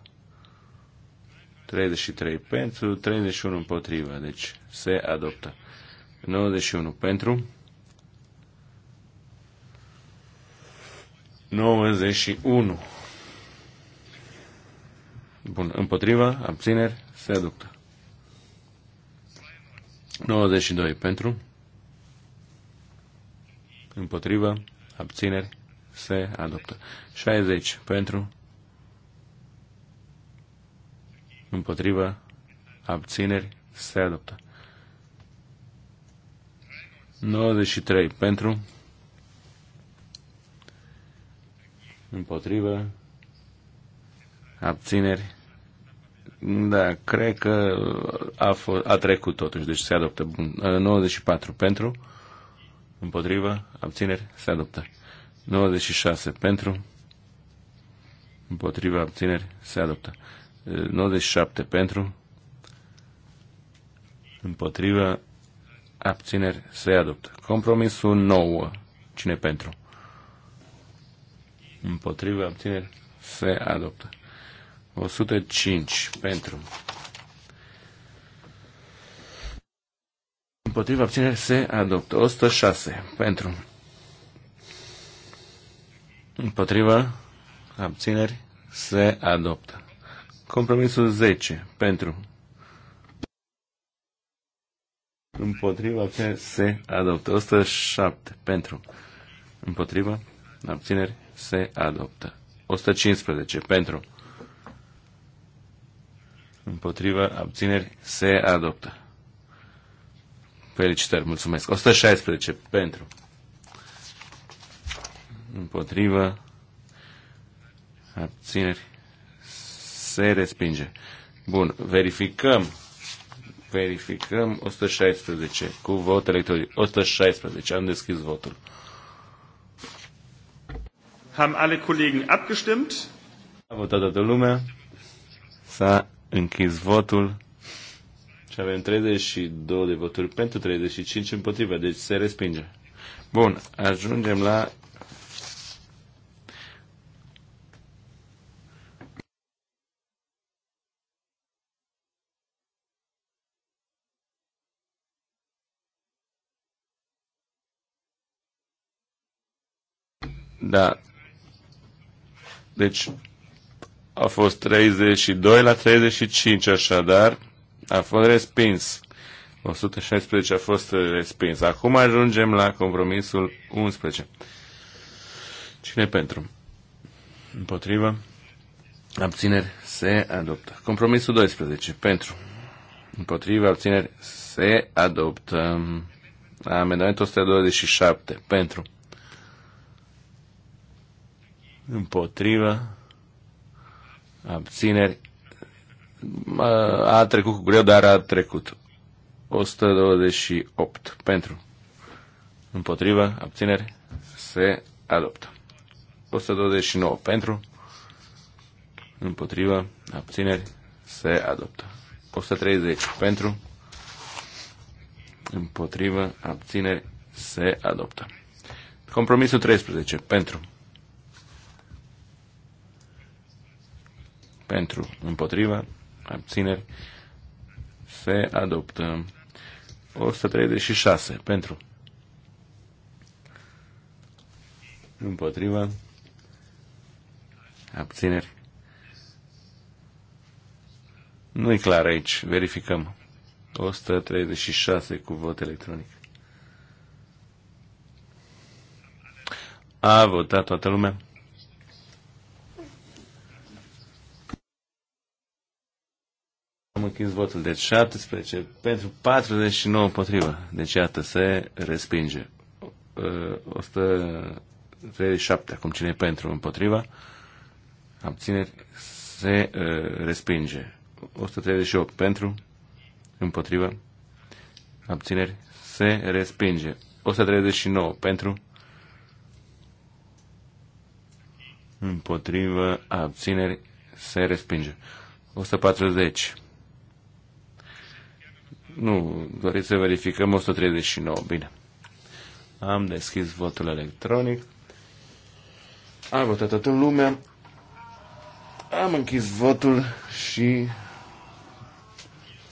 33 pentru, 31 împotriva. Deci se adoptă. 91 pentru. 91. Bun. Împotriva, abțineri, se adoptă. 92 pentru. Împotriva, abțineri, se adoptă. 60 pentru, împotrivă, abțineri, se adoptă. 93 pentru, împotrivă, abțineri, da, cred că a, fost, a trecut totuși, deci se adoptă. Bun. 94 pentru, împotrivă, abțineri, se adoptă. 96 pentru, împotriva abțineri, se adoptă. 97 pentru, împotriva abțineri, se adoptă. Compromisul 9, cine pentru? Împotriva abțineri, se adoptă. 105 pentru. Împotriva abțineri se adoptă. 106 pentru. Împotrivă. Abțineri. Se adoptă. Compromisul 10. Pentru. Împotriva abțineri se adoptă. 107. Pentru. Împotriva abțineri se adoptă. 115. Pentru. Împotriva abțineri se adoptă. Felicitări, mulțumesc. 116. Pentru împotrivă, abțineri, se respinge. Bun, verificăm, verificăm 116 cu vot electronic. 116, am deschis votul.
Haben alle Kollegen abgestimmt?
A votat toată lumea. S-a închis votul. Și avem 32 de voturi pentru 35 împotrivă, deci se respinge. Bun, ajungem la Da. Deci a fost 32 la 35 așadar. A fost respins. 116 a fost respins. Acum ajungem la compromisul 11. Cine pentru? Împotrivă? Abțineri se adoptă. Compromisul 12. Pentru. Împotrivă abțineri se adoptă. Amendamentul 127. Pentru. Împotrivă. Abțineri. A trecut cu greu, dar a trecut. 128 pentru. Împotrivă. Abțineri. Se adoptă. 129 pentru. Împotrivă. Abțineri. Se adoptă. 130 pentru. Împotrivă. Abțineri. Se adoptă. Compromisul 13 pentru pentru, împotriva, abțineri, se adoptă. 136 pentru, împotriva, abțineri. Nu e clar aici, verificăm. 136 cu vot electronic. A votat toată lumea? Am închis votul. Deci 17 pentru 49 împotrivă. Deci iată, se respinge. 137. Uh, Acum cine uh, pentru împotriva? Abțineri se respinge. 138 pentru împotriva. Abțineri se respinge. 139 pentru împotrivă abțineri se respinge. 140 nu, doriți să verificăm 139. Bine. Am deschis votul electronic. A votat toată lumea. Am închis votul și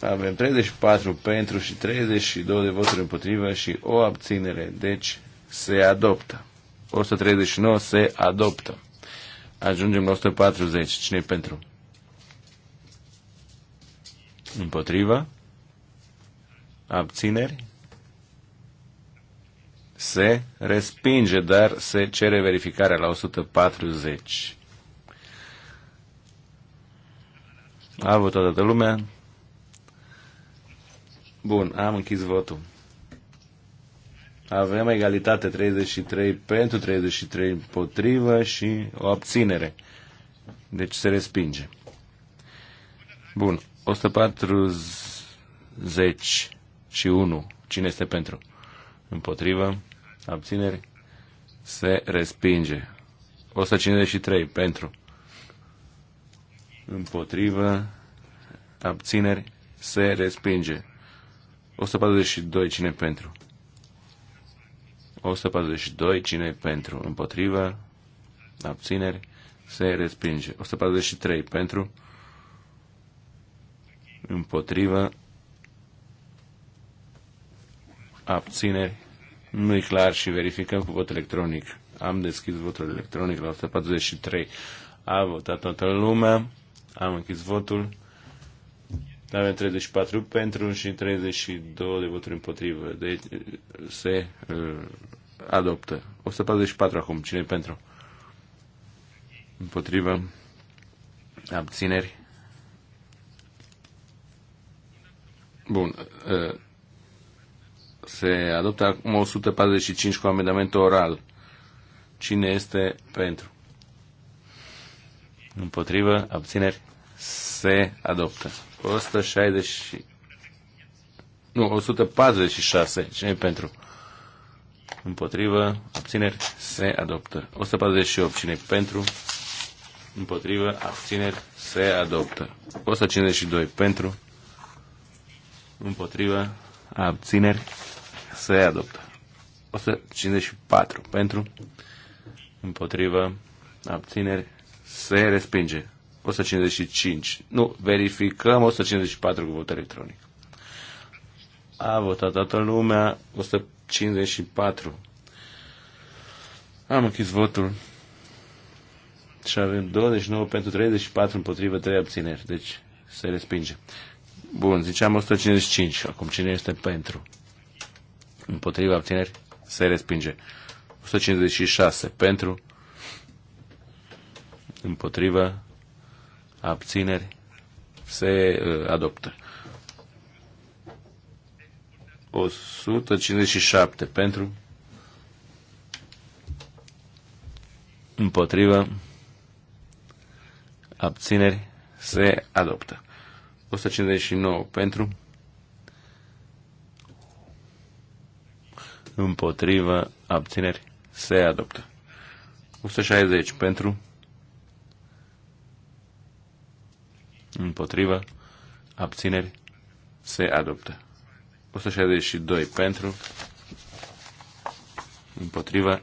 avem 34 pentru și 32 de voturi împotrivă și o abținere. Deci se adoptă. 139 se adoptă. Ajungem la 140. Cine pentru? Împotriva? abțineri, se respinge, dar se cere verificarea la 140. A votat toată lumea. Bun, am închis votul. Avem egalitate 33 pentru, 33 împotrivă și o abținere. Deci se respinge. Bun, 140 și 1. Cine este pentru? Împotrivă. Abțineri. Se respinge. 153. Pentru. Împotrivă. Abțineri. Se respinge. 142. Cine pentru? 142. Cine pentru? Împotrivă. Abțineri. Se respinge. 143. Pentru. Împotrivă abțineri, nu e clar și verificăm cu vot electronic. Am deschis votul electronic la 143. A votat toată lumea, am închis votul. Avem 34 pentru și 32 de voturi împotrivă. Deci se uh, adoptă. 144 acum. cine pentru? Împotrivă. Abțineri. Bun. Uh, se adoptă acum 145 cu amendament oral. Cine este pentru? Împotrivă, abțineri, se adoptă. 160 nu, 146. Cine pentru? Împotrivă, abțineri, se adoptă. 148. Cine pentru? Împotrivă, abțineri, se adoptă. 152. Pentru? Împotrivă, abțineri, se adoptă. 154 pentru, împotrivă, abțineri, se respinge. 155. Nu, verificăm 154 cu vot electronic. A votat toată lumea 154. Am închis votul. Și avem 29 pentru 34 împotrivă 3 abțineri. Deci se respinge. Bun, ziceam 155. Acum cine este pentru? împotriva abțineri se respinge. 156 pentru, împotriva abțineri se uh, adoptă. 157 pentru, împotriva abțineri se adoptă. 159 pentru, împotrivă, abțineri, se adoptă. 160 pentru, împotrivă, abțineri, se adoptă. 162 pentru, împotrivă,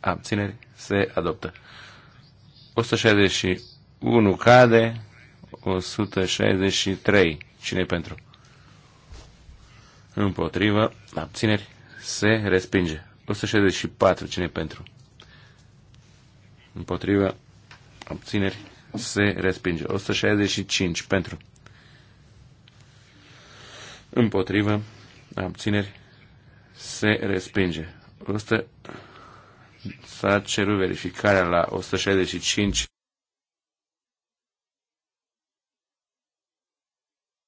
abțineri, se adoptă. 161 cade, 163. Cine pentru? împotrivă, abțineri, se respinge. 164, cine pentru? Împotrivă, abțineri, se respinge. 165, pentru. Împotrivă, abțineri, se respinge. 100... S-a cerut verificarea la 165.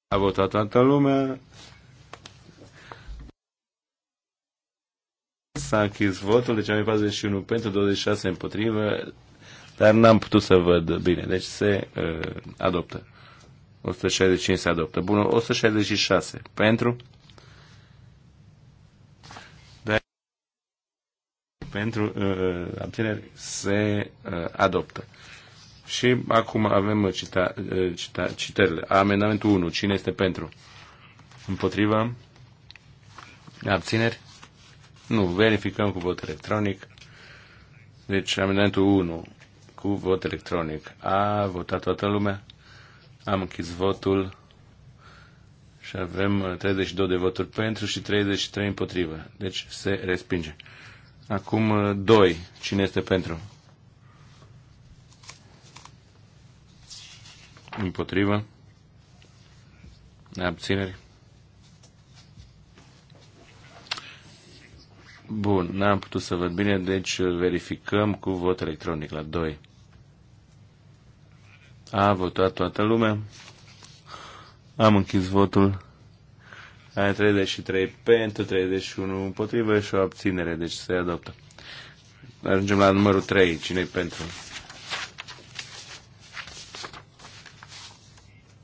A votat toată lumea, S-a închis votul, deci am 41 pentru, 26 împotrivă, dar n-am putut să văd bine. Deci se uh, adoptă. 165 se adoptă. Bun, 166 pentru. Da. Pentru uh, abțineri se uh, adoptă. Și acum avem uh, cita, uh, cita, citările. Amendamentul 1. Cine este pentru? Împotriva? Abțineri? Nu, verificăm cu vot electronic. Deci amendamentul 1 cu vot electronic. A votat toată lumea. Am închis votul și avem 32 de voturi pentru și 33 împotrivă. Deci se respinge. Acum 2. Cine este pentru? Împotrivă. Abțineri. Bun, n-am putut să văd bine, deci verificăm cu vot electronic la 2. A votat toată lumea. Am închis votul. Ai 33 pentru, 31 împotrivă și o abținere, deci se adoptă. Ajungem la numărul 3. Cine-i pentru?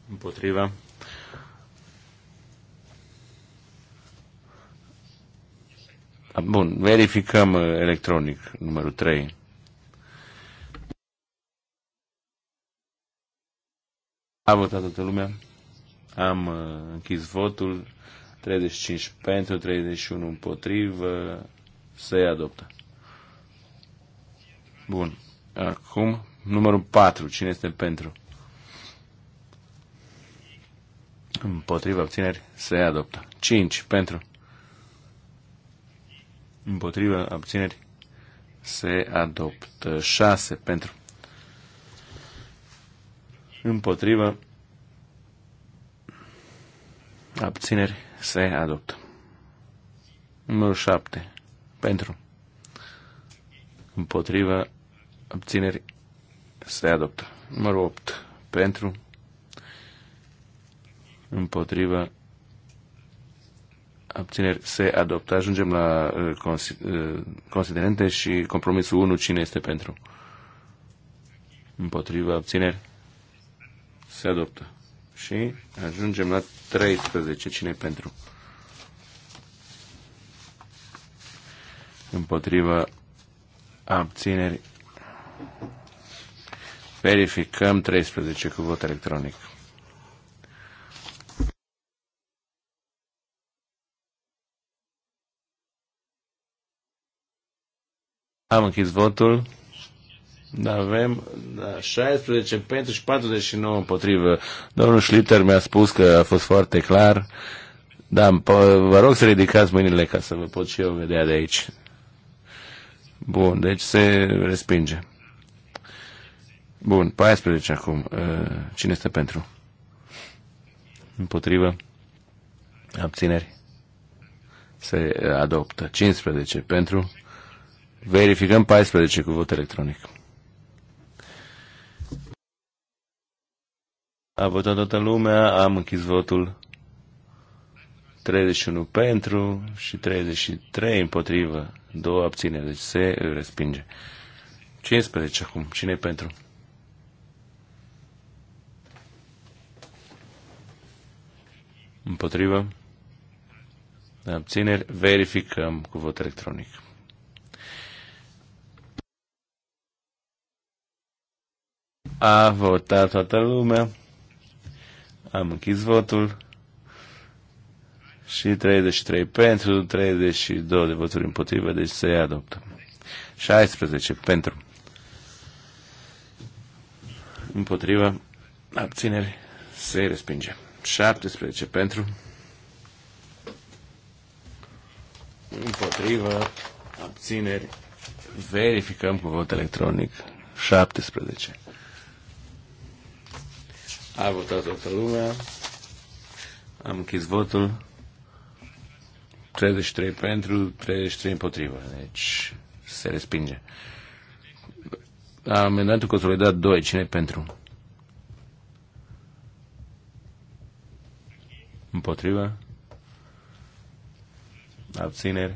Împotriva. Ah, bun, verificăm uh, electronic numărul 3. A votat toată lumea. Am uh, închis votul. 35 pentru, 31 împotrivă. Se adoptă. Bun. Acum, numărul 4. Cine este pentru? Împotriva abțineri se adoptă. 5 pentru împotriva abțineri se adoptă. 6 pentru împotriva abțineri se adoptă. Numărul 7 pentru împotriva abțineri se adoptă. Numărul 8 pentru împotriva abțineri se adoptă. Ajungem la uh, uh, considerente și compromisul 1. Cine este pentru? Împotriva abțineri se adoptă. Și ajungem la 13. Cine pentru? Împotriva abțineri verificăm 13 cu vot electronic. Am închis votul. Da, avem da, 16 pentru și 49 împotrivă. Domnul Schlitter mi-a spus că a fost foarte clar. Da, vă rog să ridicați mâinile ca să vă pot și eu vedea de aici. Bun, deci se respinge. Bun, 14 acum. Uh, cine este pentru? Împotrivă? Abțineri? Se adoptă. 15 pentru? Verificăm 14 cu vot electronic. A votat toată lumea, am închis votul 31 pentru și 33 împotrivă. Două abțineri, deci se respinge. 15 acum, cine e pentru? Împotrivă? Abțineri, verificăm cu vot electronic. A votat toată lumea. Am închis votul. Și 33 pentru, 32 de voturi împotrivă, deci se adoptă. 16 pentru. Împotrivă, abțineri, se respinge. 17 pentru. Împotrivă, abțineri, verificăm cu vot electronic. 17. A votat toată lumea. Am închis votul. 33 pentru, 33 împotriva. Deci se respinge. Amendamentul consolidat 2. Cine pentru? Împotriva? Abțineri?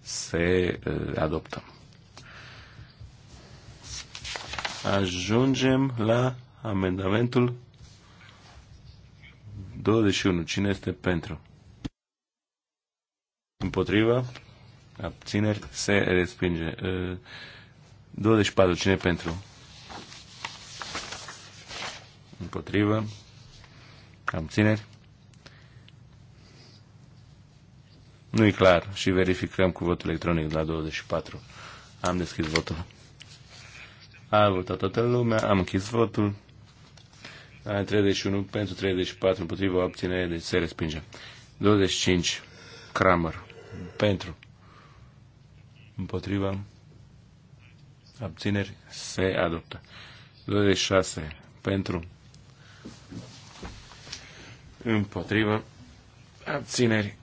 Se uh, adoptă. Ajungem la amendamentul 21. Cine este pentru? Împotriva? Abțineri? Se respinge. 24. Ă, Cine pentru? Împotrivă? Abțineri? Nu e clar și verificăm cu votul electronic la 24. Am deschis votul. A votat toată lumea, am închis votul. Ai 31 pentru 34 împotriva obținere, deci se respinge. 25. Kramer. Pentru. Împotriva. Abțineri. Se adoptă. 26. Pentru. Împotriva. Abțineri.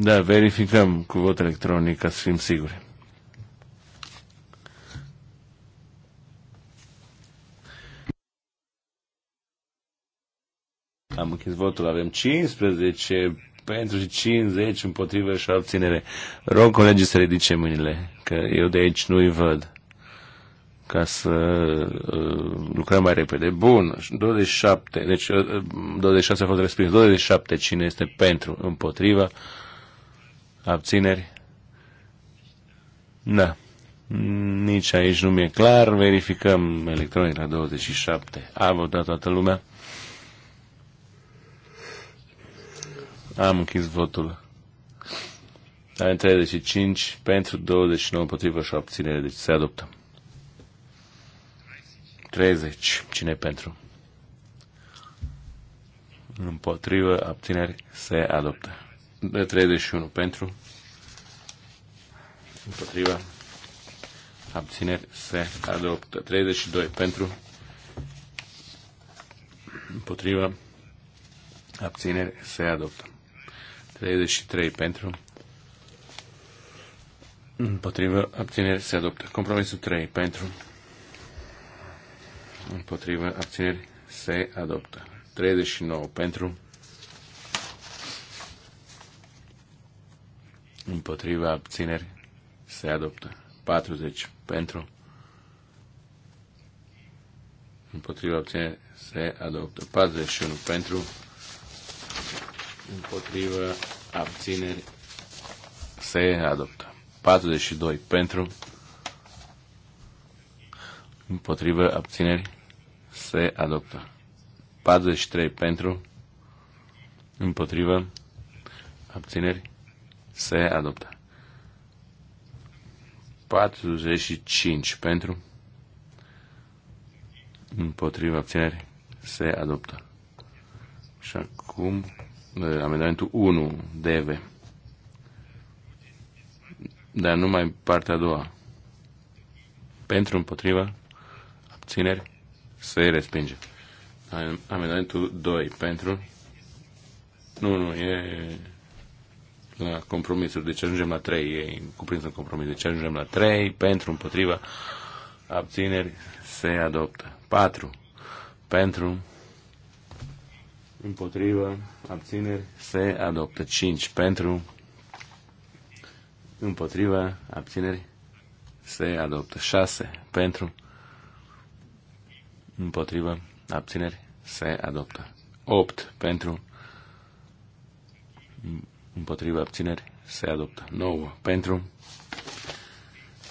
Da, verificăm cu vot electronic ca să fim siguri. Am închis votul. Avem 15 pentru și 50 împotrivă și abținere. Rog colegii să ridice mâinile, că eu de aici nu-i văd ca să uh, lucrăm mai repede. Bun, 27, deci uh, 26 uh, a fost respins, 27 cine este pentru, împotrivă, abțineri. Da, nici aici nu mi-e clar, verificăm electronic la 27. A votat toată lumea. Am închis votul. Are 35 deci pentru, 29 împotrivă și abținere, deci se adoptă. 30. Cine pentru? Împotrivă, abțineri, se adoptă. De 31 pentru. Împotrivă, abțineri, se adoptă. 32 pentru. Împotrivă, abțineri, se adoptă. 33 pentru. Împotrivă, abțineri se adoptă. Compromisul 3 pentru. Împotrivă, abțineri se adoptă. 39 pentru. Împotrivă abțineri se adoptă. 40 pentru. Împotriva abțineri se adoptă. 41 pentru împotrivă, abțineri, se adoptă. 42 pentru, împotrivă, abțineri, se adoptă. 43 pentru, împotrivă, abțineri, se adoptă. 45 pentru, Împotrivă abțineri. se adoptă. Și acum Eh, amendamentul 1, DV. Dar numai partea a doua. Pentru, împotriva, abțineri, se respinge. Amendamentul 2, pentru. Nu, nu, e la compromisuri. Deci ajungem la 3, e cuprins în compromis. Deci ajungem la 3, pentru, împotriva, abțineri, se adoptă. 4, pentru, împotrivă, abțineri, se adoptă. 5 pentru, împotrivă, abțineri, se adoptă. 6 pentru, împotrivă, abțineri, se adoptă. 8 pentru, împotrivă, abțineri, se adoptă. 9 pentru,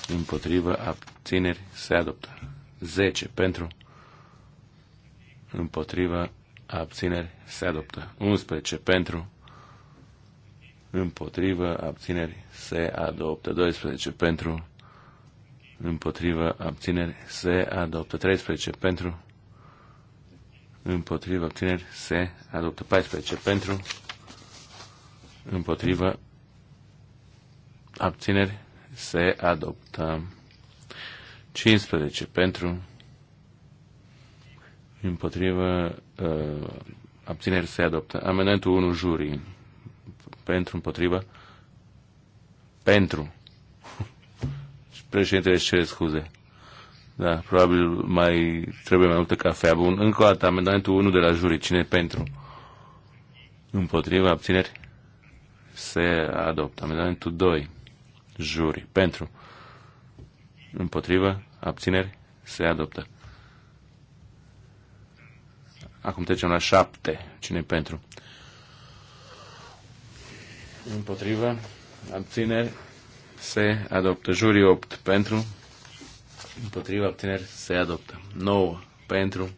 împotrivă, abțineri, se adoptă. 10 pentru, împotrivă, abțineri, se adoptă. 11 pentru, împotrivă, abțineri, se adoptă. 12 pentru, împotrivă, abțineri, se adoptă. 13 pentru, împotrivă, abțineri, se adoptă. 14 pentru, împotrivă, abțineri, se adoptă. 15 pentru, împotrivă, Uh, abțineri se adoptă. Amendamentul 1 jurii. Pentru, împotrivă. Pentru. Și președintele își cere scuze. Da, probabil mai trebuie mai multă cafea. Bun, încă o dată, amendamentul 1 de la jurii. Cine pentru? Împotrivă, abțineri se adoptă. Amendamentul 2, jurii. Pentru. Împotrivă, abțineri se adoptă. Acum trecem la șapte, Cine pentru? Împotrivă. Abțineri. Se adoptă. Jurii 8. Pentru. Împotrivă. Abțineri. Se adoptă. 9. Pentru.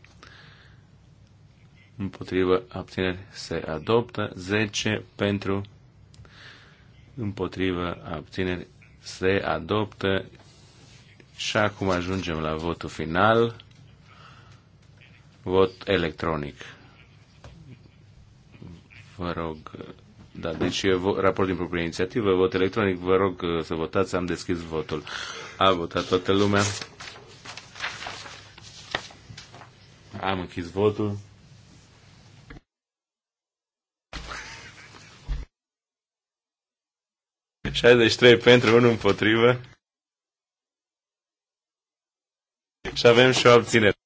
Împotrivă. Abțineri. Se adoptă. 10. Pentru. Împotrivă. Abțineri. Se adoptă. Și acum ajungem la votul final. Vot electronic. Vă rog. Da, deci e raport din proprie inițiativă, vot electronic, vă rog uh, să votați, am deschis votul. A votat toată lumea. Am închis votul. Șaizeci trei pentru, unul împotrivă. Și avem și o abținere.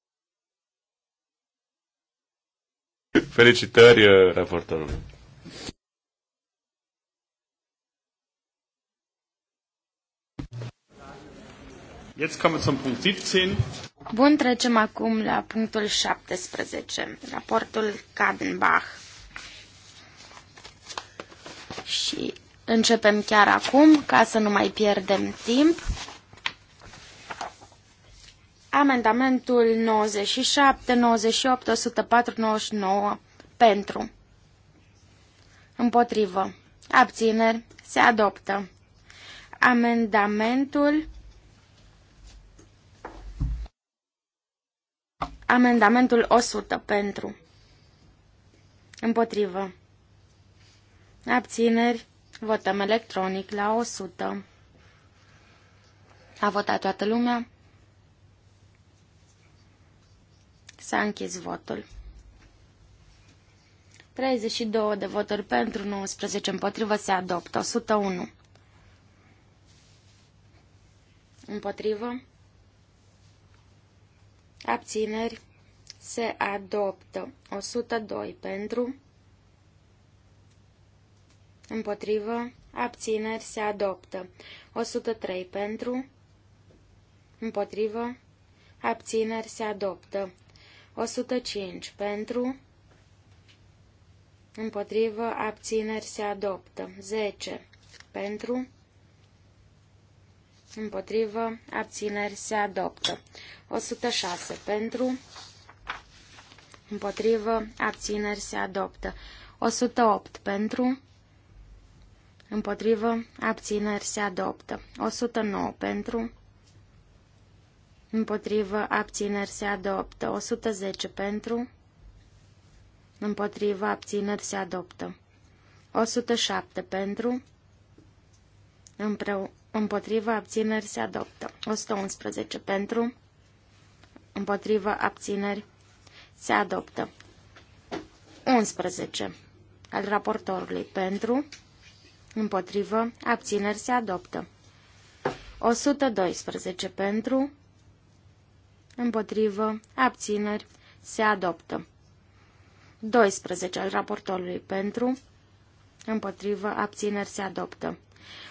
Felicitări uh, raportorului.
Jetzt kommen wir zum Punkt 17.
Bun, trecem acum la punctul 17, raportul Kadenbach. Și începem chiar acum, ca să nu mai pierdem timp. Amendamentul 97, 98, 104, 99 pentru. Împotrivă. Abțineri. Se adoptă. Amendamentul Amendamentul 100 pentru. Împotrivă. Abțineri. Votăm electronic la 100. A votat toată lumea? S-a închis votul. 32 de voturi pentru, 19 împotrivă, se adoptă. 101. Împotrivă. Abțineri. Se adoptă. 102 pentru. Împotrivă. Abțineri. Se adoptă. 103 pentru. Împotrivă. Abțineri. Se adoptă. 105 pentru, împotrivă, abțineri se adoptă. 10 pentru, împotrivă, abțineri se adoptă. 106 pentru, împotrivă, abțineri se adoptă. 108 pentru, împotrivă, abțineri se adoptă. 109 pentru, Împotrivă abțineri se adoptă. 110 pentru. Împotrivă abțineri se adoptă. 107 pentru. Împreu, împotrivă abțineri se adoptă. 111 pentru. Împotrivă abțineri se adoptă. 11. Al raportorului pentru. Împotrivă abțineri se adoptă. 112 pentru împotrivă, abțineri, se adoptă. 12 al raportorului pentru, împotrivă, abțineri, se adoptă.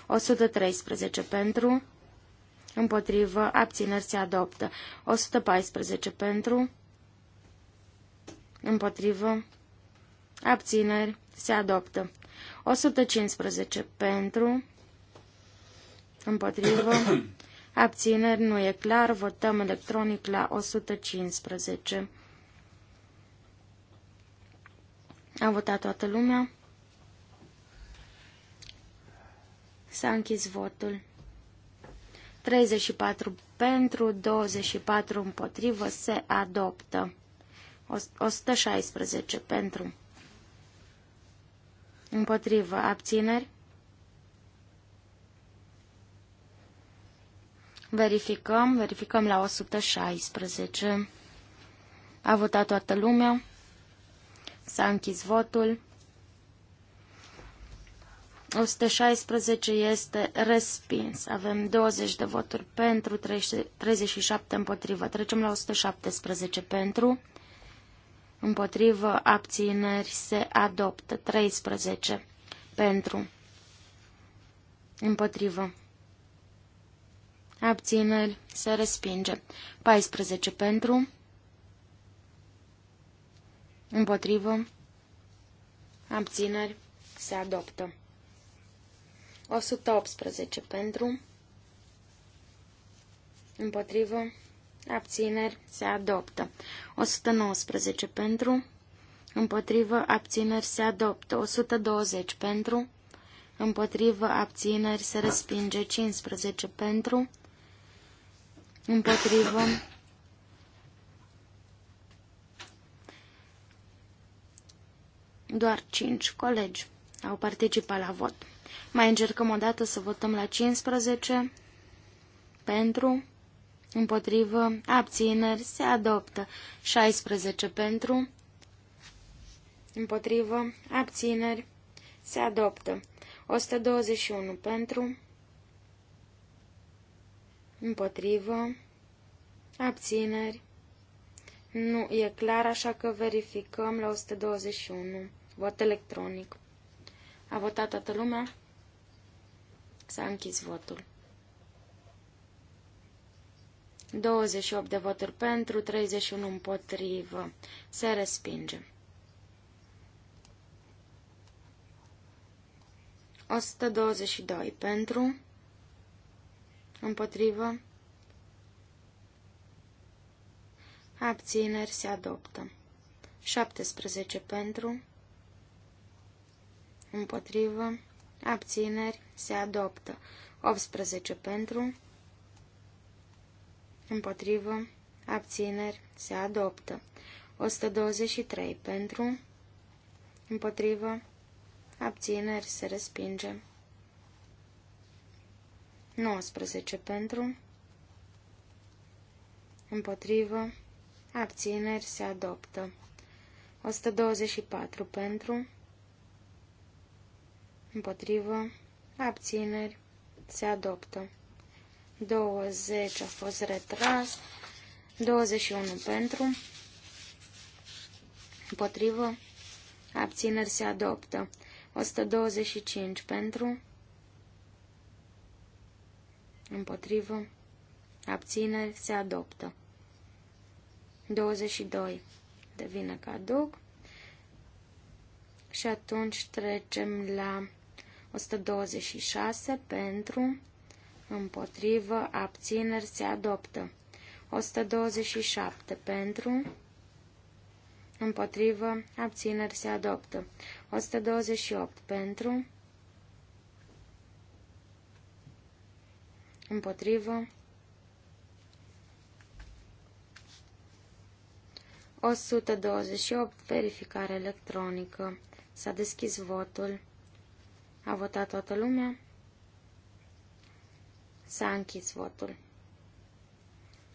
113 pentru, împotrivă, abțineri, se adoptă. 114 pentru, împotrivă, abțineri, se adoptă. 115 pentru, împotrivă, Abțineri nu e clar, votăm electronic la 115. A votat toată lumea. S-a închis votul. 34 pentru, 24 împotrivă, se adoptă. 116 pentru. Împotrivă, abțineri, Verificăm, verificăm la 116. A votat toată lumea. S-a închis votul. 116 este respins. Avem 20 de voturi pentru, 37 împotrivă. Trecem la 117 pentru, împotrivă, abțineri, se adoptă. 13 pentru, împotrivă, Abțineri. Se respinge. 14 pentru. Împotrivă. Abțineri. Se adoptă. 118 pentru. Împotrivă. Abțineri. Se adoptă. 119 pentru. Împotrivă. Abțineri. Se adoptă. 120 pentru. Împotrivă. Abțineri. Se respinge. 15 pentru împotrivă, doar cinci colegi au participat la vot. Mai încercăm o dată să votăm la 15 pentru, împotrivă, abțineri, se adoptă 16 pentru, împotrivă, abțineri, se adoptă 121 pentru, împotrivă, abțineri, nu e clar, așa că verificăm la 121, vot electronic. A votat toată lumea? S-a închis votul. 28 de voturi pentru, 31 împotrivă. Se respinge. 122 pentru, împotrivă, abțineri se adoptă. 17 pentru, împotrivă, abțineri se adoptă. 18 pentru, împotrivă, abțineri se adoptă. 123 pentru, împotrivă, abțineri se respinge. 19 pentru, împotrivă, abțineri se adoptă. 124 pentru, împotrivă, abțineri se adoptă. 20 a fost retras, 21 pentru, împotrivă, abțineri se adoptă. 125 pentru, împotrivă, abțineri, se adoptă. 22 devine caduc și atunci trecem la 126 pentru, împotrivă, abțineri, se adoptă. 127 pentru, împotrivă, abțineri, se adoptă. 128 pentru, împotrivă. O 128. Verificare electronică. S-a deschis votul. A votat toată lumea. S-a închis votul.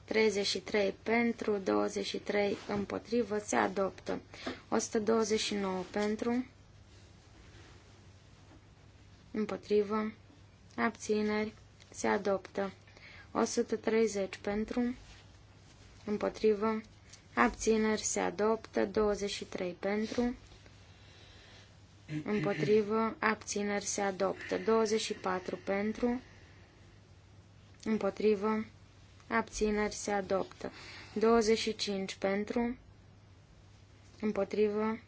33 pentru, 23 împotrivă, se adoptă. 129 pentru, împotrivă, abțineri se adoptă. 130 pentru, împotrivă, abțineri se adoptă, 23 pentru,
împotrivă,
abțineri se adoptă, 24 pentru, împotrivă, abțineri se adoptă, 25 pentru, împotrivă,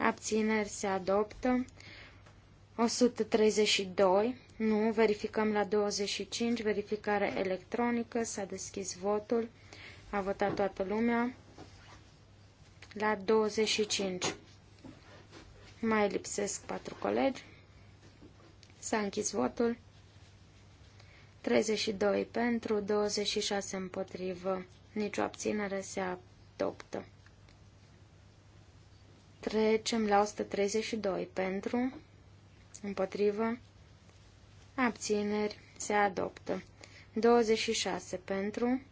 abțineri se adoptă, 132 nu, verificăm la 25, verificare electronică, s-a deschis votul, a votat toată lumea. La 25 mai lipsesc patru colegi, s-a închis votul, 32 pentru, 26 împotrivă, nicio abținere se adoptă. Trecem la 132 pentru, împotrivă, abțineri, se adoptă. 26 pentru,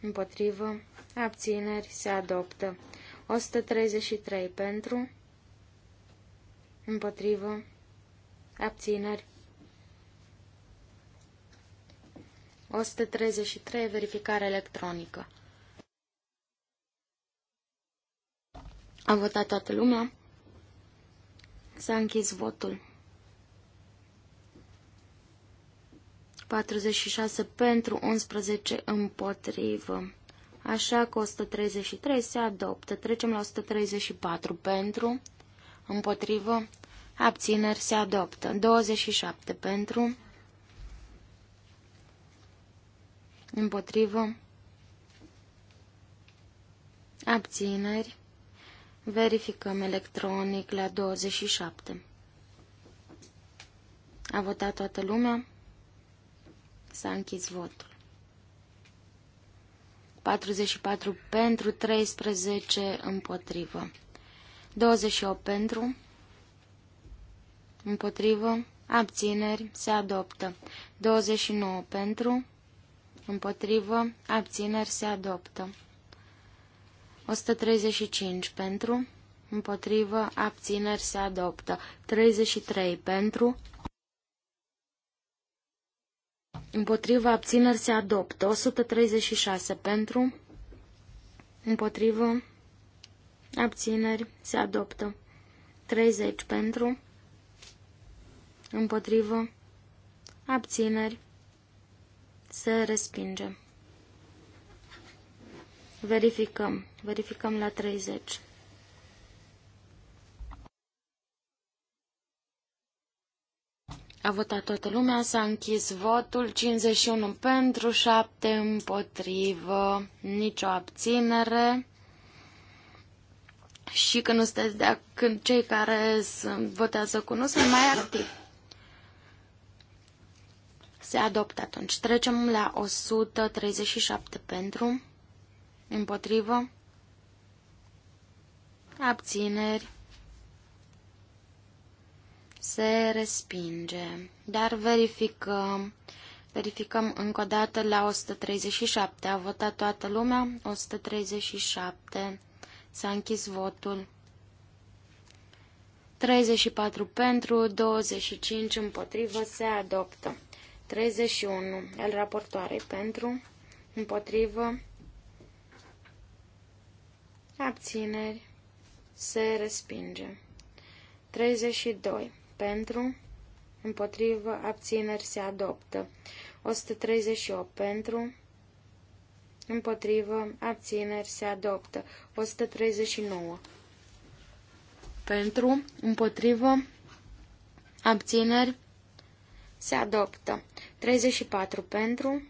împotrivă, abțineri, se adoptă. 133 pentru, împotrivă, abțineri. 133 verificare electronică. A votat toată lumea? S-a închis votul. 46 pentru, 11 împotrivă. Așa că 133 se adoptă. Trecem la 134 pentru, împotrivă, abțineri se adoptă. 27 pentru, împotrivă, abțineri. Verificăm electronic la 27. A votat toată lumea? S-a închis votul. 44 pentru, 13 împotrivă. 28 pentru, împotrivă, abțineri, se adoptă. 29 pentru, împotrivă, abțineri, se adoptă. 135 pentru, împotrivă, abțineri, se adoptă. 33 pentru, Împotriva abțineri se adoptă. 136 pentru. Împotrivă. Abțineri se adoptă. 30 pentru. Împotrivă. Abțineri. Se respinge. Verificăm. Verificăm la 30. A votat toată lumea, s-a închis votul, 51 pentru, 7 împotrivă, nicio abținere. Și când, nu sunteți de, când cei care votează cu nu sunt mai activi. Se adoptă atunci. Trecem la 137 pentru, împotrivă, abțineri se respinge. Dar verificăm. Verificăm încă o dată la 137. A votat toată lumea? 137. S-a închis votul. 34 pentru, 25 împotrivă, se adoptă. 31. El raportoare pentru, împotrivă, abțineri, se respinge. 32 pentru, împotrivă, abțineri se adoptă. 138 pentru, împotrivă, abțineri se adoptă. 139 pentru, împotrivă, abțineri se adoptă. 34 pentru,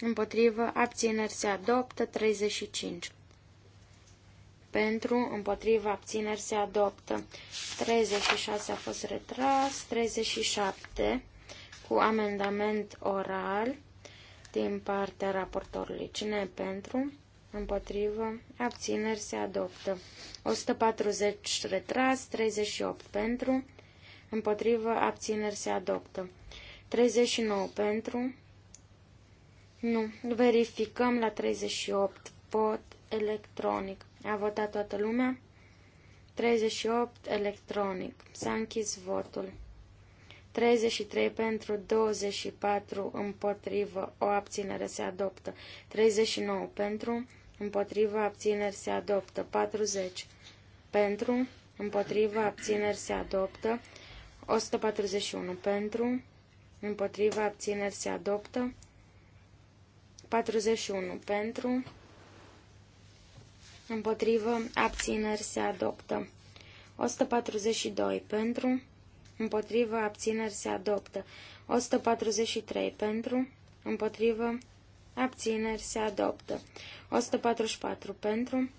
împotrivă, abțineri se adoptă. 35 pentru, împotriva, abțineri se adoptă. 36 a fost retras, 37 cu amendament oral din partea raportorului. Cine e pentru? Împotrivă. Abțineri se adoptă. 140 retras, 38 pentru. Împotrivă. Abțineri se adoptă. 39 pentru. Nu. Verificăm la 38 vot electronic. A votat toată lumea. 38 electronic. S-a închis votul. 33 pentru, 24 împotrivă, o abținere se adoptă. 39 pentru, împotrivă, abțineri se adoptă. 40 pentru, împotrivă, abțineri se adoptă. 141 pentru, împotrivă, abțineri se adoptă. 41 pentru, împotrivă, abțineri se adoptă. 142 pentru, împotrivă, abțineri se adoptă. 143 pentru, împotrivă, abțineri se adoptă. 144 pentru,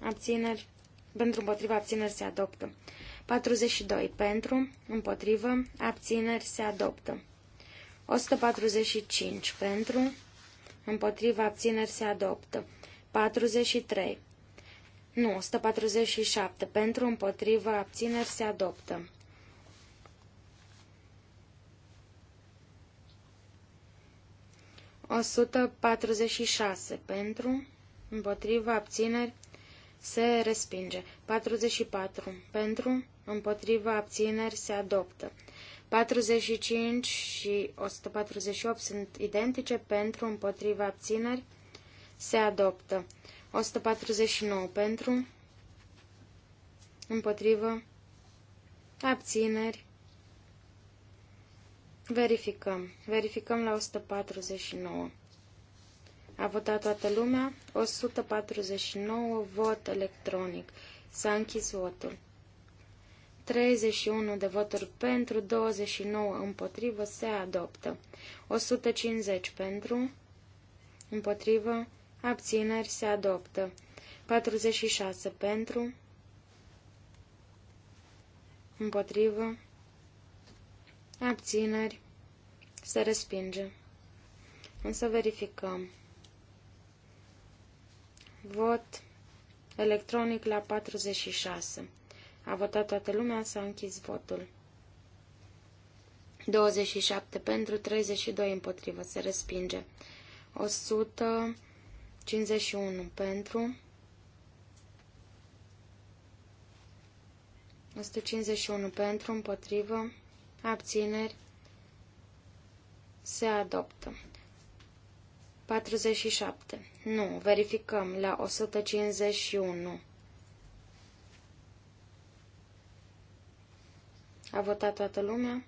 abțineri, pentru împotrivă, abțineri se adoptă. 42 pentru, împotrivă, abțineri se adoptă. 145 pentru, împotrivă, abțineri se adoptă. 43 nu, 147. Pentru, împotrivă, abțineri se adoptă. O 146. Pentru, împotrivă, abțineri se respinge. 44. Pentru, împotrivă, abțineri se adoptă. 45 și 148 sunt identice pentru, împotriva abțineri, se adoptă. 149 pentru, împotrivă, abțineri, verificăm, verificăm la 149. A votat toată lumea, 149 vot electronic, s-a închis votul. 31 de voturi pentru, 29 împotrivă, se adoptă. 150 pentru, împotrivă, abțineri se adoptă. 46 pentru, împotrivă, abțineri, se respinge. Însă verificăm. Vot electronic la 46. A votat toată lumea, s-a închis votul. 27 pentru, 32 împotrivă, se respinge. 100 51 pentru. 151 pentru, împotrivă, abțineri, se adoptă. 47. Nu, verificăm la 151. A votat toată lumea?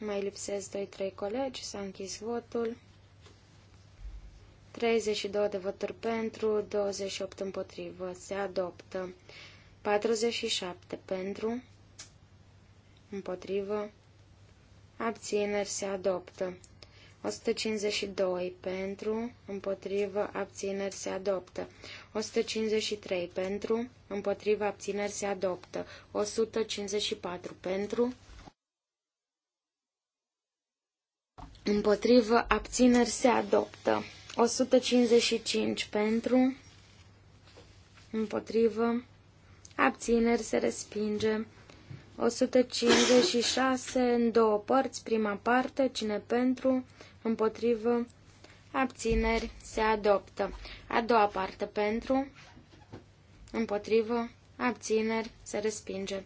Mai lipsesc 2-3 colegi, s-a închis votul. 32 de voturi pentru, 28 împotrivă. Se adoptă. 47 pentru, împotrivă. Abțineri se adoptă. 152 pentru, împotrivă, abțineri se adoptă. 153 pentru, împotrivă, abțineri se adoptă. 154 pentru, împotrivă, abțineri se adoptă. 155 pentru, împotrivă, abțineri se respinge. 156 în două părți, prima parte, cine pentru, împotrivă, abțineri se adoptă. A doua parte pentru, împotrivă, abțineri se respinge.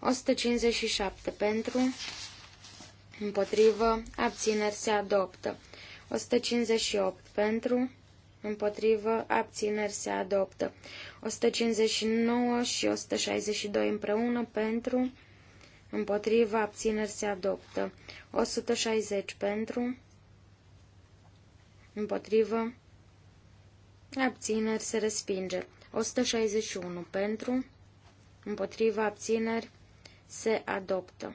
157 pentru, împotrivă, abțineri se adoptă. 158 pentru, împotrivă, abțineri se adoptă. 159 și 162 împreună pentru, împotrivă, abțineri se adoptă. 160 pentru, împotrivă, abțineri se respinge. 161 pentru, împotriva abțineri se adoptă.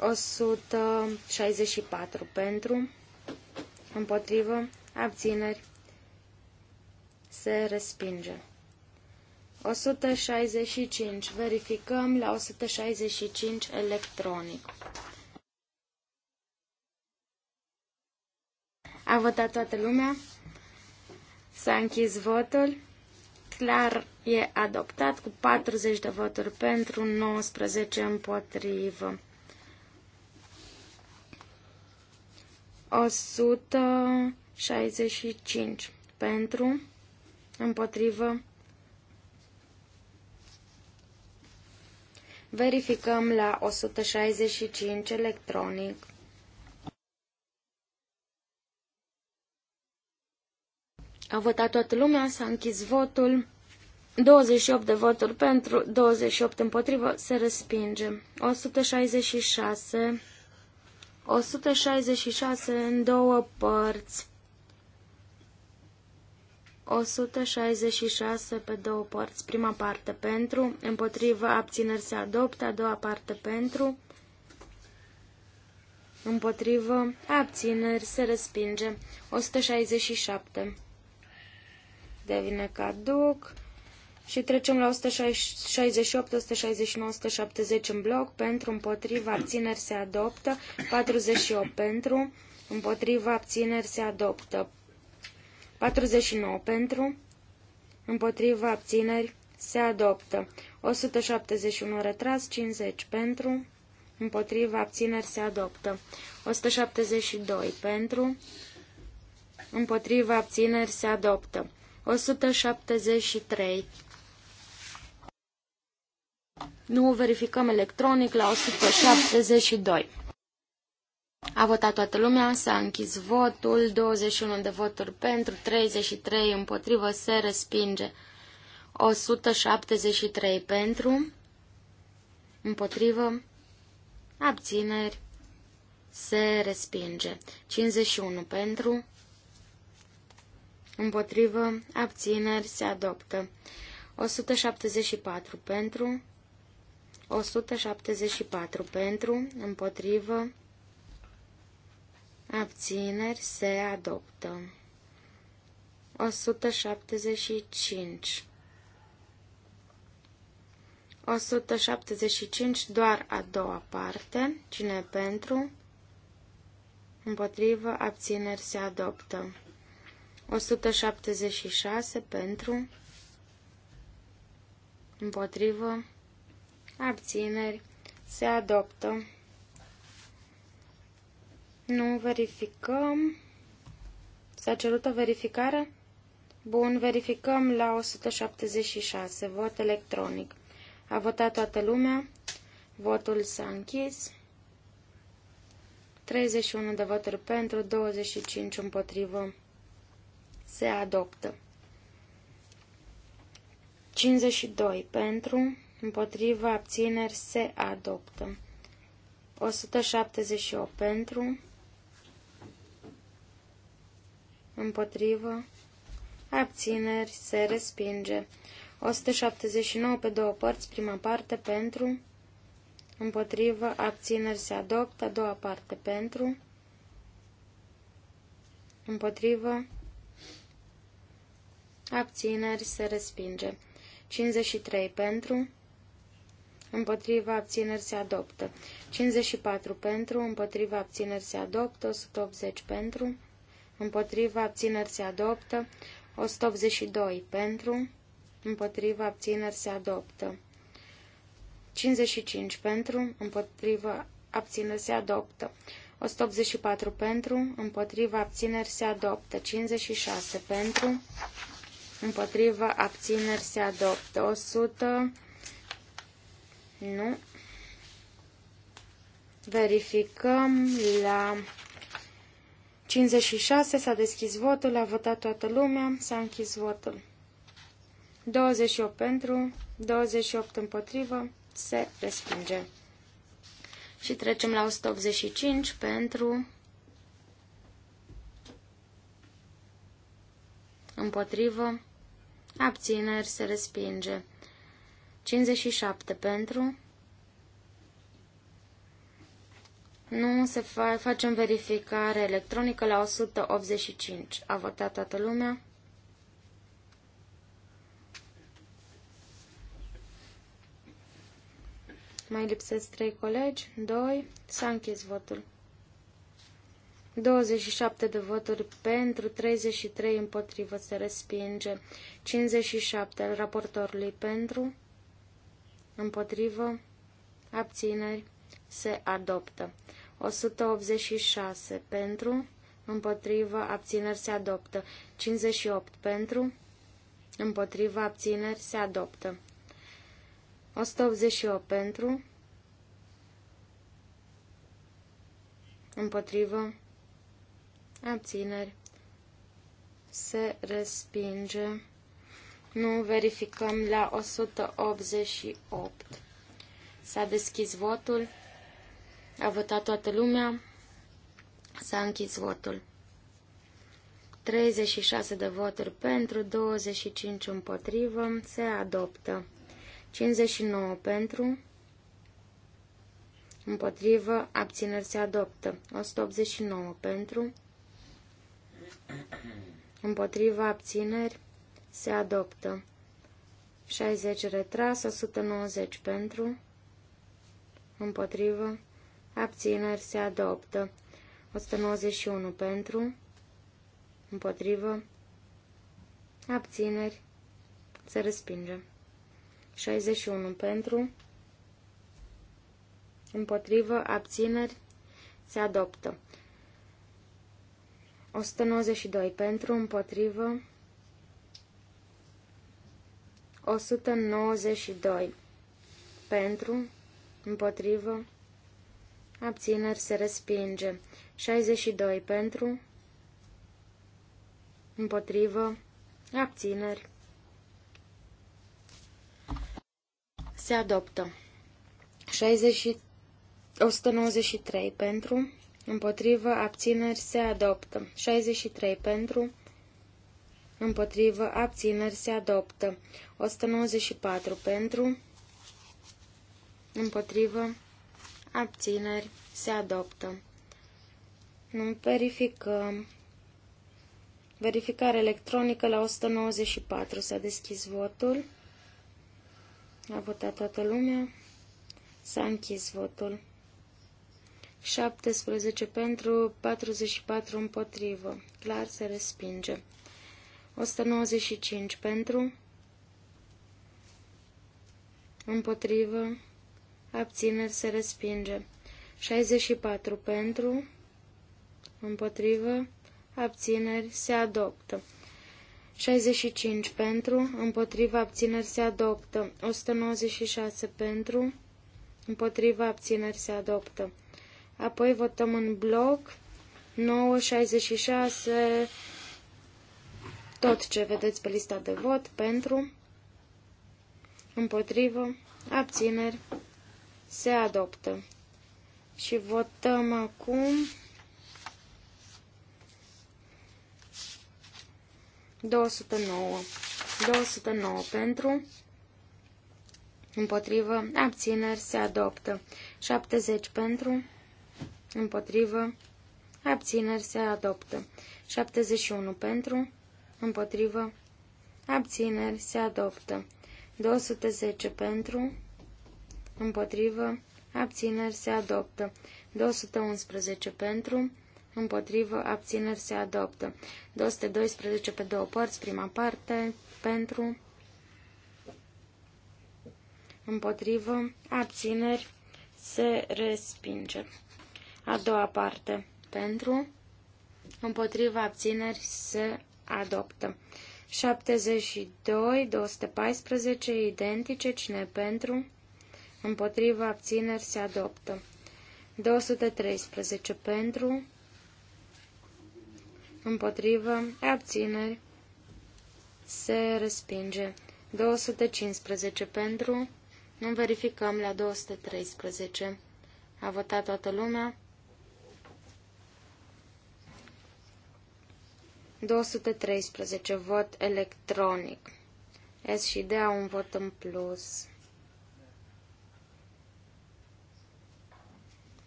164 pentru, împotrivă, abțineri, se respinge. 165. Verificăm la 165 electronic. A votat toată lumea? S-a închis votul. Clar e adoptat cu 40 de voturi pentru, 19 împotrivă. 165 pentru, împotrivă. Verificăm la 165 electronic. A votat toată lumea, s-a închis votul. 28 de voturi pentru, 28 împotrivă, se respinge. 166 166 în două părți. 166 pe două părți. Prima parte pentru, împotriva abțineri se adoptă, a doua parte pentru, împotrivă, abțineri se respinge. 167 devine caduc. Și trecem la 168, 169, 170 în bloc, pentru, împotriva, abțineri se adoptă, 48 pentru, împotriva, abțineri se adoptă, 49 pentru, împotriva, abțineri se adoptă, 171 retras, 50 pentru, împotriva, abțineri se adoptă, 172 pentru, împotriva, abțineri se adoptă, 173 nu verificăm electronic la 172. A votat toată lumea, s-a închis votul, 21 de voturi pentru, 33 împotrivă, se respinge. 173 pentru, împotrivă, abțineri, se respinge. 51 pentru, împotrivă, abțineri, se adoptă. 174 pentru, 174 pentru, împotrivă, abțineri, se adoptă. 175 175, doar a doua parte, cine pentru, împotrivă, abțineri, se adoptă. 176 pentru, împotrivă, abțineri, se adoptă. Nu verificăm. S-a cerut o verificare? Bun, verificăm la 176, vot electronic. A votat toată lumea, votul s-a închis. 31 de voturi pentru, 25 împotrivă. Se adoptă. 52 pentru, împotriva abțineri se adoptă. 178 pentru, împotrivă, abțineri se respinge. 179 pe două părți, prima parte pentru, împotrivă, abțineri se adoptă, a doua parte pentru, împotrivă, abțineri se respinge. 53 pentru, împotriva abțineri se adoptă. 54 pentru, împotriva abțineri se adoptă, 180 pentru, împotriva abțineri se adoptă, 182 pentru, împotriva abțineri se adoptă. 55 pentru, împotriva abțineri se adoptă. 184 pentru, împotriva abțineri se adoptă. 56 pentru, împotriva abțineri se adoptă. 100 nu. Verificăm la 56 s-a deschis votul, a votat toată lumea, s-a închis votul. 28 pentru, 28 împotrivă, se respinge. Și trecem la 185 pentru împotrivă, abțineri se respinge. 57 pentru. Nu se fa facem verificare electronică la 185. A votat toată lumea? Mai lipsesc 3 colegi. 2. S-a închis votul. 27 de voturi pentru, 33 împotrivă se respinge. 57 al raportorului pentru împotrivă, abțineri, se adoptă. 186 pentru, împotrivă, abțineri, se adoptă. 58 pentru, împotrivă, abțineri, se adoptă. 188 pentru, împotrivă, abțineri, se respinge. Nu verificăm la 188. S-a deschis votul. A votat toată lumea. S-a închis votul. 36 de voturi pentru, 25 împotrivă, se adoptă. 59 pentru, împotrivă, abțineri se adoptă. 189 pentru, împotrivă, abțineri, se adoptă. 60 retras, 190 pentru, împotrivă, abțineri se adoptă. 191 pentru, împotrivă, abțineri, se respinge. 61 pentru, împotrivă, abțineri, se adoptă. 192 pentru, împotrivă, 192. Pentru, împotrivă, abțineri se respinge. 62. Pentru, împotrivă, abțineri. Se adoptă. 60, 193. Pentru, împotrivă, abțineri se adoptă. 63. Pentru, Împotrivă. Abțineri se adoptă. 194 pentru. Împotrivă. Abțineri se adoptă. Nu verificăm. Verificare electronică la 194. S-a deschis votul. A votat toată lumea. S-a închis votul. 17 pentru, 44 împotrivă. Clar se respinge. 195 pentru, împotrivă, abțineri se respinge. 64 pentru, împotrivă, abțineri se adoptă. 65 pentru, împotriva abțineri se adoptă. 196 pentru, împotriva abțineri se adoptă. Apoi votăm în bloc 9, 66, tot ce vedeți pe lista de vot pentru, împotrivă, abțineri, se adoptă. Și votăm acum 209. 209 pentru, împotrivă, abțineri, se adoptă. 70 pentru, împotrivă, abțineri, se adoptă. 71 pentru, împotrivă, abțineri, se adoptă. 210 pentru, împotrivă, abțineri, se adoptă. 211 pentru, împotrivă, abțineri, se adoptă. 212 pe două părți, prima parte, pentru, împotrivă, abțineri, se respinge. A doua parte, pentru, împotriva abțineri, se adoptă. 72, 214, identice, cine pentru, împotriva abțineri se adoptă. 213 pentru, împotriva abțineri se respinge. 215 pentru, nu verificăm la 213. A votat toată lumea. 213. Vot electronic. S și D au un vot în plus.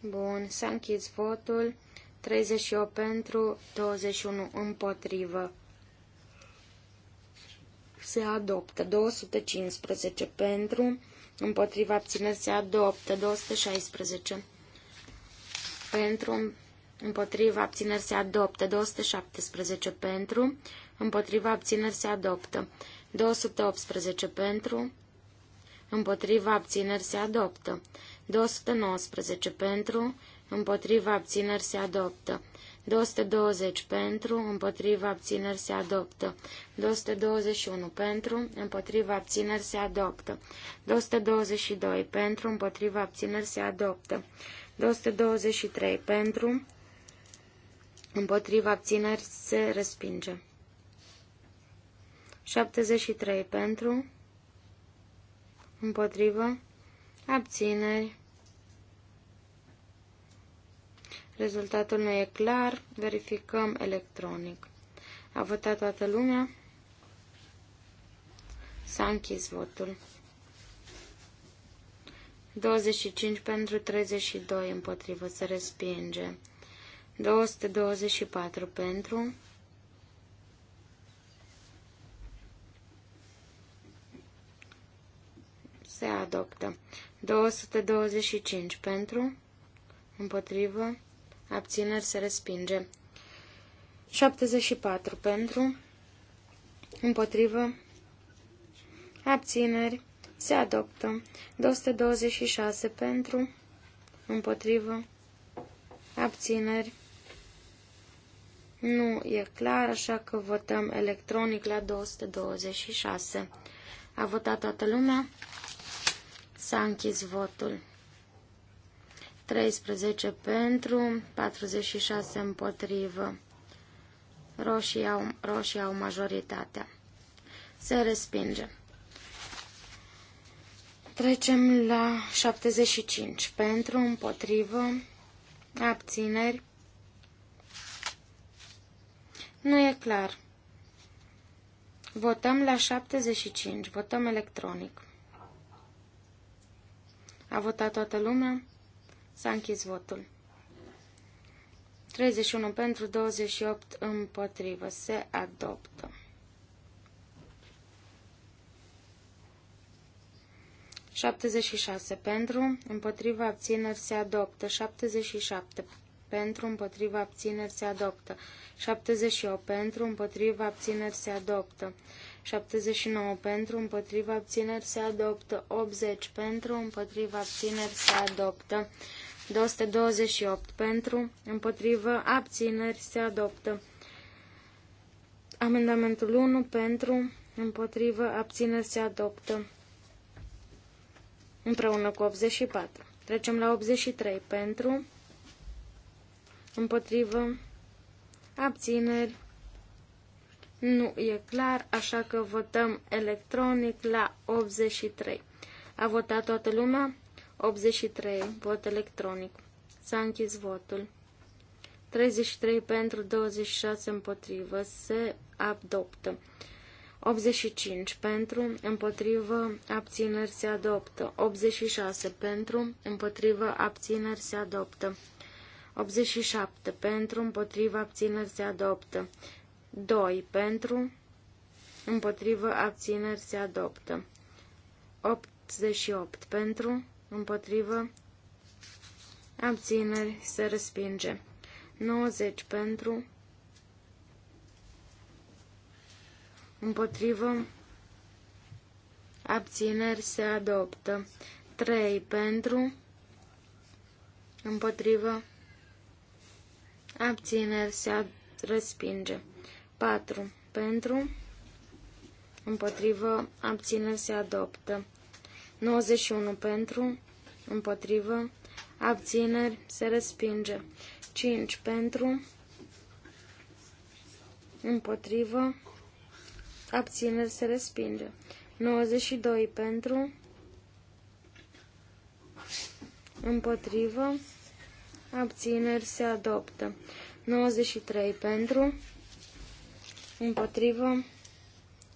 Bun, s-a închis votul. 38 pentru, 21 împotrivă. Se adoptă 215 pentru, împotriva abțineri se adoptă 216 pentru, împotriva abțineri se adoptă, 217 pentru, împotriva abțineri se adoptă, 218 pentru, împotriva abțineri se adoptă, 219 pentru, împotriva abțineri se adoptă, 220 pentru, împotriva abțineri se adoptă. 221 pentru, împotriva abțineri se adoptă. 222 pentru, împotriva abțineri se adoptă. 223 pentru, Împotriva abțineri se respinge. 73 pentru. Împotrivă. Abțineri. Rezultatul nu e clar. Verificăm electronic. A votat toată lumea. S-a închis votul. 25 pentru 32 împotrivă se respinge. 224 pentru, se adoptă. 225 pentru, împotrivă, abțineri se respinge. 74 pentru, împotrivă, abțineri se adoptă. 226 pentru, împotrivă, abțineri nu e clar, așa că votăm electronic la 226. A votat toată lumea? S-a închis votul. 13 pentru, 46 împotrivă. Roșii au, roșii au majoritatea. Se respinge. Trecem la 75. Pentru, împotrivă, abțineri, nu e clar. Votăm la 75. Votăm electronic. A votat toată lumea? S-a închis votul. 31 pentru, 28 împotrivă. Se adoptă. 76 pentru, împotriva abțineri se adoptă. 77 pentru, împotriva, abțineri se adoptă. 78 pentru, împotriva, abțineri se adoptă. 79 pentru, împotriva, abțineri se adoptă. 80 pentru, împotriva, abțineri se adoptă. 228 pentru, împotriva abțineri se adoptă. Amendamentul 1 pentru, împotriva abțineri se adoptă. Împreună cu 84. Trecem la 83 pentru, împotrivă, abțineri, nu e clar, așa că votăm electronic la 83. A votat toată lumea? 83. Vot electronic. S-a închis votul. 33 pentru, 26 împotrivă. Se adoptă. 85 pentru, împotrivă, abțineri se adoptă. 86 pentru, împotrivă, abțineri se adoptă. 87 pentru, împotrivă, abțineri se adoptă. 2 pentru, împotrivă, abțineri se adoptă. 88 pentru, împotrivă, abțineri se respinge. 90 pentru, împotrivă, abțineri se adoptă. 3 pentru, împotrivă, abțineri se respinge. 4. Pentru, împotrivă, abțineri se adoptă. 91. Pentru, împotrivă, abțineri se respinge. 5. Pentru, împotrivă, abțineri se respinge. 92. Pentru, împotrivă, abțineri se adoptă. 93 pentru, împotrivă,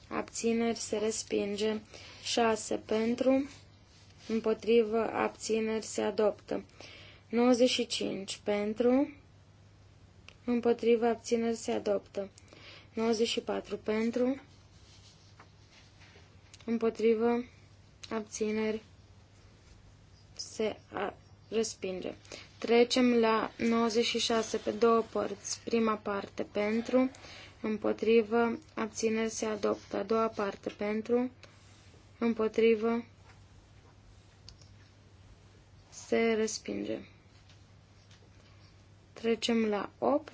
abțineri se respinge. 6 pentru, împotrivă, abțineri se adoptă. 95 pentru, împotrivă, abțineri se adoptă. 94 pentru, împotrivă, abțineri se respinge. Trecem la 96 pe două părți. Prima parte pentru, împotrivă, abțineri se adoptă. A doua parte pentru, împotrivă, se respinge. Trecem la 8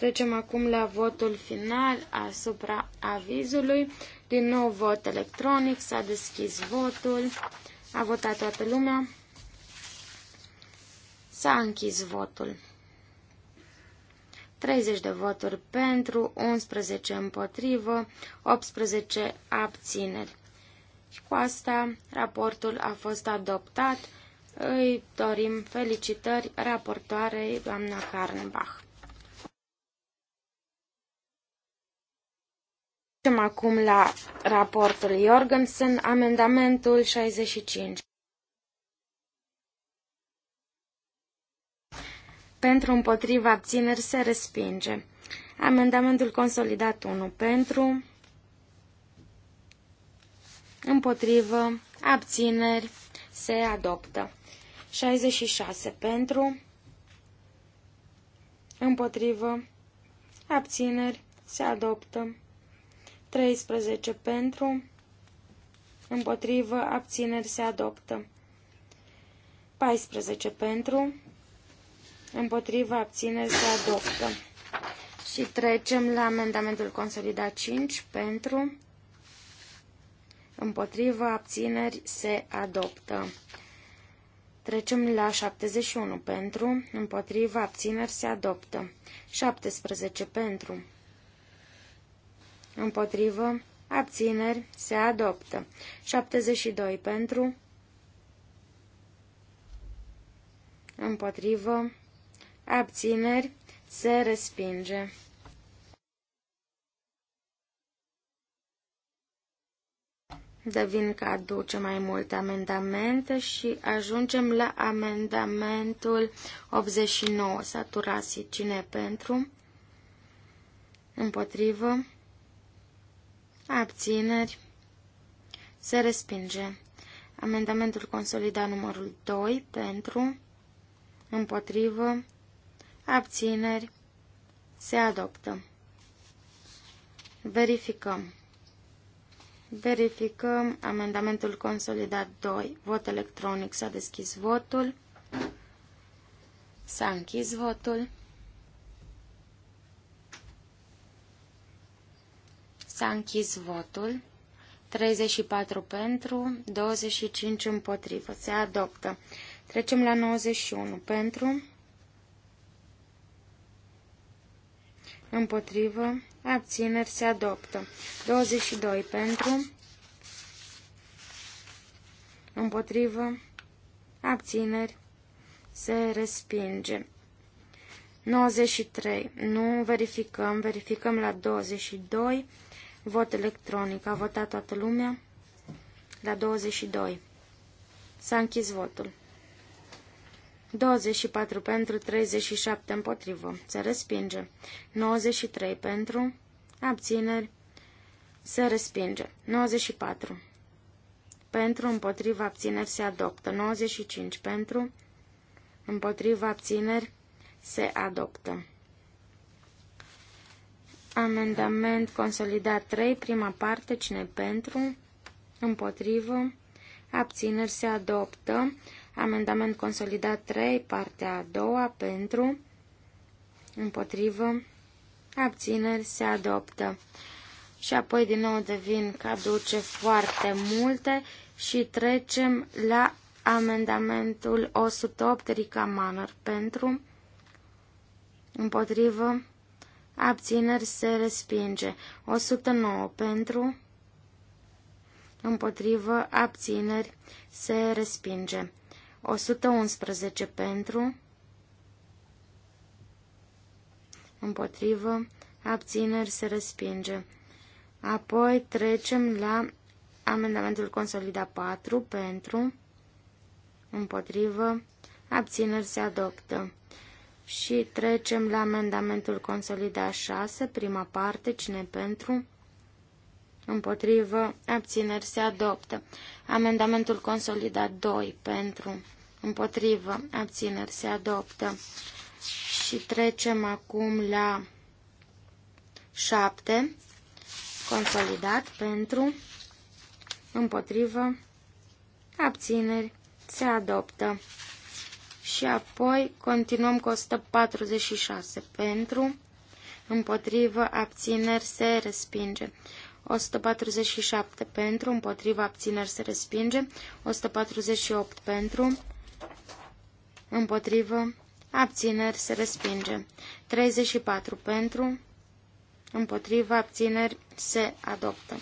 Trecem acum la votul final asupra avizului. Din nou vot electronic, s-a deschis votul, a votat toată lumea, s-a închis votul. 30 de voturi pentru, 11 împotrivă, 18 abțineri. Și cu asta raportul a fost adoptat. Îi dorim felicitări raportoarei doamna Karnbach. Trecem acum la raportul Jorgensen, amendamentul 65. Pentru împotriva abțineri se respinge. Amendamentul consolidat 1 pentru, împotrivă, abțineri se adoptă. 66 pentru, împotrivă, abțineri se adoptă. 13 pentru, împotrivă, abțineri se adoptă. 14 pentru, împotrivă, abțineri se adoptă. Și trecem la amendamentul consolidat 5 pentru, împotrivă, abțineri se adoptă. Trecem la 71 pentru, împotrivă, abțineri se adoptă. 17 pentru, împotrivă, abțineri, se adoptă. 72 pentru, împotrivă, abțineri, se respinge. Devin că aduce mai multe amendamente și ajungem la amendamentul 89. Saturasi cine pentru? Împotrivă? abțineri, se respinge. Amendamentul consolidat numărul 2 pentru, împotrivă, abțineri, se adoptă. Verificăm. Verificăm amendamentul consolidat 2. Vot electronic. S-a deschis votul. S-a închis votul. S-a închis votul. 34 pentru, 25 împotrivă. Se adoptă. Trecem la 91. Pentru, împotrivă, abțineri, se adoptă. 22 pentru, împotrivă, abțineri, se respinge. 93. Nu verificăm, verificăm la 22. Vot electronic. A votat toată lumea? La 22. S-a închis votul. 24 pentru, 37 împotrivă. Se respinge. 93 pentru, abțineri. Se respinge. 94. Pentru, împotriva, abțineri se adoptă. 95 pentru, împotriva, abțineri se adoptă. Amendament consolidat 3, prima parte, cine pentru, împotrivă, abțineri se adoptă. Amendament consolidat 3, partea a doua, pentru, împotrivă, abțineri se adoptă. Și apoi din nou devin caduce foarte multe și trecem la amendamentul 108 Rica Manor pentru, împotrivă, abțineri se respinge. 109 pentru, împotrivă, abțineri se respinge. 111 pentru, împotrivă, abțineri se respinge. Apoi trecem la amendamentul consolidat 4 pentru, împotrivă, abțineri se adoptă. Și trecem la amendamentul consolidat 6, prima parte, cine pentru? Împotrivă, abțineri se adoptă. Amendamentul consolidat 2, pentru? Împotrivă, abțineri se adoptă. Și trecem acum la 7, consolidat pentru, împotrivă, abțineri, se adoptă. Și apoi continuăm cu 146 pentru, împotrivă, abțineri, se respinge. 147 pentru, împotrivă, abțineri se respinge, 148 pentru, împotrivă, abțineri se respinge, 34 pentru, împotrivă, abțineri se adoptă.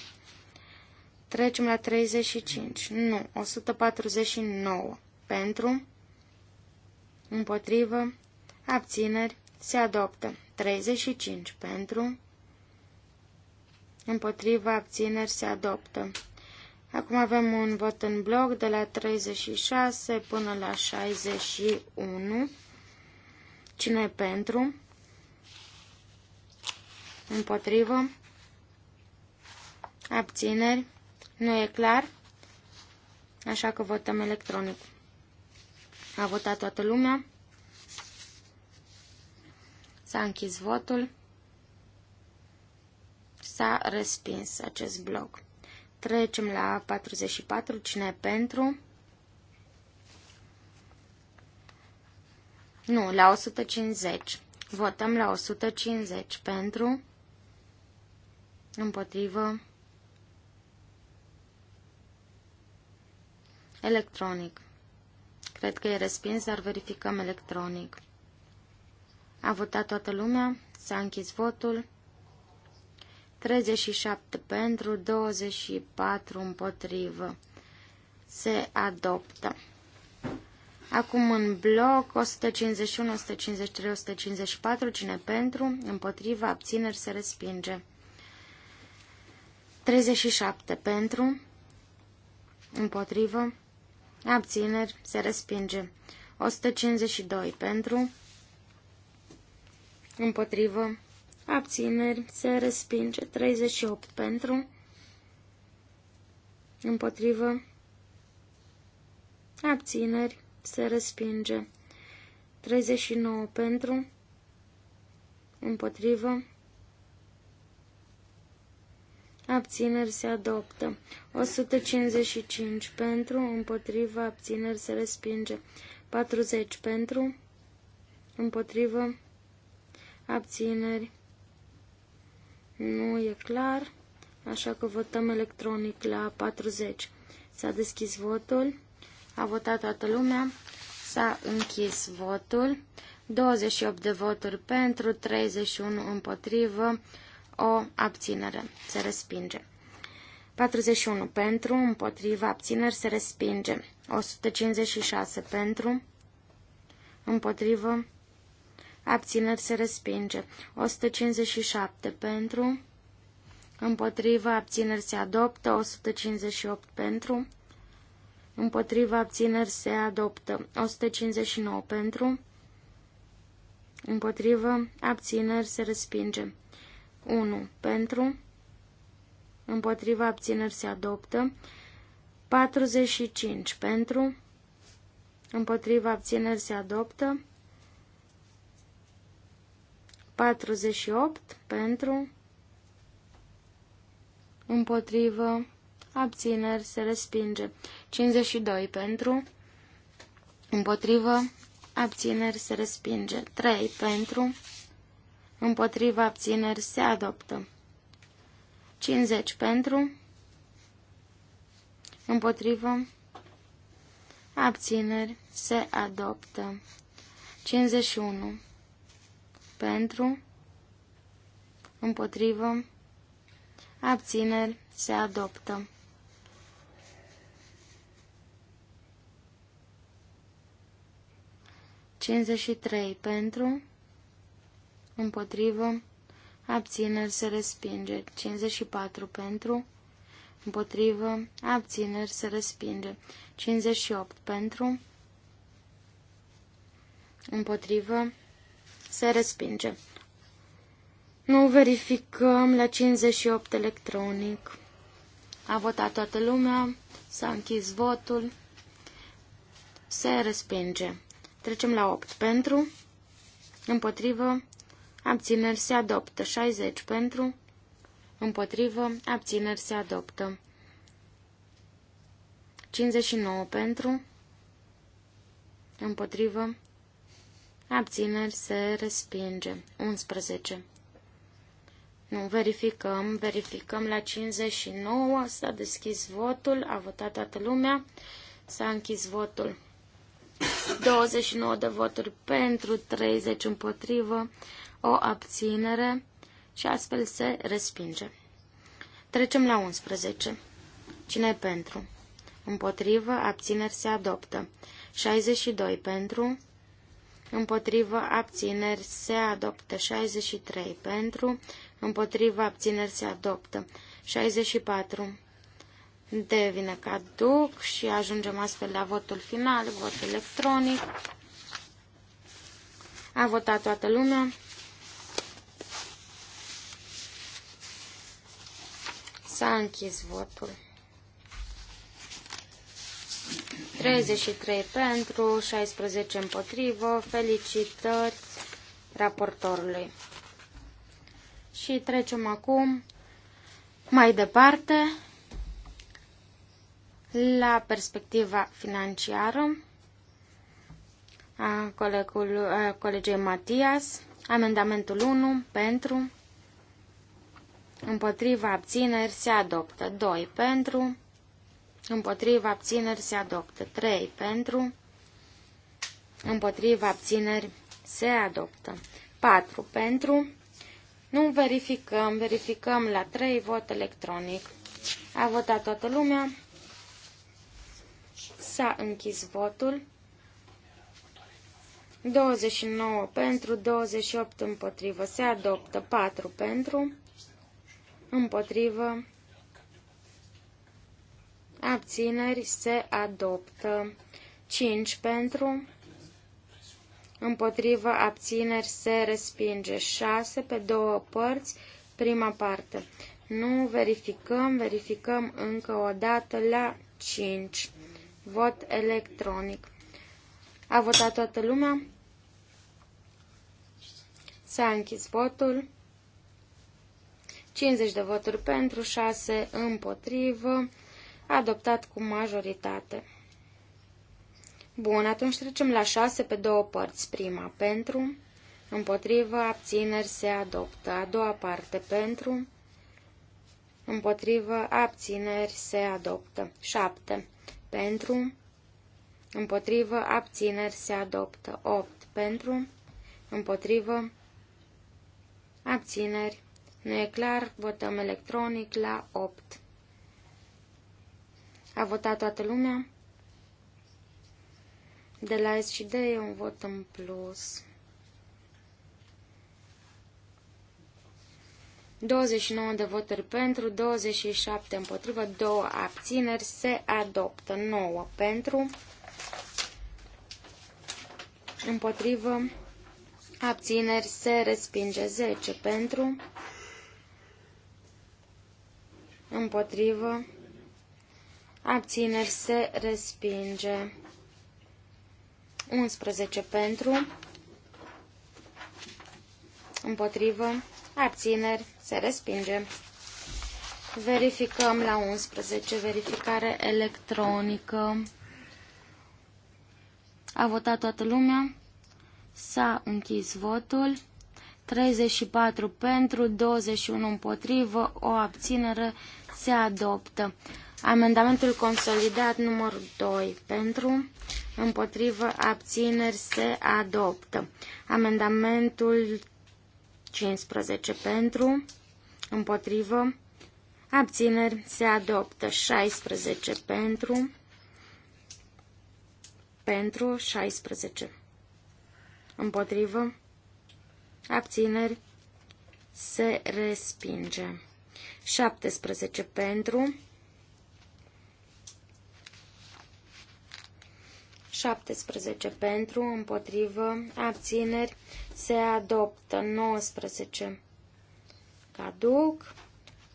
Trecem la 35, nu, 149 pentru, împotrivă, abțineri, se adoptă. 35 pentru, împotrivă, abțineri, se adoptă. Acum avem un vot în bloc de la 36 până la 61. Cine e pentru? Împotrivă? Abțineri? Nu e clar? Așa că votăm electronic. A votat toată lumea. S-a închis votul. S-a respins acest bloc. Trecem la 44. Cine e pentru? Nu, la 150. Votăm la 150 pentru, împotrivă, electronic. Cred că e respins, dar verificăm electronic. A votat toată lumea, s-a închis votul. 37 pentru, 24 împotrivă. Se adoptă. Acum în bloc 151, 153, 154, cine pentru, împotrivă, abțineri, se respinge. 37 pentru, împotrivă, Abțineri. Se respinge. 152 pentru. Împotrivă. Abțineri. Se respinge. 38 pentru. Împotrivă. Abțineri. Se respinge. 39 pentru. Împotrivă abțineri se adoptă. 155 pentru, împotriva, abțineri se respinge. 40 pentru, împotrivă, abțineri. Nu e clar, așa că votăm electronic la 40. S-a deschis votul, a votat toată lumea, s-a închis votul, 28 de voturi pentru, 31 împotrivă, o abținere, se respinge. 41 pentru, împotriva, abțineri, se respinge. 156 pentru, împotrivă, abțineri, se respinge. 157 pentru, împotriva, abțineri, se adoptă. 158 pentru, împotriva, abțineri, se adoptă. 159 pentru, împotrivă, abțineri, se respinge. 1 pentru, împotriva abțineri se adoptă, 45 pentru, împotriva abțineri se adoptă, 48 pentru, împotrivă, abțineri se respinge, 52 pentru, împotrivă, abțineri se respinge, 3 pentru, Împotriva abțineri se adoptă. 50 pentru. Împotrivă. Abțineri se adoptă. 51 pentru. Împotrivă. Abțineri se adoptă. Cincizeci și trei pentru împotrivă, abțineri se respinge. 54 pentru, împotrivă, abțineri se respinge. 58 pentru, împotrivă, se respinge. Nu verificăm la 58 electronic. A votat toată lumea, s-a închis votul, se respinge. Trecem la 8 pentru, împotrivă, abțineri se adoptă. 60 pentru, împotrivă, abțineri se adoptă. 59 pentru, împotrivă, abțineri se respinge. 11. Nu, verificăm, verificăm la 59, s-a deschis votul, a votat toată lumea, s-a închis votul. 29 de voturi pentru, 30 împotrivă, o abținere și astfel se respinge. Trecem la 11. Cine pentru? Împotrivă, abțineri se adoptă. 62 pentru, împotrivă, abțineri se adoptă. 63 pentru, împotrivă, abțineri se adoptă. 64 devine caduc și ajungem astfel la votul final, vot electronic. A votat toată lumea. S-a închis votul. 33 pentru, 16 împotrivă. Felicitări raportorului. Și trecem acum mai departe la perspectiva financiară a colegul, a colegei Matias, amendamentul 1 pentru, împotriva abțineri se adoptă. 2 pentru, împotriva abțineri se adoptă. 3 pentru, împotriva abțineri se adoptă. 4 pentru, nu verificăm, verificăm la 3 vot electronic. A votat toată lumea. S-a închis votul. 29 pentru, 28 împotrivă. Se adoptă 4 pentru, împotrivă, abțineri se adoptă. 5 pentru, împotrivă, abțineri se respinge. 6 pe două părți, prima parte. Nu verificăm, verificăm încă o dată la 5. Vot electronic. A votat toată lumea? S-a închis votul. 50 de voturi pentru, 6 împotrivă, adoptat cu majoritate. Bun, atunci trecem la 6 pe două părți. Prima pentru, împotrivă, abțineri se adoptă. A doua parte pentru, împotrivă, abțineri se adoptă. 7 pentru, împotrivă, abțineri se adoptă. 8 pentru, împotrivă, abțineri nu e clar, votăm electronic la 8. A votat toată lumea? De la S și D e un vot în plus. 29 de voturi pentru, 27 împotrivă, 2 abțineri, se adoptă 9 pentru, împotrivă, abțineri, se respinge 10 pentru, împotrivă, abțineri se respinge. 11 pentru, împotrivă, abțineri se respinge. Verificăm la 11, verificare electronică. A votat toată lumea. S-a închis votul. 34 pentru, 21 împotrivă, o abținere se adoptă. Amendamentul consolidat numărul 2 pentru, împotrivă, abțineri se adoptă. Amendamentul 15 pentru, împotrivă, abțineri se adoptă. 16 pentru, pentru 16. Împotrivă, abțineri se respinge. 17 pentru, 17 pentru, împotrivă, abțineri, se adoptă 19 caduc,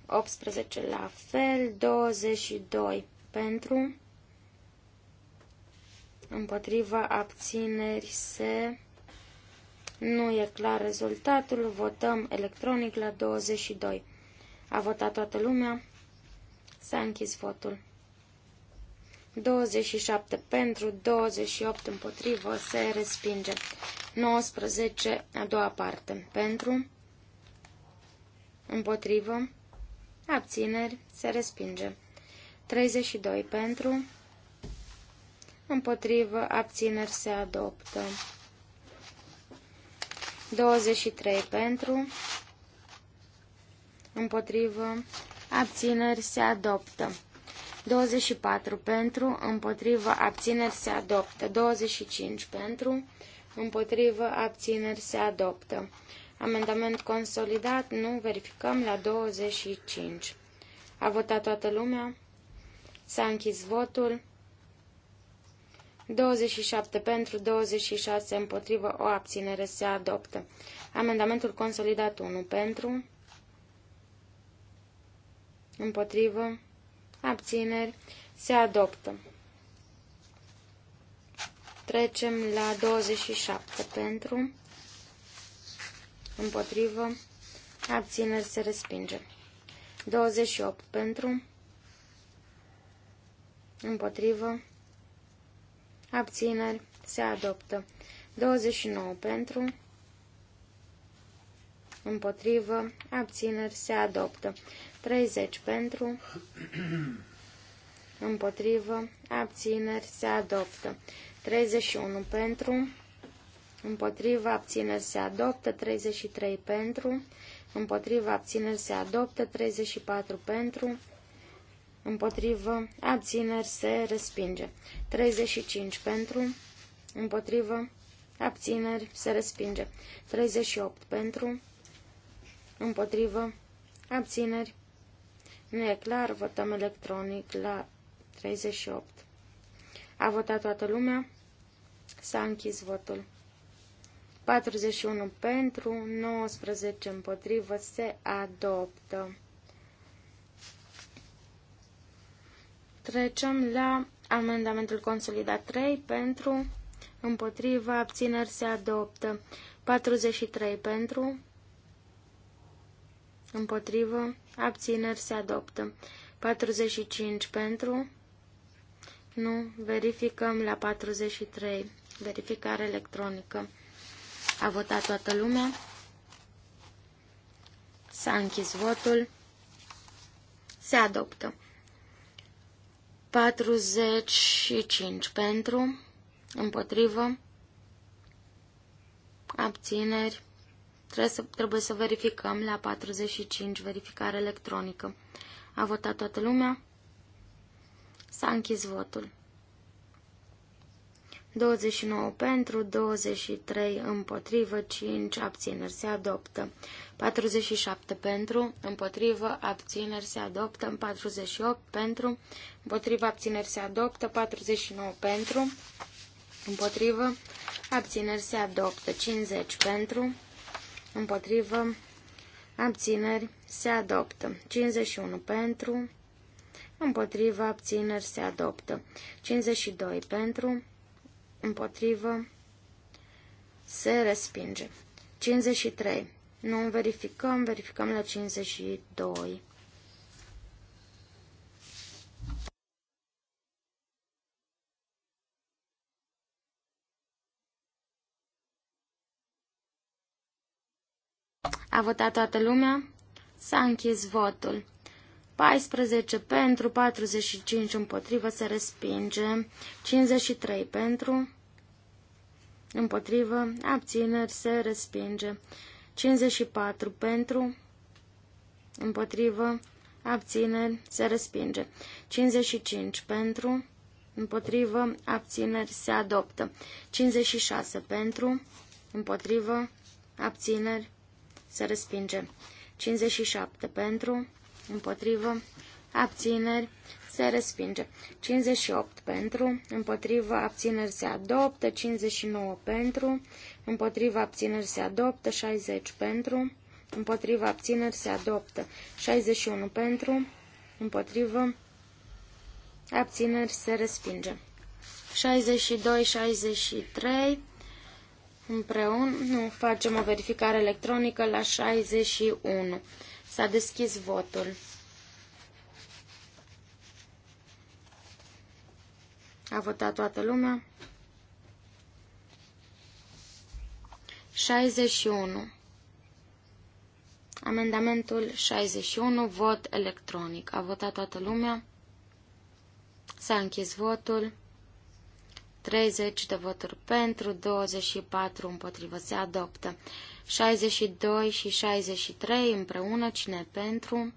18 la fel, 22 pentru, împotrivă, abțineri, se... Nu e clar rezultatul, votăm electronic la 22. A votat toată lumea. S-a închis votul. 27 pentru, 28 împotrivă, se respinge. 19, a doua parte, pentru, împotrivă, abțineri, se respinge. 32 pentru, împotrivă, abțineri, se adoptă. 23 pentru, împotrivă, abțineri se adoptă. 24 pentru, împotrivă, abțineri se adoptă. 25 pentru, împotrivă, abțineri se adoptă. Amendament consolidat, nu, verificăm la 25. A votat toată lumea? S-a închis votul. 27 pentru, 26 împotrivă, o abținere se adoptă. Amendamentul consolidat 1 pentru, împotrivă, abțineri, se adoptă. Trecem la 27 pentru, împotrivă, abțineri, se respinge. 28 pentru, împotrivă, abțineri, se adoptă. 29 pentru, împotrivă, abțineri, se adoptă. 30 pentru, împotrivă, abțineri, se adoptă. 31 pentru, împotrivă, abțineri, se adoptă. 33 pentru, împotrivă, abțineri, se adoptă. 34 pentru, împotrivă, abțineri, se respinge. 35 pentru, împotrivă, abțineri, se respinge. 38 pentru, împotrivă, abțineri, nu e clar, votăm electronic la 38. A votat toată lumea? S-a închis votul. 41 pentru, 19 împotrivă, se adoptă. Trecem la amendamentul consolidat 3 pentru, împotrivă, abțineri se adoptă. 43 pentru, împotrivă, abțineri se adoptă. 45 pentru, nu, verificăm la 43, verificare electronică. A votat toată lumea, s-a închis votul, se adoptă. 45 pentru, împotrivă, abțineri, Trebuie să, trebuie să verificăm la 45, verificare electronică. A votat toată lumea? S-a închis votul. 29 pentru, 23 împotrivă, 5 abțineri se adoptă. 47 pentru, împotrivă, abțineri se adoptă. 48 pentru, împotrivă, abțineri se adoptă. 49 pentru, împotrivă, abțineri se adoptă. 50 pentru, împotrivă, abțineri, se adoptă. 51 pentru, împotrivă, abțineri, se adoptă. 52 pentru, împotrivă, se respinge. 53. Nu verificăm, verificăm la 52. A votat toată lumea? S-a închis votul. 14 pentru, 45 împotrivă, se respinge. 53 pentru, împotrivă, abțineri, se respinge. 54 pentru, împotrivă, abțineri, se respinge. 55 pentru, împotrivă, abțineri, se adoptă. 56 pentru, împotrivă, abțineri, se respinge. 57 pentru, împotrivă, abțineri, se respinge. 58 pentru, împotrivă, abțineri se adoptă, 59 pentru, împotrivă, abțineri se adoptă, 60 pentru, împotrivă, abțineri se adoptă, 61 pentru, împotrivă, abțineri se respinge. 62-63 împreună facem o verificare electronică la 61. S-a deschis votul. A votat toată lumea? 61. Amendamentul 61, vot electronic. A votat toată lumea? S-a închis votul. 30 de voturi pentru, 24 împotrivă. Se adoptă. 62 și 63 împreună, cine pentru,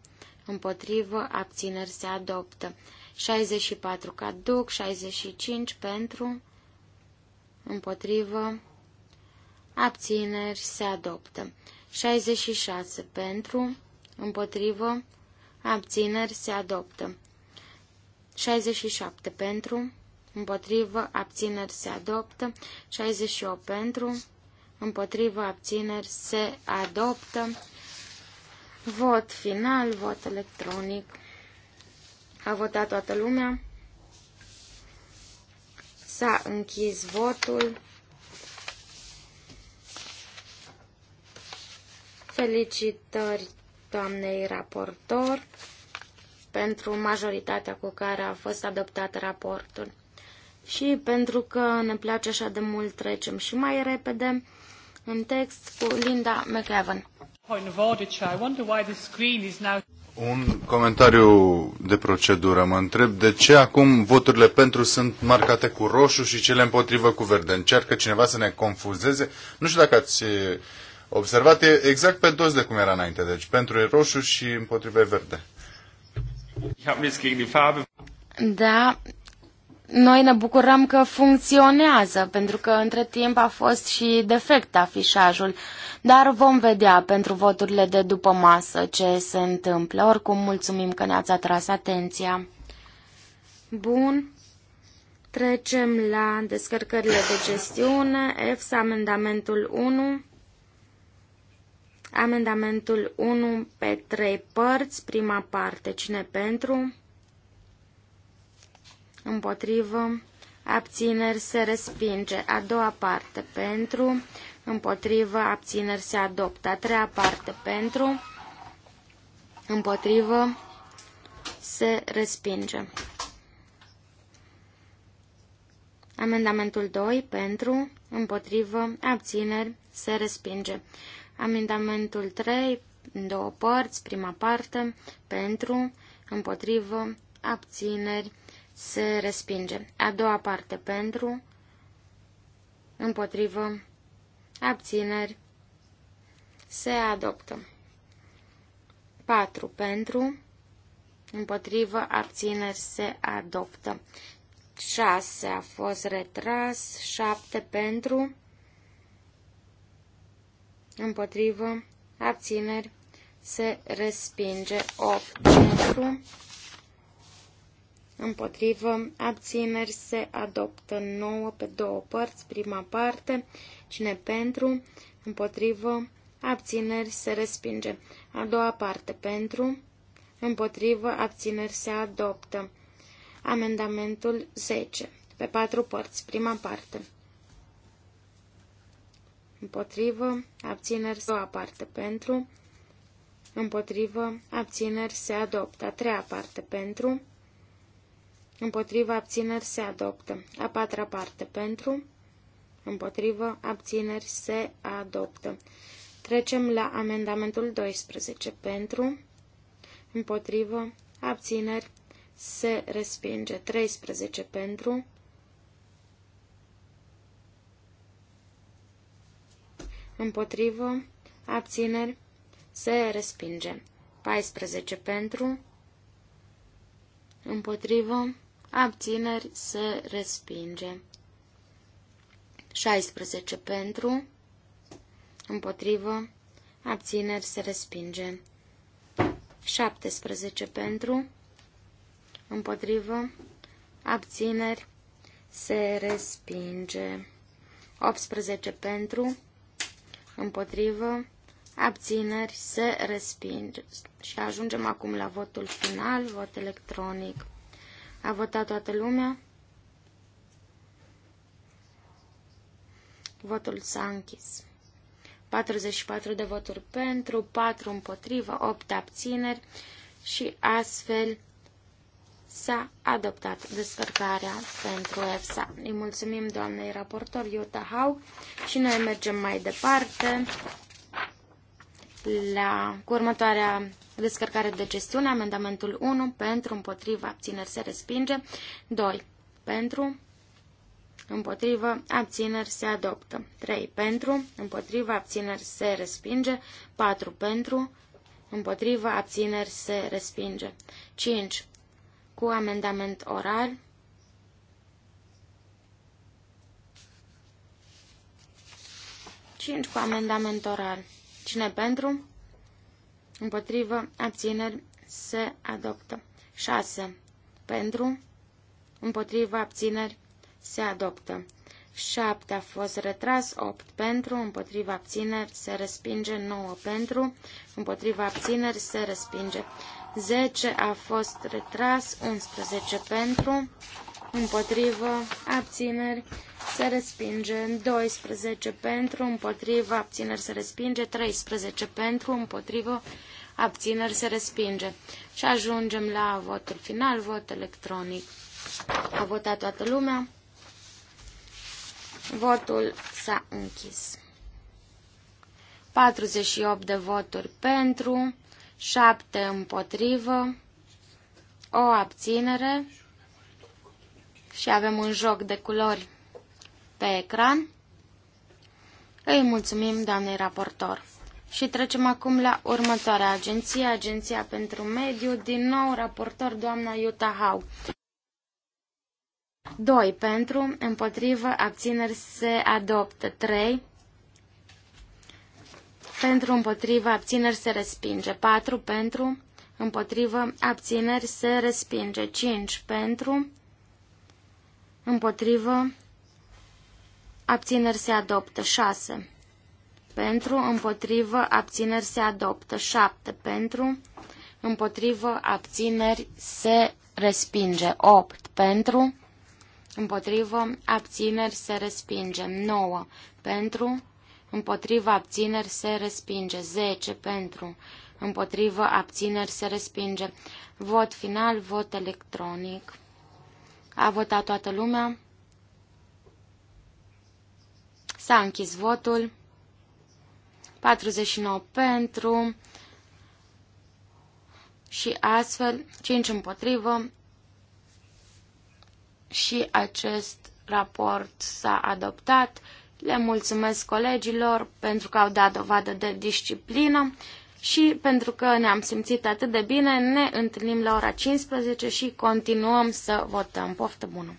împotrivă, abțineri se adoptă. 64 caduc, 65 pentru, împotrivă, abțineri se adoptă. 66 pentru, împotrivă, abțineri se adoptă. 67 pentru, împotrivă, abțineri se adoptă, 68 pentru, împotrivă, abțineri se adoptă, vot final, vot electronic. A votat toată lumea. S-a închis votul. Felicitări doamnei raportor pentru majoritatea cu care a fost adoptat raportul și pentru că ne place așa de mult trecem și mai repede în text cu Linda McEwan.
Un
comentariu de procedură. Mă întreb de ce acum voturile pentru sunt marcate cu roșu și cele împotrivă cu verde. Încearcă cineva să ne confuzeze? Nu știu dacă ați eh, observat, e exact pe dos de cum era înainte. Deci pentru e roșu și împotrivă e verde.
Da, noi ne bucurăm că funcționează, pentru că între timp a fost și defect afișajul, dar vom vedea pentru voturile de după masă ce se întâmplă. Oricum, mulțumim că ne-ați atras atenția. Bun. Trecem la descărcările de gestiune. EFSA, amendamentul 1. Amendamentul 1 pe trei părți. Prima parte, cine pentru? împotrivă, abțineri se respinge. A doua parte pentru, împotrivă, abțineri se adoptă. A treia parte pentru, împotrivă, se respinge. Amendamentul 2 pentru, împotrivă, abțineri se respinge. Amendamentul 3 în două părți, prima parte, pentru, împotrivă, abțineri, se respinge. A doua parte pentru, împotrivă, abțineri, se adoptă. 4 pentru, împotrivă, abțineri, se adoptă. 6 a fost retras, 7 pentru, împotrivă, abțineri, se respinge. 8 pentru, împotrivă, abțineri se adoptă 9 pe două părți, prima parte, cine pentru, împotrivă, abțineri se respinge, a doua parte pentru, împotrivă, abțineri se adoptă. Amendamentul 10, pe patru părți, prima parte. Împotrivă, abțineri se parte pentru, împotrivă, abțineri se adoptă, a treia parte pentru, Împotriva abțineri se adoptă. A patra parte pentru. Împotriva abțineri se adoptă. Trecem la amendamentul 12 pentru. Împotrivă abțineri se respinge. 13 pentru. Împotrivă abțineri se respinge. 14 pentru. Împotrivă abțineri se respinge. 16 pentru, împotrivă, abțineri se respinge. 17 pentru, împotrivă, abțineri se respinge. 18 pentru, împotrivă, abțineri se respinge. Și ajungem acum la votul final, vot electronic. A votat toată lumea. Votul s-a închis. 44 de voturi pentru, 4 împotrivă, 8 abțineri și astfel s-a adoptat descărcarea pentru EFSA. Îi mulțumim doamnei raportor Iuta Hau și noi mergem mai departe la cu următoarea descărcare de gestiune, amendamentul 1 pentru, împotriva, abțineri se respinge, 2 pentru, împotrivă, abțineri se adoptă, 3 pentru, împotriva, abțineri se respinge, 4 pentru, împotriva, abțineri se respinge, 5 cu amendament oral, Cinci cu amendament oral. Cine pentru? Împotrivă. Abțineri. Se adoptă. 6. Pentru. Împotrivă. Abțineri. Se adoptă. 7 a fost retras, 8 pentru, împotriva abțineri se respinge, 9 pentru, împotriva abțineri se respinge. 10 a fost retras, 11 pentru, împotrivă, abțineri, se respinge 12 pentru, împotrivă, abțineri, se respinge 13 pentru, împotrivă, abțineri, se respinge. Și ajungem la votul final, vot electronic. A votat toată lumea. Votul s-a închis. 48 de voturi pentru, 7 împotrivă, o abținere și avem un joc de culori pe ecran. Îi mulțumim, doamnei raportor. Și trecem acum la următoarea agenție, Agenția pentru Mediu, din nou raportor doamna Iuta Hau. 2. Pentru, împotrivă, abțineri se adoptă. 3. Pentru, împotrivă, abțineri se respinge. 4. Pentru, împotrivă, abțineri se respinge. 5. Pentru, împotrivă, abțineri se adoptă. 6 pentru, împotrivă, abțineri se adoptă. 7 pentru, împotrivă, abțineri se respinge. 8 pentru, împotrivă, abțineri se respinge. 9 pentru, împotrivă, abțineri se respinge. 10 pentru, împotrivă, abțineri se respinge. Vot final, vot electronic. A votat toată lumea. S-a închis votul. 49 pentru și astfel 5 împotrivă și acest raport s-a adoptat. Le mulțumesc colegilor pentru că au dat dovadă de disciplină și pentru că ne-am simțit atât de bine, ne întâlnim la ora 15 și continuăm să votăm. Poftă bună!